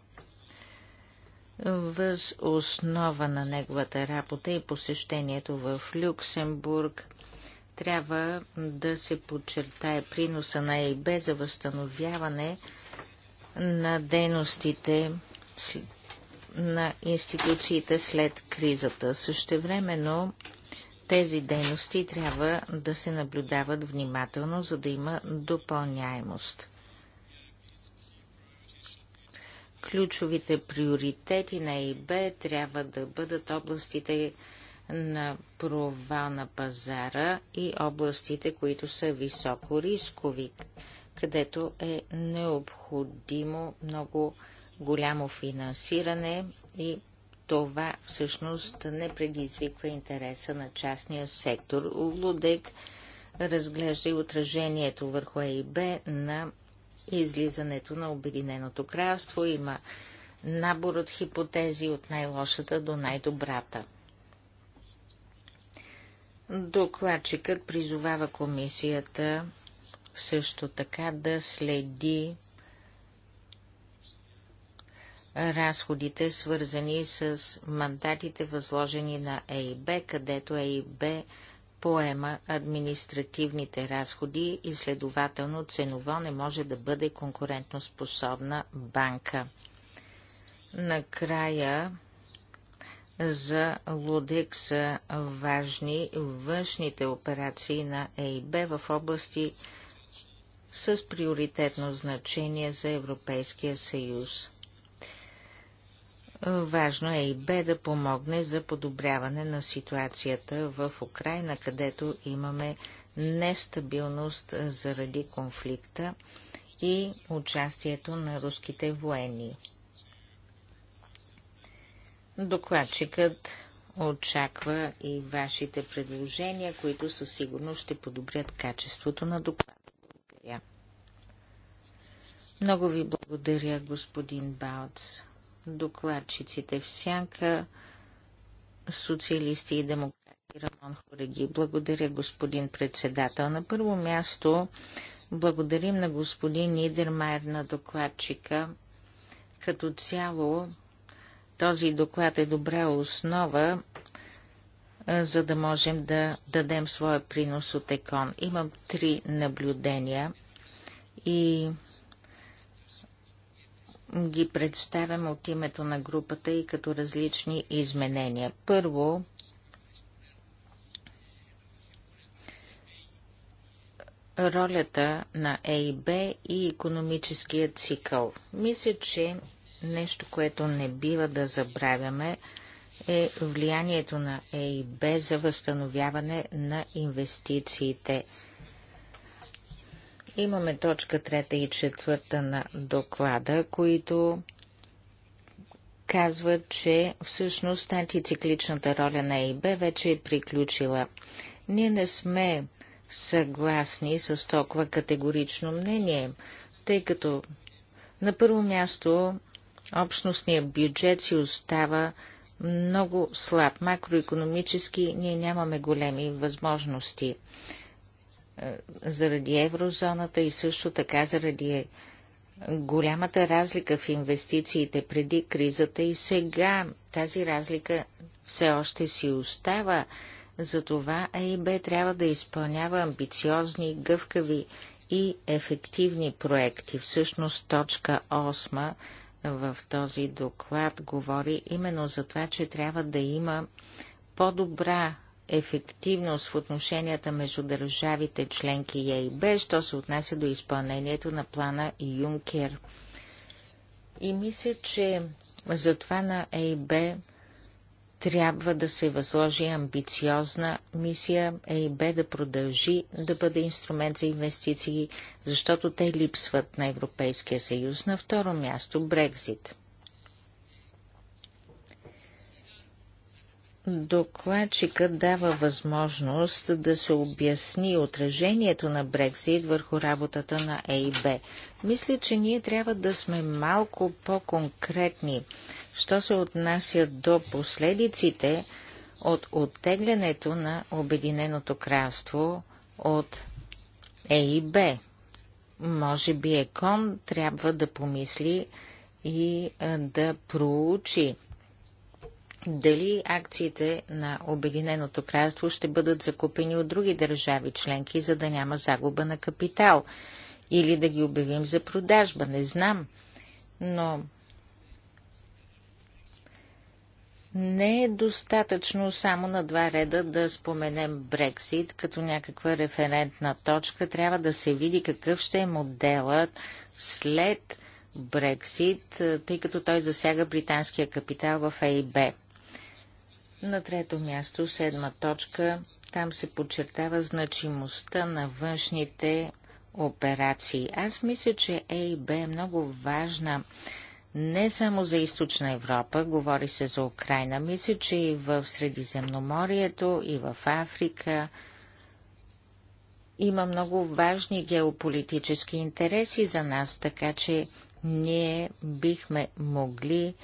Speaker 2: въз основа на неговата работа и посещението в Люксембург трябва да се подчертае приноса на ЕИБ за възстановяване на дейностите на институциите след кризата. Същевременно тези дейности трябва да се наблюдават внимателно, за да има допълняемост. Ключовите приоритети на ИБ трябва да бъдат областите на провал на пазара и областите, които са високо рискови, където е необходимо много голямо финансиране и това всъщност не предизвиква интереса на частния сектор. Лудек разглежда и отражението върху ЕИБ на излизането на Обединеното кралство. Има набор от хипотези от най-лошата до най-добрата. Докладчикът призовава комисията също така да следи разходите, свързани с мандатите, възложени на ЕИБ, където ЕИБ поема административните разходи и следователно ценово не може да бъде конкурентоспособна банка. Накрая за Лудек са важни външните операции на ЕИБ в области с приоритетно значение за Европейския съюз. Важно е и бе да помогне за подобряване на ситуацията в Украина, където имаме нестабилност заради конфликта и участието на руските военни. Докладчикът очаква и вашите предложения, които със сигурност ще подобрят качеството на доклада. Много ви благодаря, господин Бауц докладчиците в сянка, социалисти и демократи Рамон Хореги. Благодаря, господин председател. На първо място благодарим на господин Нидермайер на докладчика. Като цяло този доклад е добра основа, за да можем да дадем своя принос от ЕКОН. Имам три наблюдения и ги представям от името на групата и като различни изменения. Първо, ролята на ЕИБ и економическия цикъл. Мисля, че нещо, което не бива да забравяме, е влиянието на ЕИБ за възстановяване на инвестициите – Имаме точка трета и четвърта на доклада, които казват, че всъщност антицикличната роля на ЕИБ вече е приключила. Ние не сме съгласни с толкова категорично мнение, тъй като на първо място общностният бюджет си остава много слаб. Макроекономически ние нямаме големи възможности заради еврозоната и също така заради голямата разлика в инвестициите преди кризата и сега. Тази разлика все още си остава. Затова АИБ трябва да изпълнява амбициозни, гъвкави и ефективни проекти. Всъщност точка 8 в този доклад говори именно за това, че трябва да има по-добра ефективност в отношенията между държавите членки Е и Б, що се отнася до изпълнението на плана Юнкер. И мисля, че за това на Е и Б трябва да се възложи амбициозна мисия ЕИБ да продължи да бъде инструмент за инвестиции, защото те липсват на Европейския съюз. На второ място Брекзит. Докладчикът дава възможност да се обясни отражението на Брексит върху работата на ЕИБ. Мисля, че ние трябва да сме малко по-конкретни. Що се отнася до последиците от оттеглянето на Обединеното кралство от ЕИБ? Може би ЕКОН трябва да помисли и да проучи дали акциите на Обединеното кралство ще бъдат закупени от други държави членки, за да няма загуба на капитал или да ги обявим за продажба. Не знам, но не е достатъчно само на два реда да споменем Брексит като някаква референтна точка. Трябва да се види какъв ще е моделът след Брексит, тъй като той засяга британския капитал в АИБ. На трето място, седма точка, там се подчертава значимостта на външните операции. Аз мисля, че ЕИБ е много важна не само за източна Европа, говори се за Украина, мисля, че и в Средиземноморието, и в Африка има много важни геополитически интереси за нас, така че ние бихме могли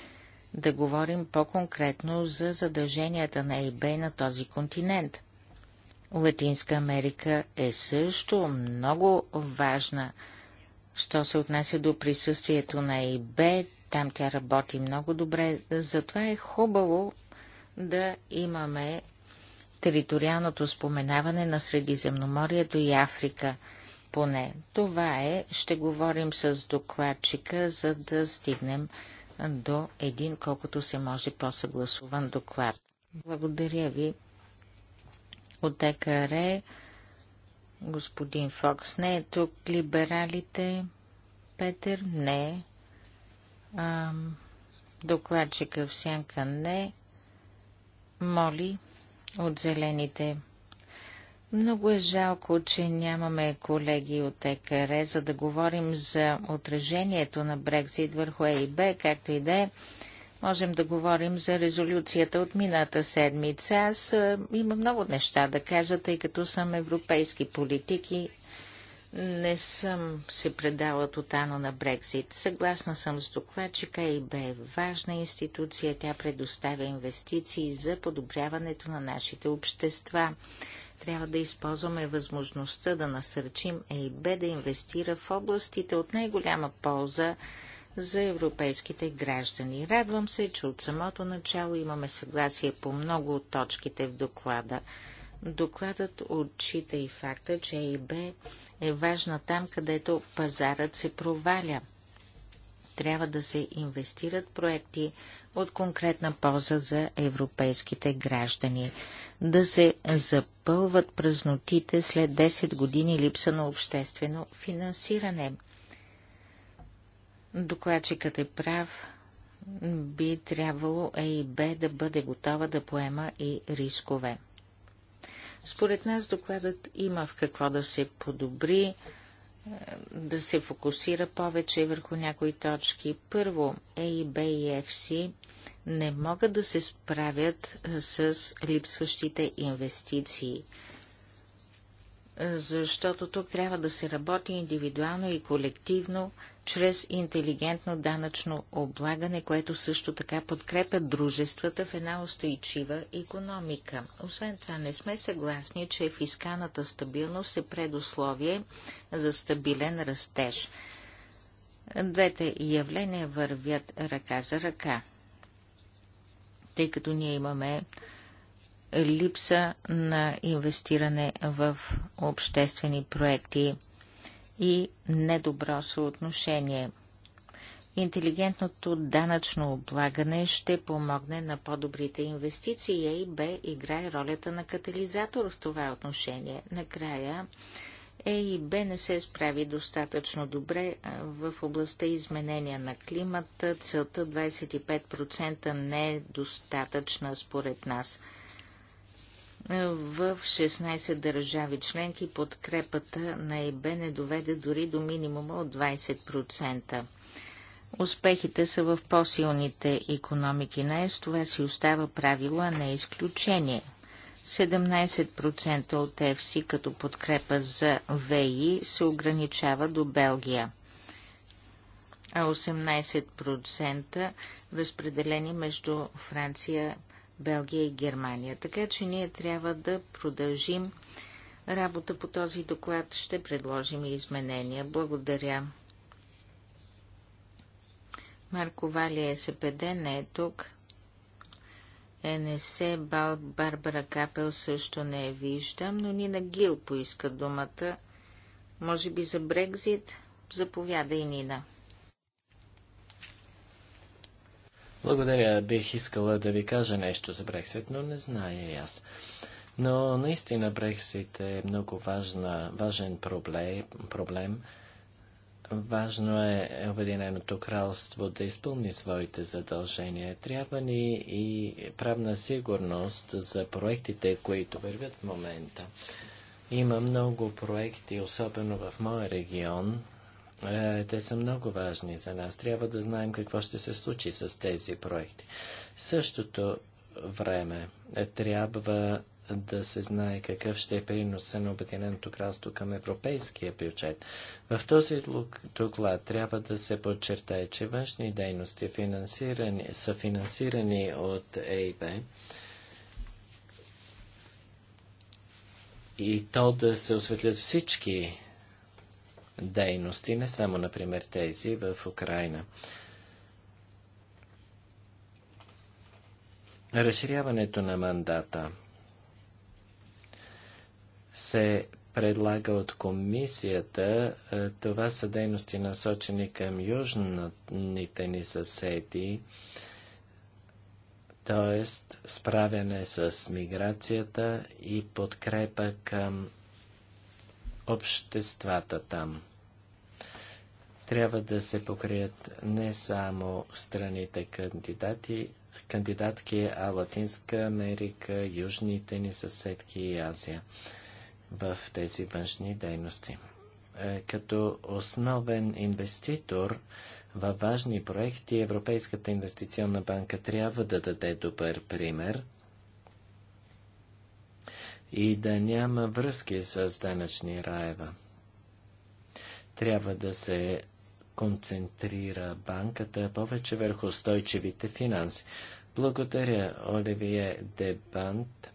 Speaker 2: да говорим по-конкретно за задълженията на ЕБ на този континент. Латинска Америка е също много важна. Що се отнася до присъствието на ЕБ, там тя работи много добре, затова е хубаво да имаме териториалното споменаване на Средиземноморието и Африка. Поне това е, ще говорим с докладчика, за да стигнем до един колкото се може по-съгласуван доклад. Благодаря ви. От ДКР господин Фокс не е тук. Либералите Петър не. А, докладчика в сянка не. Моли от зелените. Много е жалко, че нямаме колеги от ЕКР, за да говорим за отражението на Брекзит върху ЕИБ, както и да е. Можем да говорим за резолюцията от мината седмица. Аз имам има много неща да кажа, тъй като съм европейски политик и не съм се предала тотално на Брекзит. Съгласна съм с докладчика и бе важна институция. Тя предоставя инвестиции за подобряването на нашите общества. Трябва да използваме възможността да насърчим ЕИБ да инвестира в областите от най-голяма полза за европейските граждани. Радвам се, че от самото начало имаме съгласие по много от точките в доклада. Докладът отчита и факта, че ЕИБ е важна там, където пазарът се проваля. Трябва да се инвестират проекти от конкретна полза за европейските граждани да се запълват празнотите след 10 години липса на обществено финансиране. Докладчикът е прав. Би трябвало ЕИБ да бъде готова да поема и рискове. Според нас докладът има в какво да се подобри, е, да се фокусира повече върху някои точки. Първо, ЕИБ и ЕФСИ не могат да се справят е, с липсващите инвестиции. Защото тук трябва да се работи индивидуално и колективно, чрез интелигентно данъчно облагане, което също така подкрепя дружествата в една устойчива економика. Освен това, не сме съгласни, че фискалната стабилност е предусловие за стабилен растеж. Двете явления вървят ръка за ръка тъй като ние имаме липса на инвестиране в обществени проекти и недобро съотношение. Интелигентното данъчно облагане ще помогне на по-добрите инвестиции. А е и Б играе ролята на катализатор в това отношение. Накрая ЕИБ не се справи достатъчно добре в областта изменения на климата. Целта 25% не е достатъчна според нас. В 16 държави членки подкрепата на ЕИБ не доведе дори до минимума от 20%. Успехите са в по-силните економики на ЕС. Това си остава правило, а не изключение – 17% от ЕФСИ като подкрепа за ВЕИ се ограничава до Белгия, а 18% разпределени между Франция, Белгия и Германия. Така че ние трябва да продължим работа по този доклад. Ще предложим и изменения. Благодаря. Марко Вали СПД не е тук. НСЕ Бал, Барбара Капел също не я виждам, но Нина Гил поиска думата. Може би за Брекзит? Заповядай, Нина.
Speaker 3: Благодаря. Бих искала да ви кажа нещо за Брексит, но не зная и аз. Но наистина Брексит е много важна, важен проблем, проблем Важно е Обединеното кралство да изпълни своите задължения. Трябва ни и правна сигурност за проектите, които вървят в момента. Има много проекти, особено в моя регион. Е, те са много важни за нас. Трябва да знаем какво ще се случи с тези проекти. Същото време е, трябва да се знае какъв ще е приноса на Обединеното кралство към европейския бюджет. В този доклад трябва да се подчертае, че външни дейности финансирани, са финансирани от ЕИБ и то да се осветлят всички дейности, не само, например, тези в Украина. Разширяването на мандата – се предлага от комисията. Е, това са дейности насочени към южните ни съседи, т.е. справяне с миграцията и подкрепа към обществата там. Трябва да се покрият не само страните кандидати, кандидатки, а Латинска Америка, южните ни съседки и Азия в тези външни дейности. Е, като основен инвеститор във важни проекти Европейската инвестиционна банка трябва да даде добър пример и да няма връзки с данъчни раева. Трябва да се концентрира банката повече върху устойчивите финанси. Благодаря, Оливие Дебант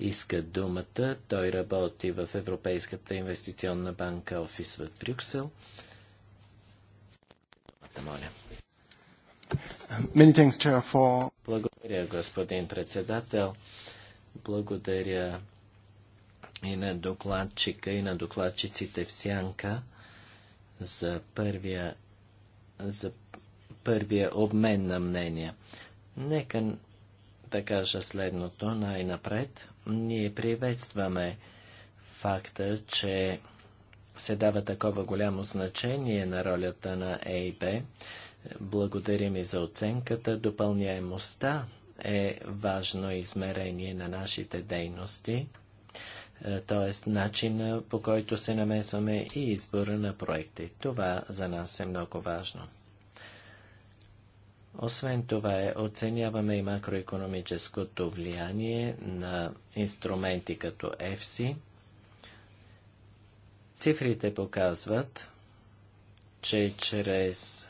Speaker 3: иска думата. Той работи в Европейската инвестиционна банка офис в Брюксел. моля. Благодаря, господин председател. Благодаря и на докладчика, и на докладчиците в Сянка за първия, за първия обмен на мнения. Нека да кажа следното най-напред. Ние приветстваме факта, че се дава такова голямо значение на ролята на ЕИБ. Благодарим и за оценката. Допълняемостта е важно измерение на нашите дейности, т.е. начина по който се намесваме и избора на проекти. Това за нас е много важно. Освен това, оценяваме и макроекономическото влияние на инструменти като EFSI. Цифрите показват, че чрез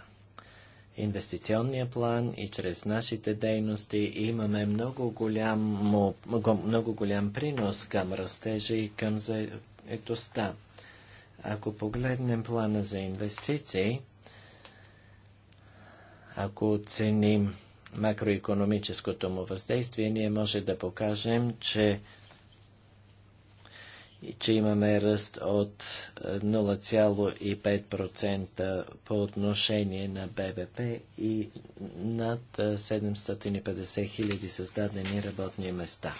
Speaker 3: инвестиционния план и чрез нашите дейности имаме много голям, много голям принос към растежа и към заетостта. Ако погледнем плана за инвестиции, ако оценим макроекономическото му въздействие, ние може да покажем, че и че имаме ръст от 0,5% е, по отношение на БВП и над 750 е, хиляди създадени работни места.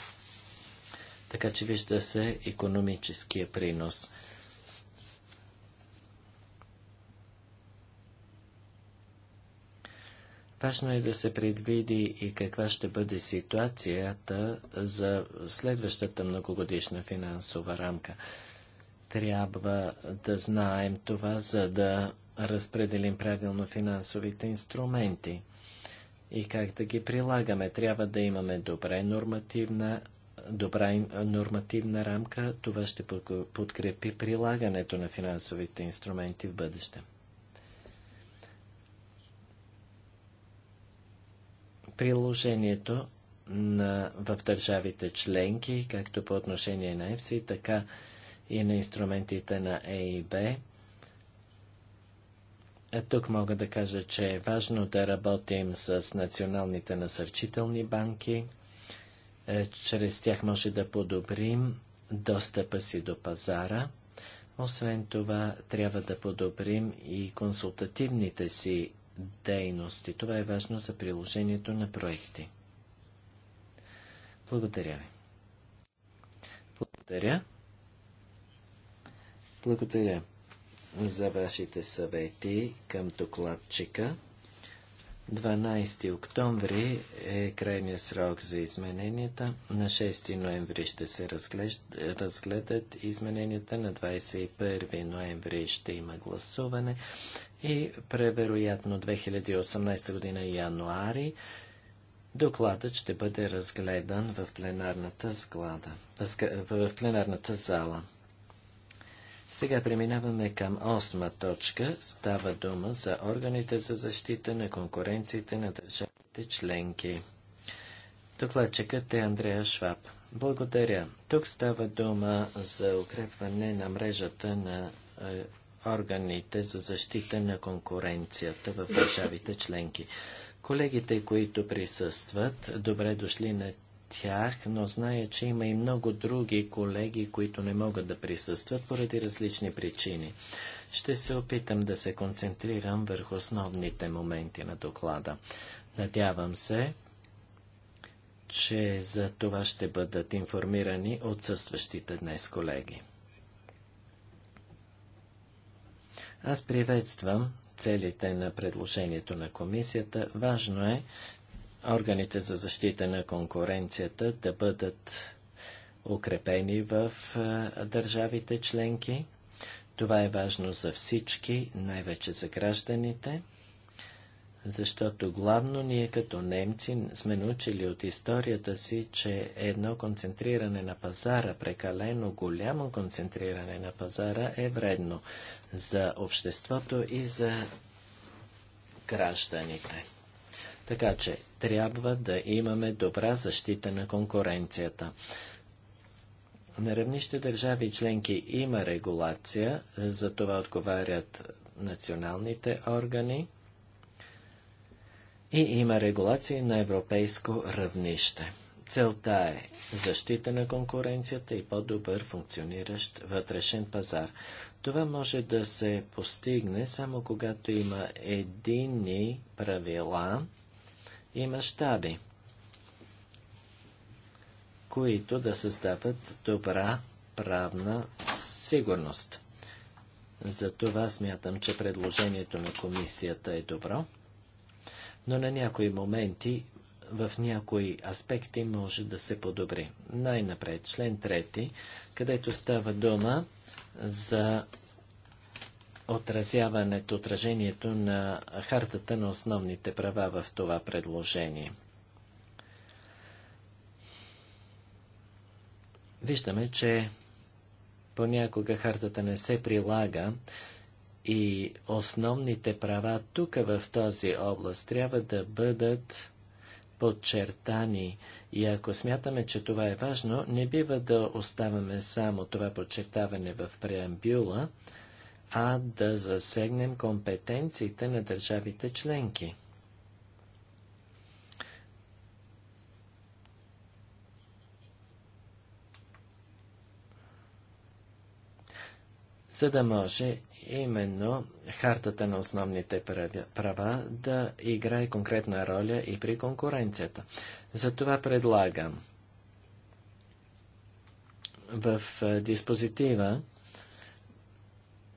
Speaker 3: Така че вижда се економическия принос. Важно е да се предвиди и каква ще бъде ситуацията за следващата многогодишна финансова рамка. Трябва да знаем това, за да разпределим правилно финансовите инструменти и как да ги прилагаме. Трябва да имаме добре нормативна, добра нормативна рамка. Това ще подкрепи прилагането на финансовите инструменти в бъдеще. приложението на, в държавите членки, както по отношение на ЕФСИ, така и на инструментите на А Тук мога да кажа, че е важно да работим с националните насърчителни банки. Е, чрез тях може да подобрим достъпа си до пазара. Освен това, трябва да подобрим и консултативните си дейности. Това е важно за приложението на проекти. Благодаря ви. Благодаря. Благодаря за вашите съвети към докладчика. 12 октомври е крайният срок за измененията. На 6 ноември ще се разгледат измененията. На 21 ноември ще има гласуване. И превероятно 2018 година януари докладът ще бъде разгледан в пленарната, сглада, в пленарната зала. Сега преминаваме към осма точка. Става дума за органите за защита на конкуренциите на държавите членки. Докладчикът е Андрея Шваб. Благодаря. Тук става дума за укрепване на мрежата на е, органите за защита на конкуренцията в държавите членки. Колегите, които присъстват, добре дошли на тях, но зная, че има и много други колеги, които не могат да присъстват поради различни причини. Ще се опитам да се концентрирам върху основните моменти на доклада. Надявам се, че за това ще бъдат информирани отсъстващите днес колеги. Аз приветствам целите на предложението на комисията. Важно е органите за защита на конкуренцията да бъдат укрепени в а, държавите членки. Това е важно за всички, най-вече за гражданите, защото главно ние като немци сме научили от историята си, че едно концентриране на пазара, прекалено голямо концентриране на пазара е вредно за обществото и за гражданите. Така че трябва да имаме добра защита на конкуренцията. На равнище държави и членки има регулация, за това отговарят националните органи и има регулации на европейско равнище. Целта е защита на конкуренцията и по-добър функциониращ вътрешен пазар. Това може да се постигне само когато има единни правила и мащаби, които да създават добра правна сигурност. Затова смятам, че предложението на комисията е добро, но на някои моменти, в някои аспекти може да се подобри. Най-напред член 3, където става дума за отразяването, отражението на хартата на основните права в това предложение. Виждаме, че понякога хартата не се прилага и основните права тук в този област трябва да бъдат подчертани. И ако смятаме, че това е важно, не бива да оставаме само това подчертаване в преамбюла, а да засегнем компетенциите на държавите членки. за да може именно хартата на основните права да играе конкретна роля и при конкуренцията. Затова предлагам в диспозитива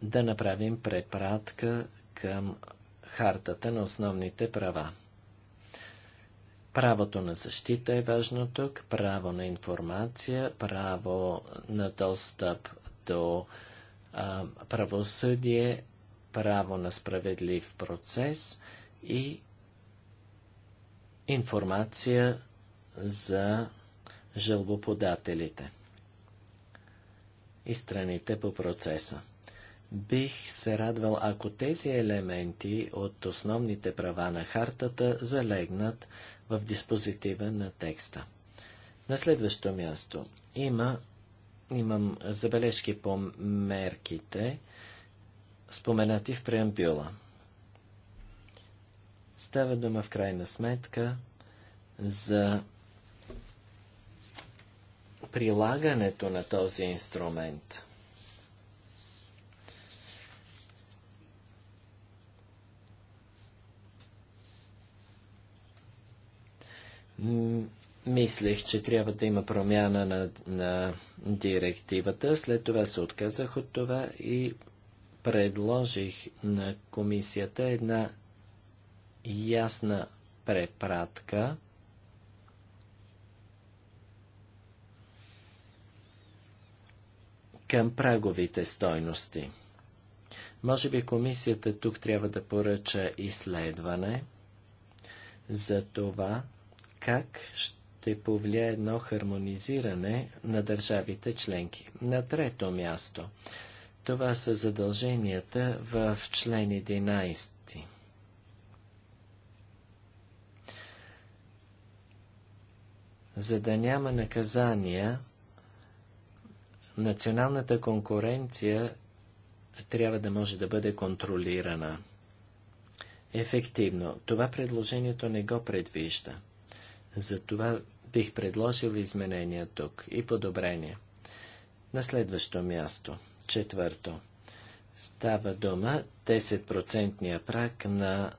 Speaker 3: да направим препратка към хартата на основните права. Правото на защита е важно тук, право на информация, право на достъп до а, правосъдие, право на справедлив процес и информация за жалбоподателите и страните по процеса. Бих се радвал, ако тези елементи от основните права на хартата залегнат в диспозитива на текста. На следващо място има, имам забележки по мерките, споменати в преамбюла. Става дума в крайна сметка за прилагането на този инструмент – мислех, че трябва да има промяна на, на директивата. След това се отказах от това и предложих на комисията една ясна препратка. към праговите стойности. Може би комисията тук трябва да поръча изследване за това, как ще повлия едно хармонизиране на държавите членки. На трето място. Това са задълженията в член 11. За да няма наказания, националната конкуренция трябва да може да бъде контролирана. Ефективно, това предложението не го предвижда. Затова бих предложил изменения тук и подобрения. На следващо място, четвърто, става дума 10 прак на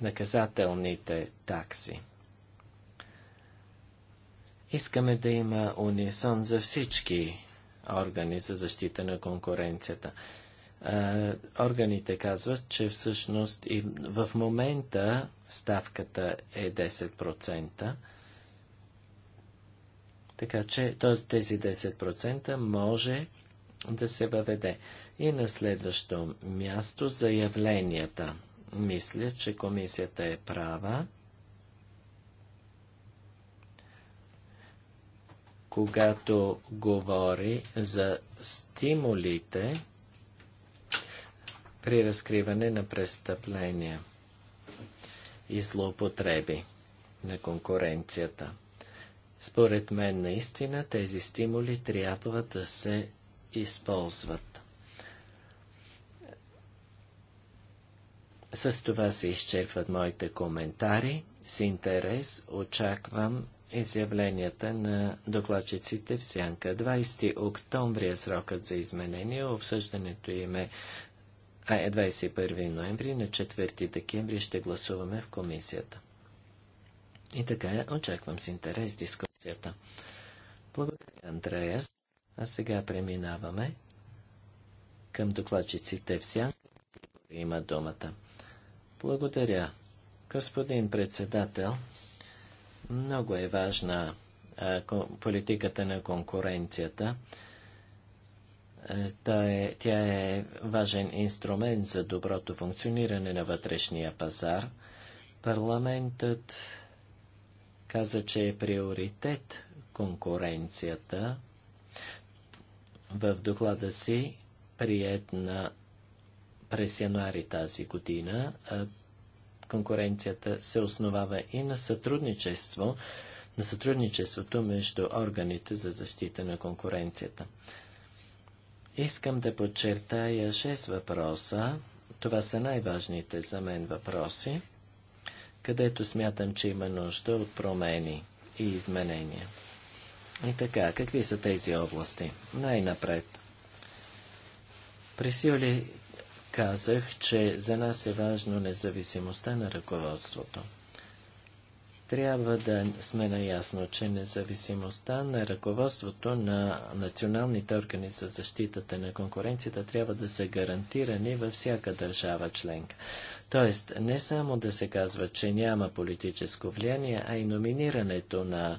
Speaker 3: наказателните такси. Искаме да има унисон за всички органи за защита на конкуренцията. Е, органите казват, че всъщност и в момента ставката е 10%, така че тези 10% може да се въведе. И на следващо място заявленията. Мисля, че комисията е права. когато говори за стимулите, при разкриване на престъпления и злоупотреби на конкуренцията. Според мен наистина тези стимули трябва да се използват. С това се изчерпват моите коментари. С интерес очаквам изявленията на докладчиците в Сянка. 20 октомври е срокът за изменение. Обсъждането им е а е 21 ноември, на 4 декември ще гласуваме в комисията. И така, очаквам с интерес дискусията. Благодаря, Андреас. А сега преминаваме към докладчиците в сянка. Има думата. Благодаря. Господин председател, много е важна а, политиката на конкуренцията. Е, Та е, тя е важен инструмент за доброто функциониране на вътрешния пазар. Парламентът каза, че е приоритет конкуренцията. В доклада си, прият на през януари тази година, конкуренцията се основава и на сътрудничество, на сътрудничеството между органите за защита на конкуренцията. Искам да подчертая шест въпроса. Това са най-важните за мен въпроси, където смятам, че има нужда от промени и изменения. И така, какви са тези области? Най-напред. През юли казах, че за нас е важно независимостта на ръководството трябва да сме наясно, че независимостта на ръководството на националните органи за защитата на конкуренцията трябва да са гарантирани във всяка държава членка. Тоест, не само да се казва, че няма политическо влияние, а и номинирането на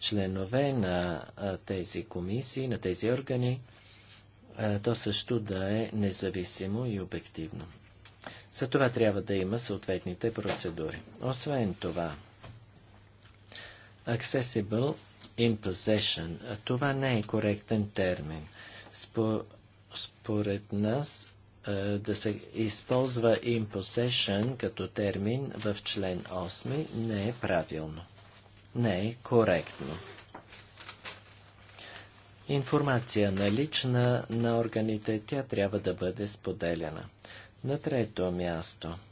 Speaker 3: членове на тези комисии, на тези органи, то също да е независимо и обективно. За това трябва да има съответните процедури. Освен това, accessible in possession. Това не е коректен термин. Според нас да се използва in possession като термин в член 8 не е правилно. Не е коректно. Информация налична на органите, тя трябва да бъде споделена. На трето място –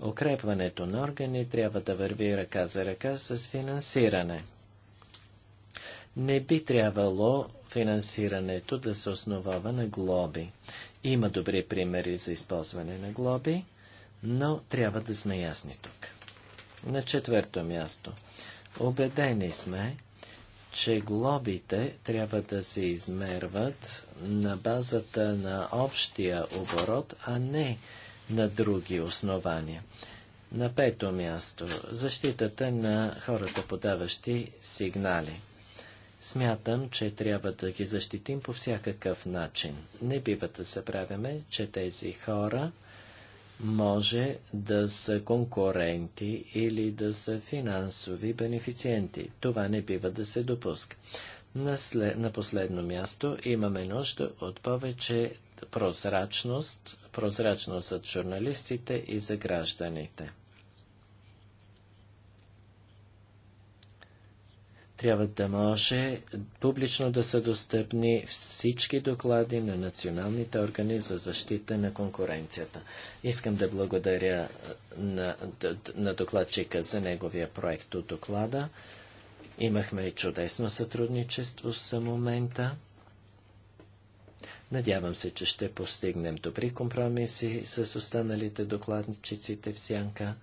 Speaker 3: Укрепването на органи трябва да върви ръка за ръка с финансиране. Не би трябвало финансирането да се основава на глоби. Има добри примери за използване на глоби, но трябва да сме ясни тук. На четвърто място. Обедени сме, че глобите трябва да се измерват на базата на общия оборот, а не на други основания. На пето място – защитата на хората, подаващи сигнали. Смятам, че трябва да ги защитим по всякакъв начин. Не бива да се правяме, че тези хора може да са конкуренти или да са финансови бенефициенти. Това не бива да се допуска. На, след, на последно място имаме нужда от повече прозрачност, прозрачност за журналистите и за гражданите. Трябва да може публично да са достъпни всички доклади на националните органи за защита на конкуренцията. Искам да благодаря на, на докладчика за неговия проект от доклада. Имахме чудесно сътрудничество с момента. Надявам се, че ще постигнем добри компромиси с останалите докладчиците в Сянка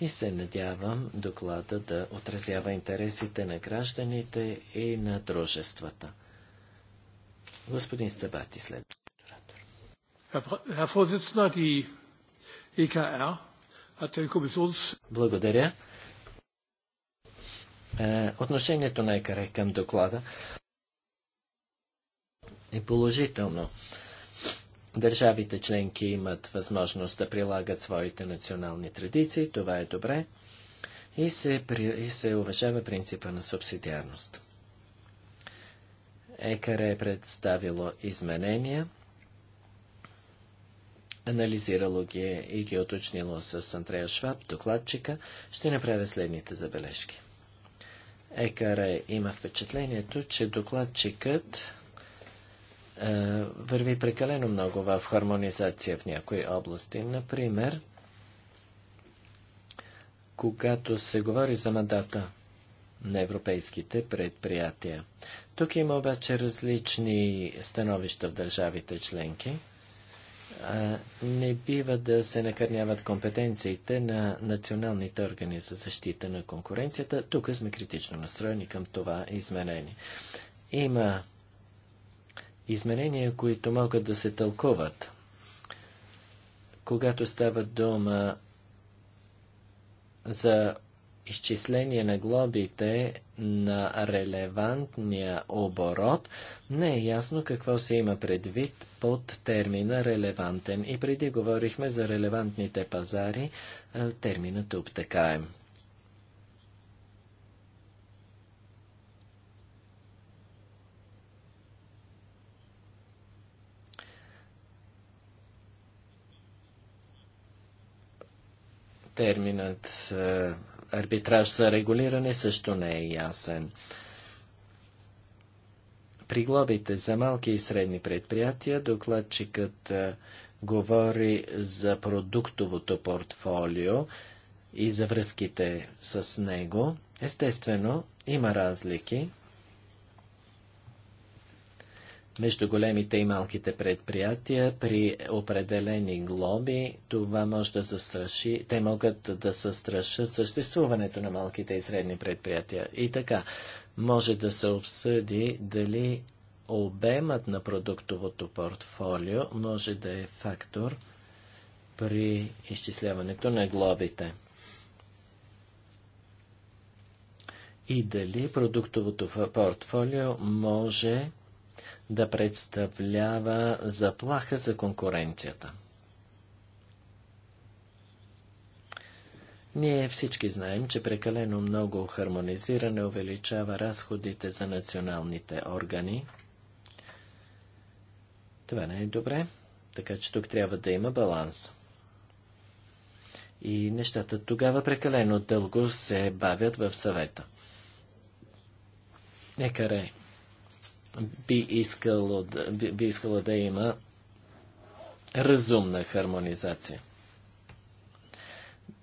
Speaker 3: и се надявам доклада да отразява интересите на гражданите и на дружествата. Господин Стабати след. E Благодаря. Е, отношението на ЕКАРЕ към доклада е положително. Държавите членки имат възможност да прилагат своите национални традиции, това е добре, и се, и се уважава принципа на субсидиарност. ЕКАРЕ е представило изменения, анализирало ги е и ги оточнило е с Андрея Шваб, докладчика, ще направя следните забележки. Екаре има впечатлението, че докладчикът е, върви прекалено много в хармонизация в някои области. Например, когато се говори за мандата на европейските предприятия. Тук има обаче различни становища в държавите членки не бива да се накърняват компетенциите на националните органи за защита на конкуренцията. Тук сме критично настроени към това изменение. Има изменения, които могат да се тълкуват. Когато става дума за изчисление на глобите на релевантния оборот, не е ясно какво се има предвид под термина релевантен. И преди говорихме за релевантните пазари, терминът обтекаем. терминът арбитраж за регулиране също не е ясен. При глобите за малки и средни предприятия докладчикът говори за продуктовото портфолио и за връзките с него. Естествено, има разлики между големите и малките предприятия при определени глоби. Това може да застраши, те могат да застрашат съществуването на малките и средни предприятия. И така, може да се обсъди дали обемът на продуктовото портфолио може да е фактор при изчисляването на глобите. И дали продуктовото портфолио може да представлява заплаха за конкуренцията. Ние всички знаем, че прекалено много хармонизиране увеличава разходите за националните органи. Това не е добре, така че тук трябва да има баланс. И нещата тогава прекалено дълго се бавят в съвета. Нека би искало би, би да има разумна хармонизация.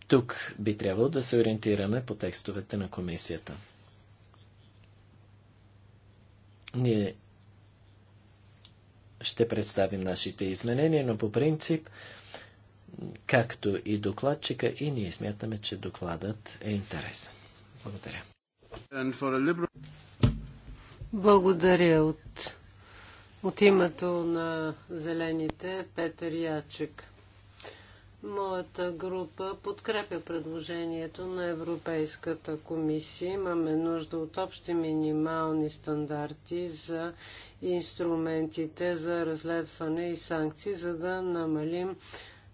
Speaker 3: Тук би трябвало да се ориентираме по текстовете на комисията. Ние ще представим нашите изменения, но по принцип, както и докладчика, и ние смятаме, че докладът е интересен. Благодаря.
Speaker 1: Благодаря от, от името на Зелените Петър Ячек. Моята група подкрепя предложението на Европейската комисия. Имаме нужда от общи минимални стандарти за инструментите за разследване и санкции, за да намалим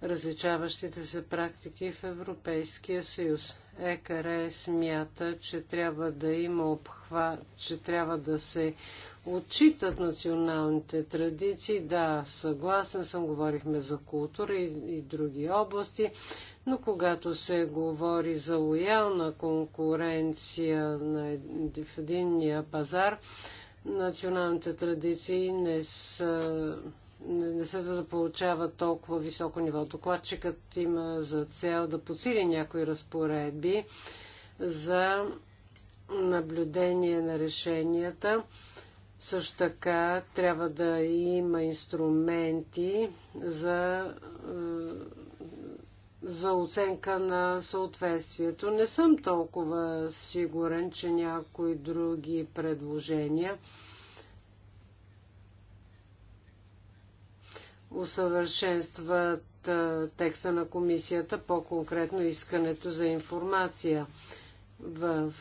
Speaker 1: различаващите се практики в Европейския съюз. ЕКР смята, че трябва да има обхват, че трябва да се отчитат националните традиции. Да, съгласен съм, говорихме за култура и, и други области, но когато се говори за лоялна конкуренция на, в единния пазар, националните традиции не са не следва да получава толкова високо ниво. Докладчикът има за цел да подсили някои разпоредби за наблюдение на решенията. Също така трябва да има инструменти за, е, за оценка на съответствието. Не съм толкова сигурен, че някои други предложения усъвършенстват текста на комисията, по-конкретно искането за информация. В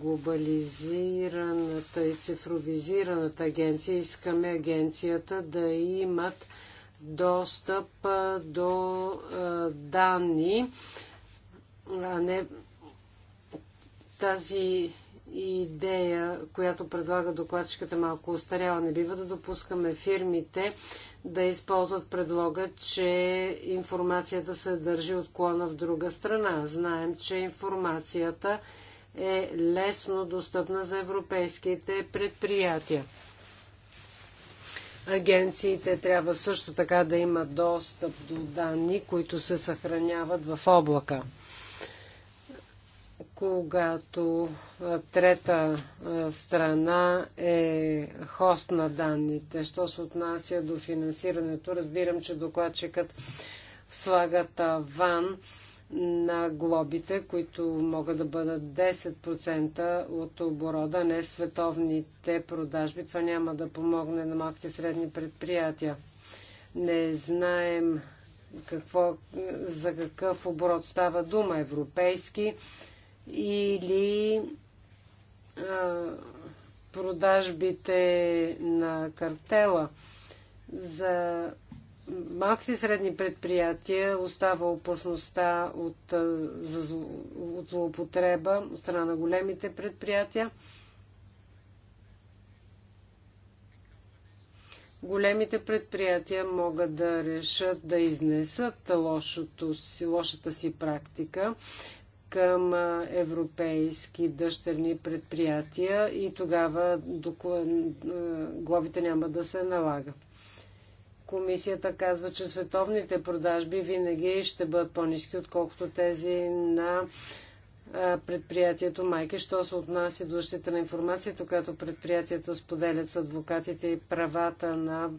Speaker 1: глобализираната и цифровизираната агенция искаме агенцията да имат достъп до данни, а не тази идея, която предлага докладчиката е малко устарява, Не бива да допускаме фирмите да използват предлога, че информацията се държи отклона в друга страна. Знаем, че информацията е лесно достъпна за европейските предприятия. Агенциите трябва също така да имат достъп до данни, които се съхраняват в облака когато трета страна е хост на данните. Що се отнася до финансирането, разбирам, че докладчикът слага таван на глобите, които могат да бъдат 10% от оборода, не световните продажби. Това няма да помогне на малките и средни предприятия. Не знаем какво, за какъв оборот става дума. Европейски или а, продажбите на картела. За малките и средни предприятия остава опасността от, за, от злоупотреба от страна на големите предприятия. Големите предприятия могат да решат да изнесат лошото лошата си практика към европейски дъщерни предприятия и тогава глобите няма да се налага. Комисията казва, че световните продажби винаги ще бъдат по-низки, отколкото тези на предприятието майки, що се отнася до защита на информацията, която предприятията споделят с адвокатите и правата на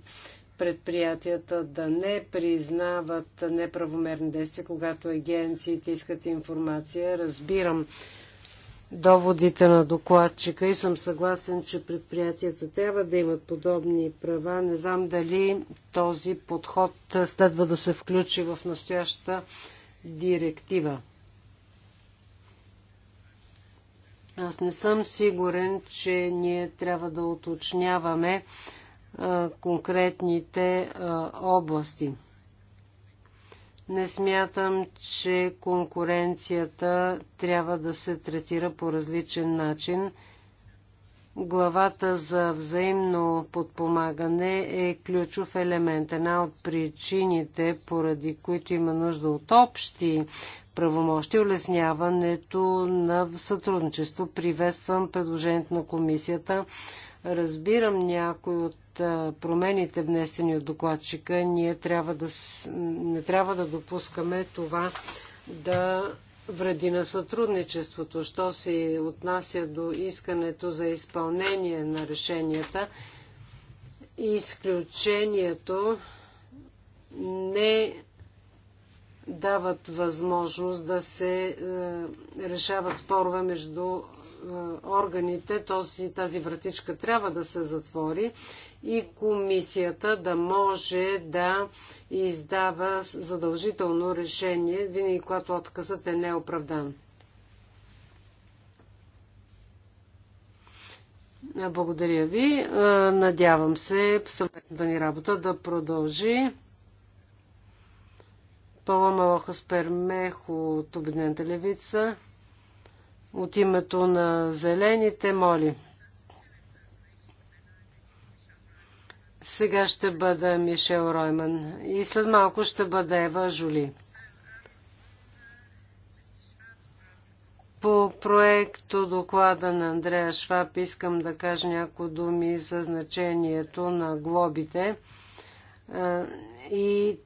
Speaker 1: предприятията да не признават неправомерни действия, когато агенциите искат информация. Разбирам доводите на докладчика и съм съгласен, че предприятията трябва да имат подобни права. Не знам дали този подход следва да се включи в настоящата директива. Аз не съм сигурен, че ние трябва да уточняваме конкретните области. Не смятам, че конкуренцията трябва да се третира по различен начин. Главата за взаимно подпомагане е ключов елемент. Една от причините, поради които има нужда от общи правомощи, улесняването на сътрудничество. Приветствам предложението на комисията. Разбирам някои от промените внесени от докладчика, ние трябва да, не трябва да допускаме това да вреди на сътрудничеството, що се отнася до искането за изпълнение на решенията. Изключението не дават възможност да се е, решават спорове между е, органите. Този, тази вратичка трябва да се затвори и комисията да може да издава задължително решение, винаги когато отказът е неоправдан. Благодаря ви. Надявам се съветната ни работа да продължи. Палома Лохас Пермех от Обединената левица. От името на зелените моли. Сега ще бъда Мишел Ройман и след малко ще бъде Ева Жули. По проекто доклада на Андрея Шваб искам да кажа някои думи за значението на глобите и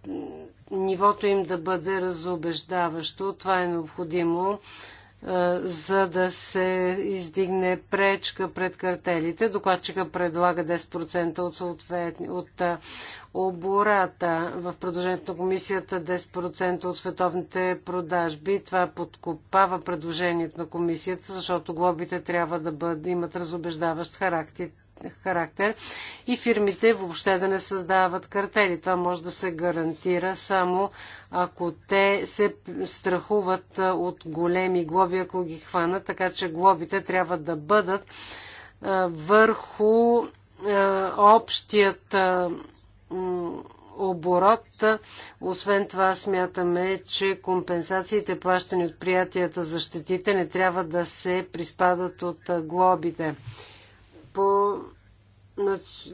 Speaker 1: нивото им да бъде разобеждаващо. Това е необходимо за да се издигне пречка пред картелите. Докладчика предлага 10% от, съответни, от обората в предложението на комисията 10% от световните продажби. Това подкопава предложението на комисията, защото глобите трябва да бъд, имат разобеждаващ характер характер и фирмите въобще да не създават картели. Това може да се гарантира само ако те се страхуват от големи глоби, ако ги хванат, така че глобите трябва да бъдат върху общият оборот. Освен това смятаме, че компенсациите плащани от приятията за щетите не трябва да се приспадат от глобите по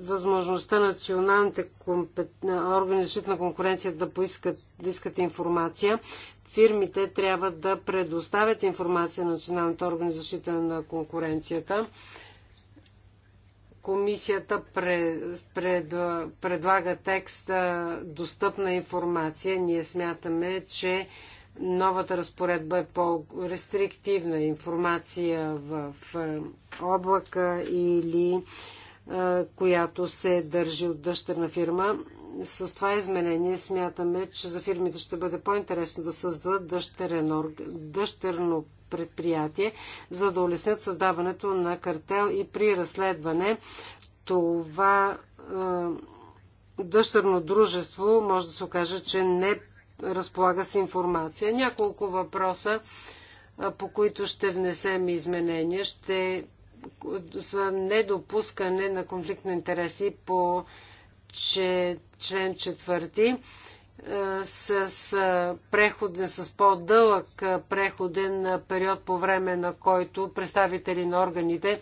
Speaker 1: възможността националните органи за защита на конкуренция да поискат да искат информация. Фирмите трябва да предоставят информация на националните органи защита на конкуренцията. Комисията пред, пред, предлага текста достъпна информация. Ние смятаме, че новата разпоредба е по-рестриктивна информация в е, облака или е, която се държи от дъщерна фирма. С това изменение смятаме, че за фирмите ще бъде по-интересно да създадат дъщерно предприятие, за да улеснят създаването на картел и при разследване това е, дъщерно дружество може да се окаже, че не разполага с информация. Няколко въпроса, по които ще внесем изменения, ще за недопускане на конфликт на интереси по че, член четвърти е, с, е, преходен, с по-дълъг е, преходен период по време на който представители на органите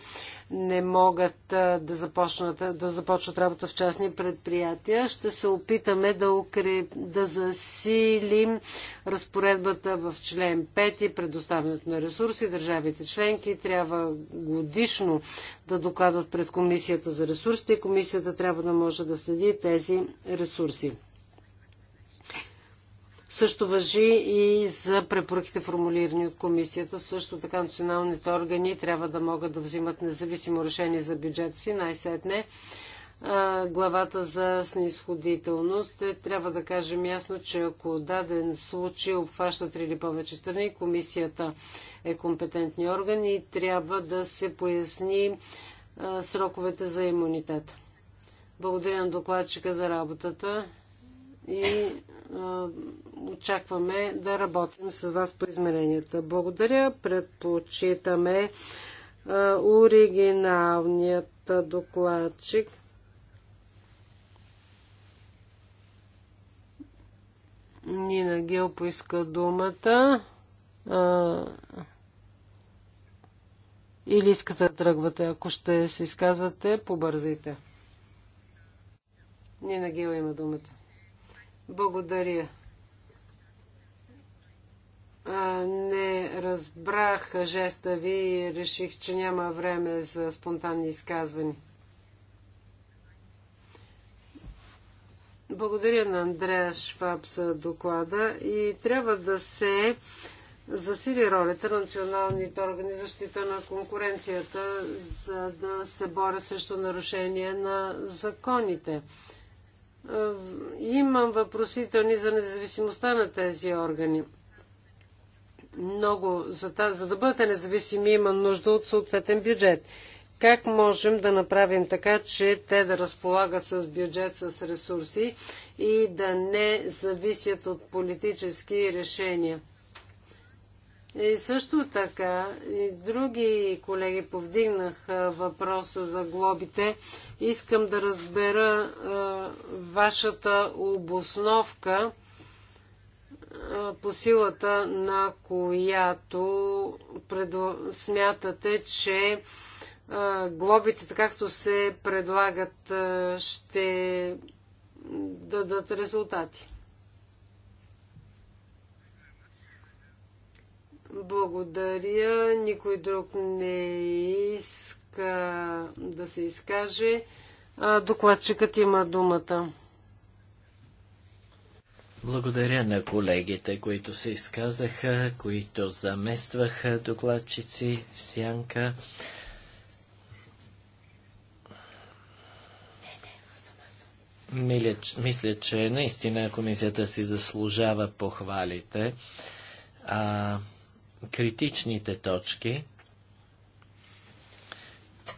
Speaker 1: не могат да започнат, да започнат работа в частни предприятия. Ще се опитаме да, укреп, да засилим разпоредбата в член 5 и предоставянето на ресурси. Държавите членки трябва годишно да докладват пред Комисията за ресурсите и Комисията трябва да може да следи тези ресурси. Също въжи и за препоръките формулирани от комисията. Също така националните органи трябва да могат да взимат независимо решение за бюджета си. Най-сетне главата за снисходителност. Е, трябва да кажем ясно, че ако даден случай обхваща три или повече страни, комисията е компетентни орган и трябва да се поясни сроковете за имунитет. Благодаря на докладчика за работата и очакваме да работим с вас по измеренията. Благодаря. Предпочитаме е, оригиналният докладчик. Нина Гил поиска думата. Е, или искате да тръгвате? Ако ще се изказвате, побързайте. Нина Гил има думата. Благодаря не разбрах жеста ви и реших, че няма време за спонтанни изказвания. Благодаря на Андрея Шваб за доклада и трябва да се засили ролята на националните органи защита на конкуренцията, за да се боря срещу нарушение на законите. Имам въпросителни за независимостта на тези органи много, за, тази, за да бъдете независими, има нужда от съответен бюджет. Как можем да направим така, че те да разполагат с бюджет, с ресурси и да не зависят от политически решения? И също така, и други колеги повдигнах въпроса за глобите. Искам да разбера а, вашата обосновка по силата на която предо... смятате, че глобите, така както се предлагат, ще дадат резултати. Благодаря. Никой друг не иска да се изкаже. Докладчикът има думата.
Speaker 3: Благодаря на колегите, които се изказаха, които заместваха докладчици в сянка. Миля, мисля, че наистина комисията си заслужава похвалите. А, критичните точки,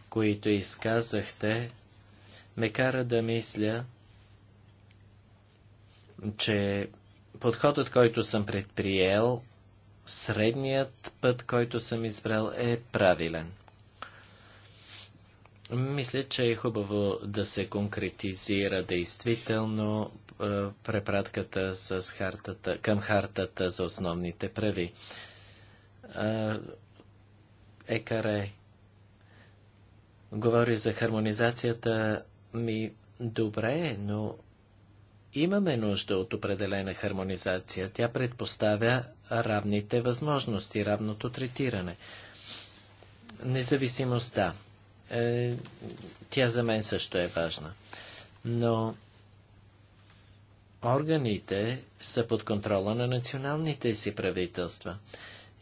Speaker 3: които изказахте, ме кара да мисля, че подходът, който съм предприел, средният път, който съм избрал, е правилен. Мисля, че е хубаво да се конкретизира действително е, препратката с хартата, към хартата за основните прави. екаре говори за хармонизацията ми добре, е, но Имаме нужда от определена хармонизация. Тя предпоставя равните възможности, равното третиране. Независимостта. Е, тя за мен също е важна. Но органите са под контрола на националните си правителства.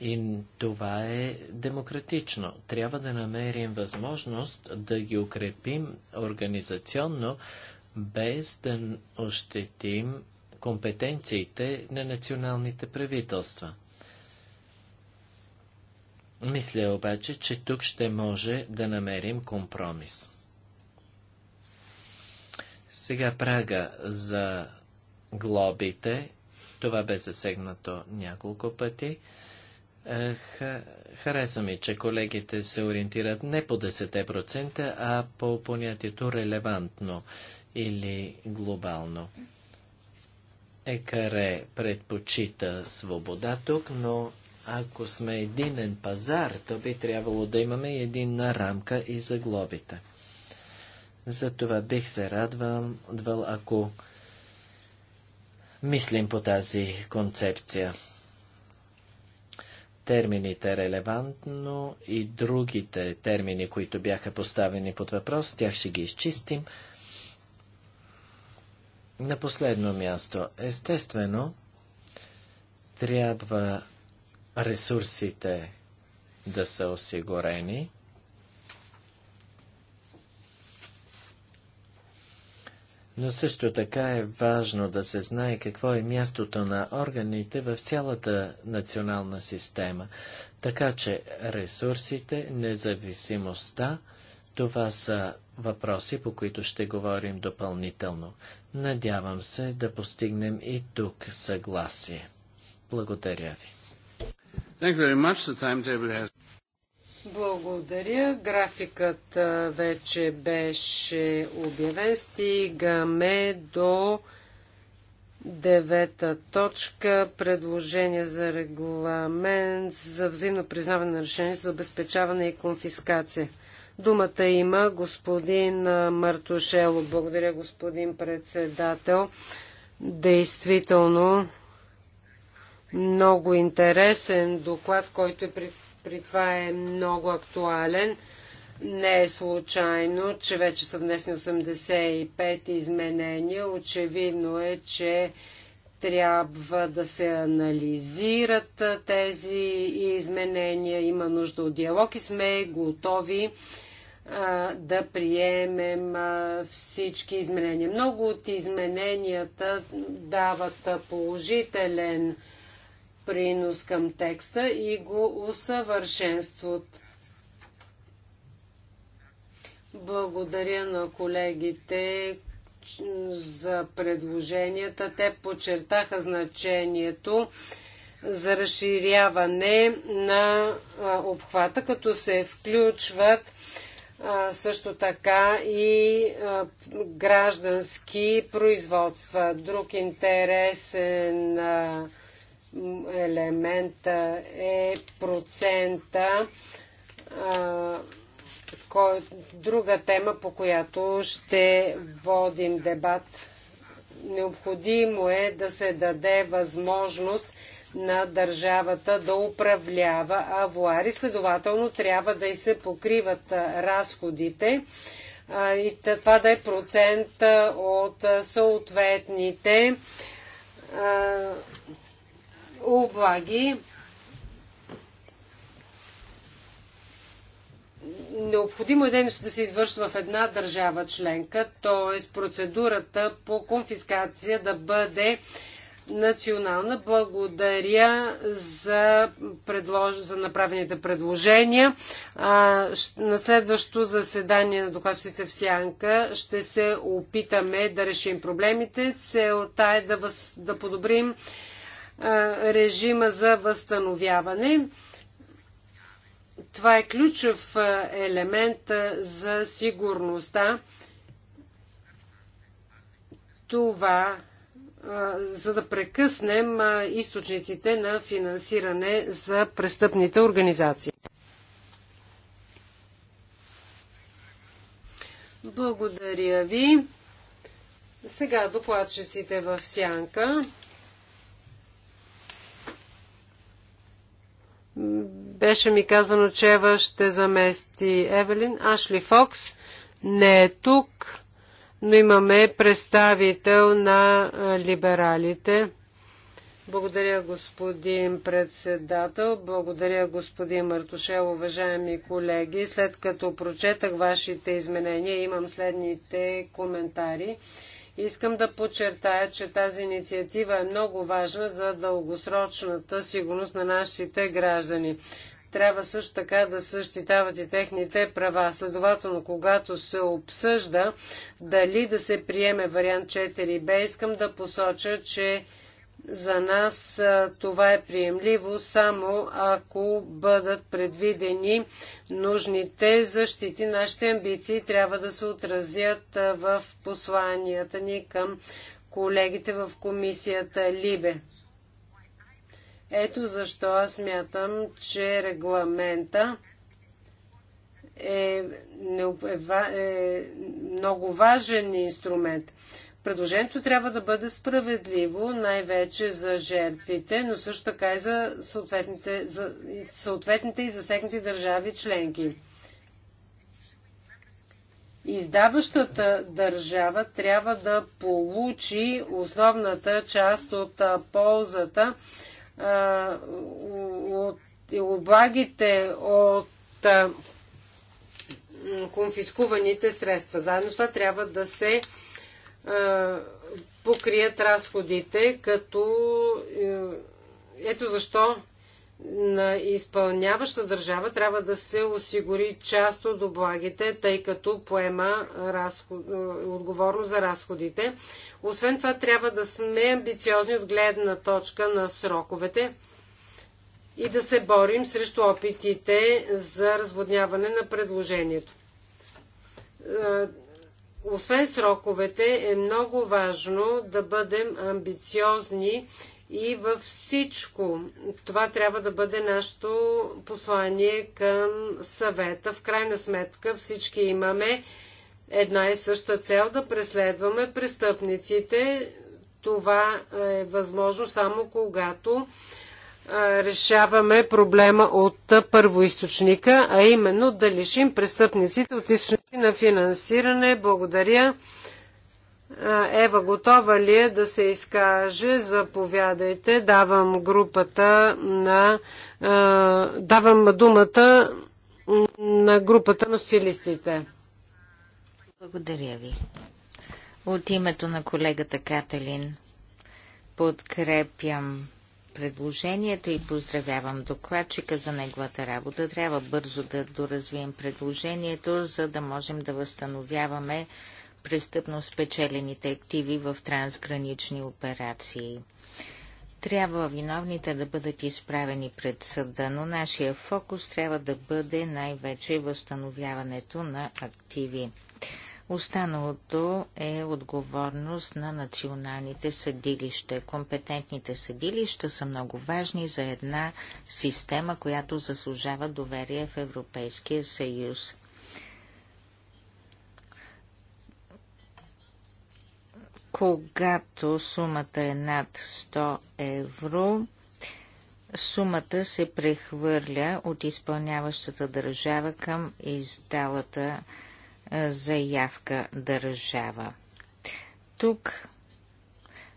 Speaker 3: И това е демократично. Трябва да намерим възможност да ги укрепим организационно, без да ощетим компетенциите на националните правителства. Мисля обаче, че тук ще може да намерим компромис. Сега прага за глобите. Това бе засегнато няколко пъти. Е, харесва ми, че колегите се ориентират не по 10%, а по понятието релевантно или глобално. Екаре предпочита свобода тук, но ако сме единен пазар, то би трябвало да имаме единна рамка и за глобите. Затова бих се радвал, ако мислим по тази концепция. Термините релевантно и другите термини, които бяха поставени под въпрос, тях ще ги изчистим. На последно място, естествено, трябва ресурсите да са осигурени. Но също така е важно да се знае какво е мястото на органите в цялата национална система, така че ресурсите, независимостта това са въпроси, по които ще говорим допълнително. Надявам се да постигнем и тук съгласие. Благодаря ви.
Speaker 1: Благодаря. Графикът вече беше обявен. Стигаме до девета точка. Предложение за регламент за взаимно признаване на решение за обезпечаване и конфискация. Думата има господин Мартушело. Благодаря, господин председател. Действително, много интересен доклад, който е при, при това е много актуален. Не е случайно, че вече са внесени 85 изменения. Очевидно е, че трябва да се анализират тези изменения, има нужда от диалог и сме готови да приемем всички изменения. Много от измененията дават положителен принос към текста и го усъвършенстват. Благодаря на колегите за предложенията. Те подчертаха значението за разширяване на обхвата, като се включват също така и граждански производства. Друг интересен елемент е процента. Друга тема, по която ще водим дебат. Необходимо е да се даде възможност на държавата да управлява авуари. Следователно трябва да и се покриват разходите и това да е процент от съответните облаги. Необходимо е дейност да се извършва в една държава членка, т.е. процедурата по конфискация да бъде национална. Благодаря за, предлож... за направените предложения. А, на следващото заседание на доказчите в Сянка ще се опитаме да решим проблемите. Целта е да, въз... да подобрим а, режима за възстановяване. Това е ключов елемент за сигурността. Това за да прекъснем източниците на финансиране за престъпните организации. Благодаря ви. Сега докладчиците в сянка. Беше ми казано, че Ева ще замести Евелин. Ашли Фокс не е тук но имаме представител на либералите. Благодаря, господин председател. Благодаря, господин Мартушел, уважаеми колеги. След като прочетах вашите изменения, имам следните коментари. Искам да подчертая, че тази инициатива е много важна за дългосрочната сигурност на нашите граждани трябва също така да същитават и техните права. Следователно, когато се обсъжда дали да се приеме вариант 4 б искам да посоча, че за нас това е приемливо само ако бъдат предвидени нужните защити. Нашите амбиции трябва да се отразят в посланията ни към колегите в комисията Либе. Ето защо аз мятам, че регламента е, е, е много важен инструмент. Предложението трябва да бъде справедливо, най-вече за жертвите, но също така и за съответните, за съответните и засегнати държави членки. Издаващата държава трябва да получи основната част от ползата от облагите от конфискуваните средства. Заедно с това трябва да се покрият разходите, като е, ето защо на изпълняваща държава трябва да се осигури част от облагите, тъй като поема разход, е, отговорност за разходите. Освен това трябва да сме амбициозни от гледна точка на сроковете и да се борим срещу опитите за разводняване на предложението. Е, освен сроковете е много важно да бъдем амбициозни и във всичко. Това трябва да бъде нашето послание към съвета. В крайна сметка всички имаме една и съща цел да преследваме престъпниците. Това е възможно само когато решаваме проблема от първоисточника, а именно да лишим престъпниците от източници на финансиране. Благодаря. Ева, готова ли е да се изкаже? Заповядайте. Давам групата на... Давам думата
Speaker 2: на групата на стилистите. Благодаря ви. От името на колегата Каталин подкрепям предложението и поздравявам докладчика за неговата работа. Трябва бързо да доразвием предложението, за да можем да възстановяваме престъпно спечелените активи в трансгранични операции. Трябва виновните да бъдат изправени пред съда, но нашия фокус трябва да бъде най-вече възстановяването на активи. Останалото е отговорност на националните съдилища. Компетентните съдилища са много важни за една система, която заслужава доверие в Европейския съюз. Когато сумата е над 100 евро, сумата се прехвърля от изпълняващата държава към издалата заявка държава. Тук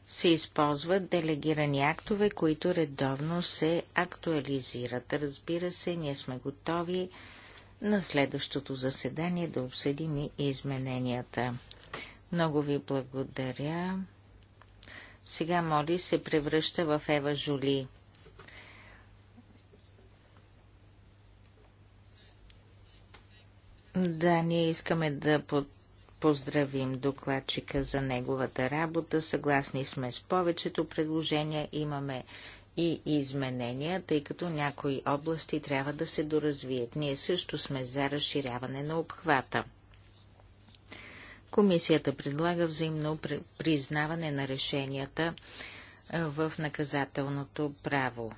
Speaker 2: се използват делегирани актове, които редовно се актуализират. Разбира се, ние сме готови на следващото заседание да обсъдим и измененията. Много ви благодаря. Сега Моли се превръща в Ева Жули. Да, ние искаме да поздравим докладчика за неговата работа. Съгласни сме с повечето предложения. Имаме и изменения, тъй като някои области трябва да се доразвият. Ние също сме за разширяване на обхвата. Комисията предлага взаимно признаване на решенията в наказателното право.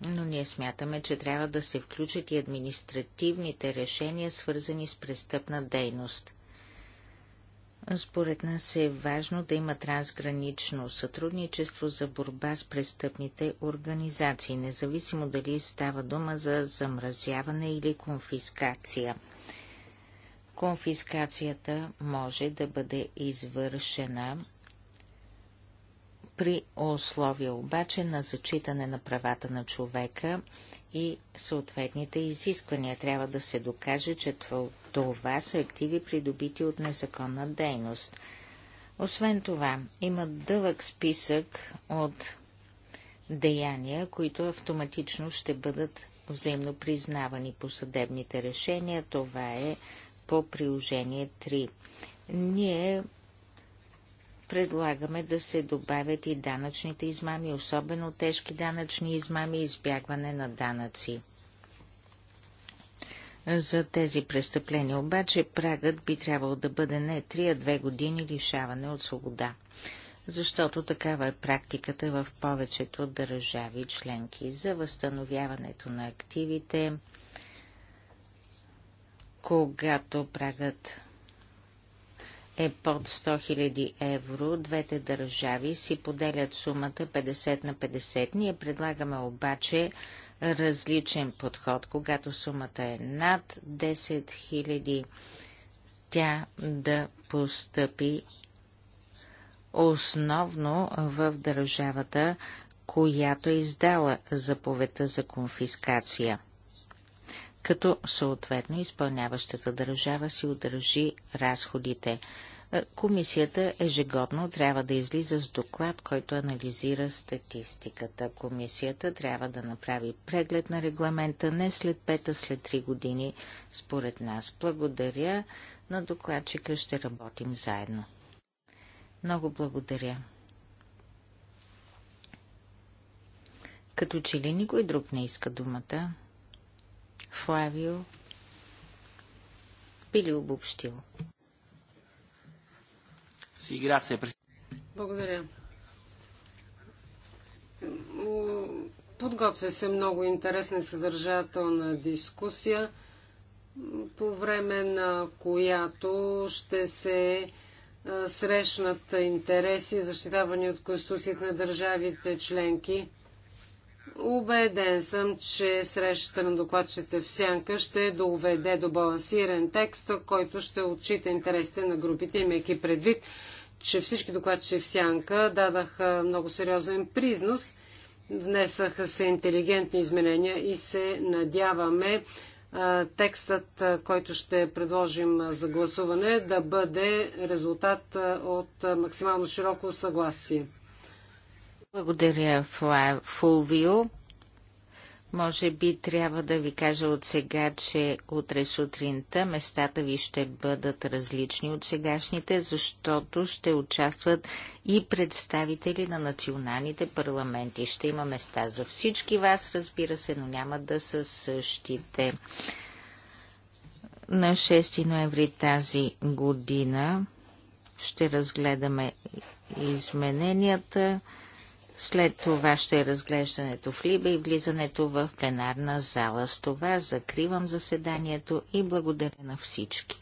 Speaker 2: Но ние смятаме, че трябва да се включат и административните решения, свързани с престъпна дейност. Според нас е важно да има трансгранично сътрудничество за борба с престъпните организации, независимо дали става дума за замразяване или конфискация конфискацията може да бъде извършена при условия обаче на зачитане на правата на човека и съответните изисквания. Трябва да се докаже, че това са активи придобити от незаконна дейност. Освен това, има дълъг списък от деяния, които автоматично ще бъдат взаимно признавани по съдебните решения. Това е по приложение 3. Ние предлагаме да се добавят и данъчните измами, особено тежки данъчни измами и избягване на данъци. За тези престъпления обаче прагът би трябвало да бъде не 3, а 2 години лишаване от свобода, защото такава е практиката в повечето държави членки за възстановяването на активите – когато прагът е под 100 000 евро, двете държави си поделят сумата 50 на 50. Ние предлагаме обаче различен подход. Когато сумата е над 10 000, тя да постъпи основно в държавата, която е издала заповедта за конфискация като съответно изпълняващата държава си удържи разходите. Е, комисията ежегодно трябва да излиза с доклад, който анализира статистиката. Комисията трябва да направи преглед на регламента не след 5, а след 3 години, според нас. Благодаря на докладчика, ще работим заедно. Много благодаря. Като че ли никой друг не иска думата? Флавио били обобщил. Благодаря.
Speaker 1: Подготвя се много интересна съдържателна дискусия, по време на която ще се срещнат интереси, защитавани от конституциите на държавите членки. Убеден съм, че срещата на докладчите в Сянка ще доведе до балансиран текст, който ще отчита интересите на групите, имайки предвид, че всички докладчи в Сянка дадаха много сериозен признос, внесаха се интелигентни изменения и се надяваме текстът, който ще предложим за гласуване, да бъде резултат от максимално широко съгласие.
Speaker 2: Благодаря, Фулвио. Може би трябва да ви кажа от сега, че утре сутринта местата ви ще бъдат различни от сегашните, защото ще участват и представители на националните парламенти. Ще има места за всички вас, разбира се, но няма да са същите. На 6 ноември тази година ще разгледаме измененията. След това ще е разглеждането в Либе и влизането в пленарна зала. С това закривам заседанието и благодаря на всички.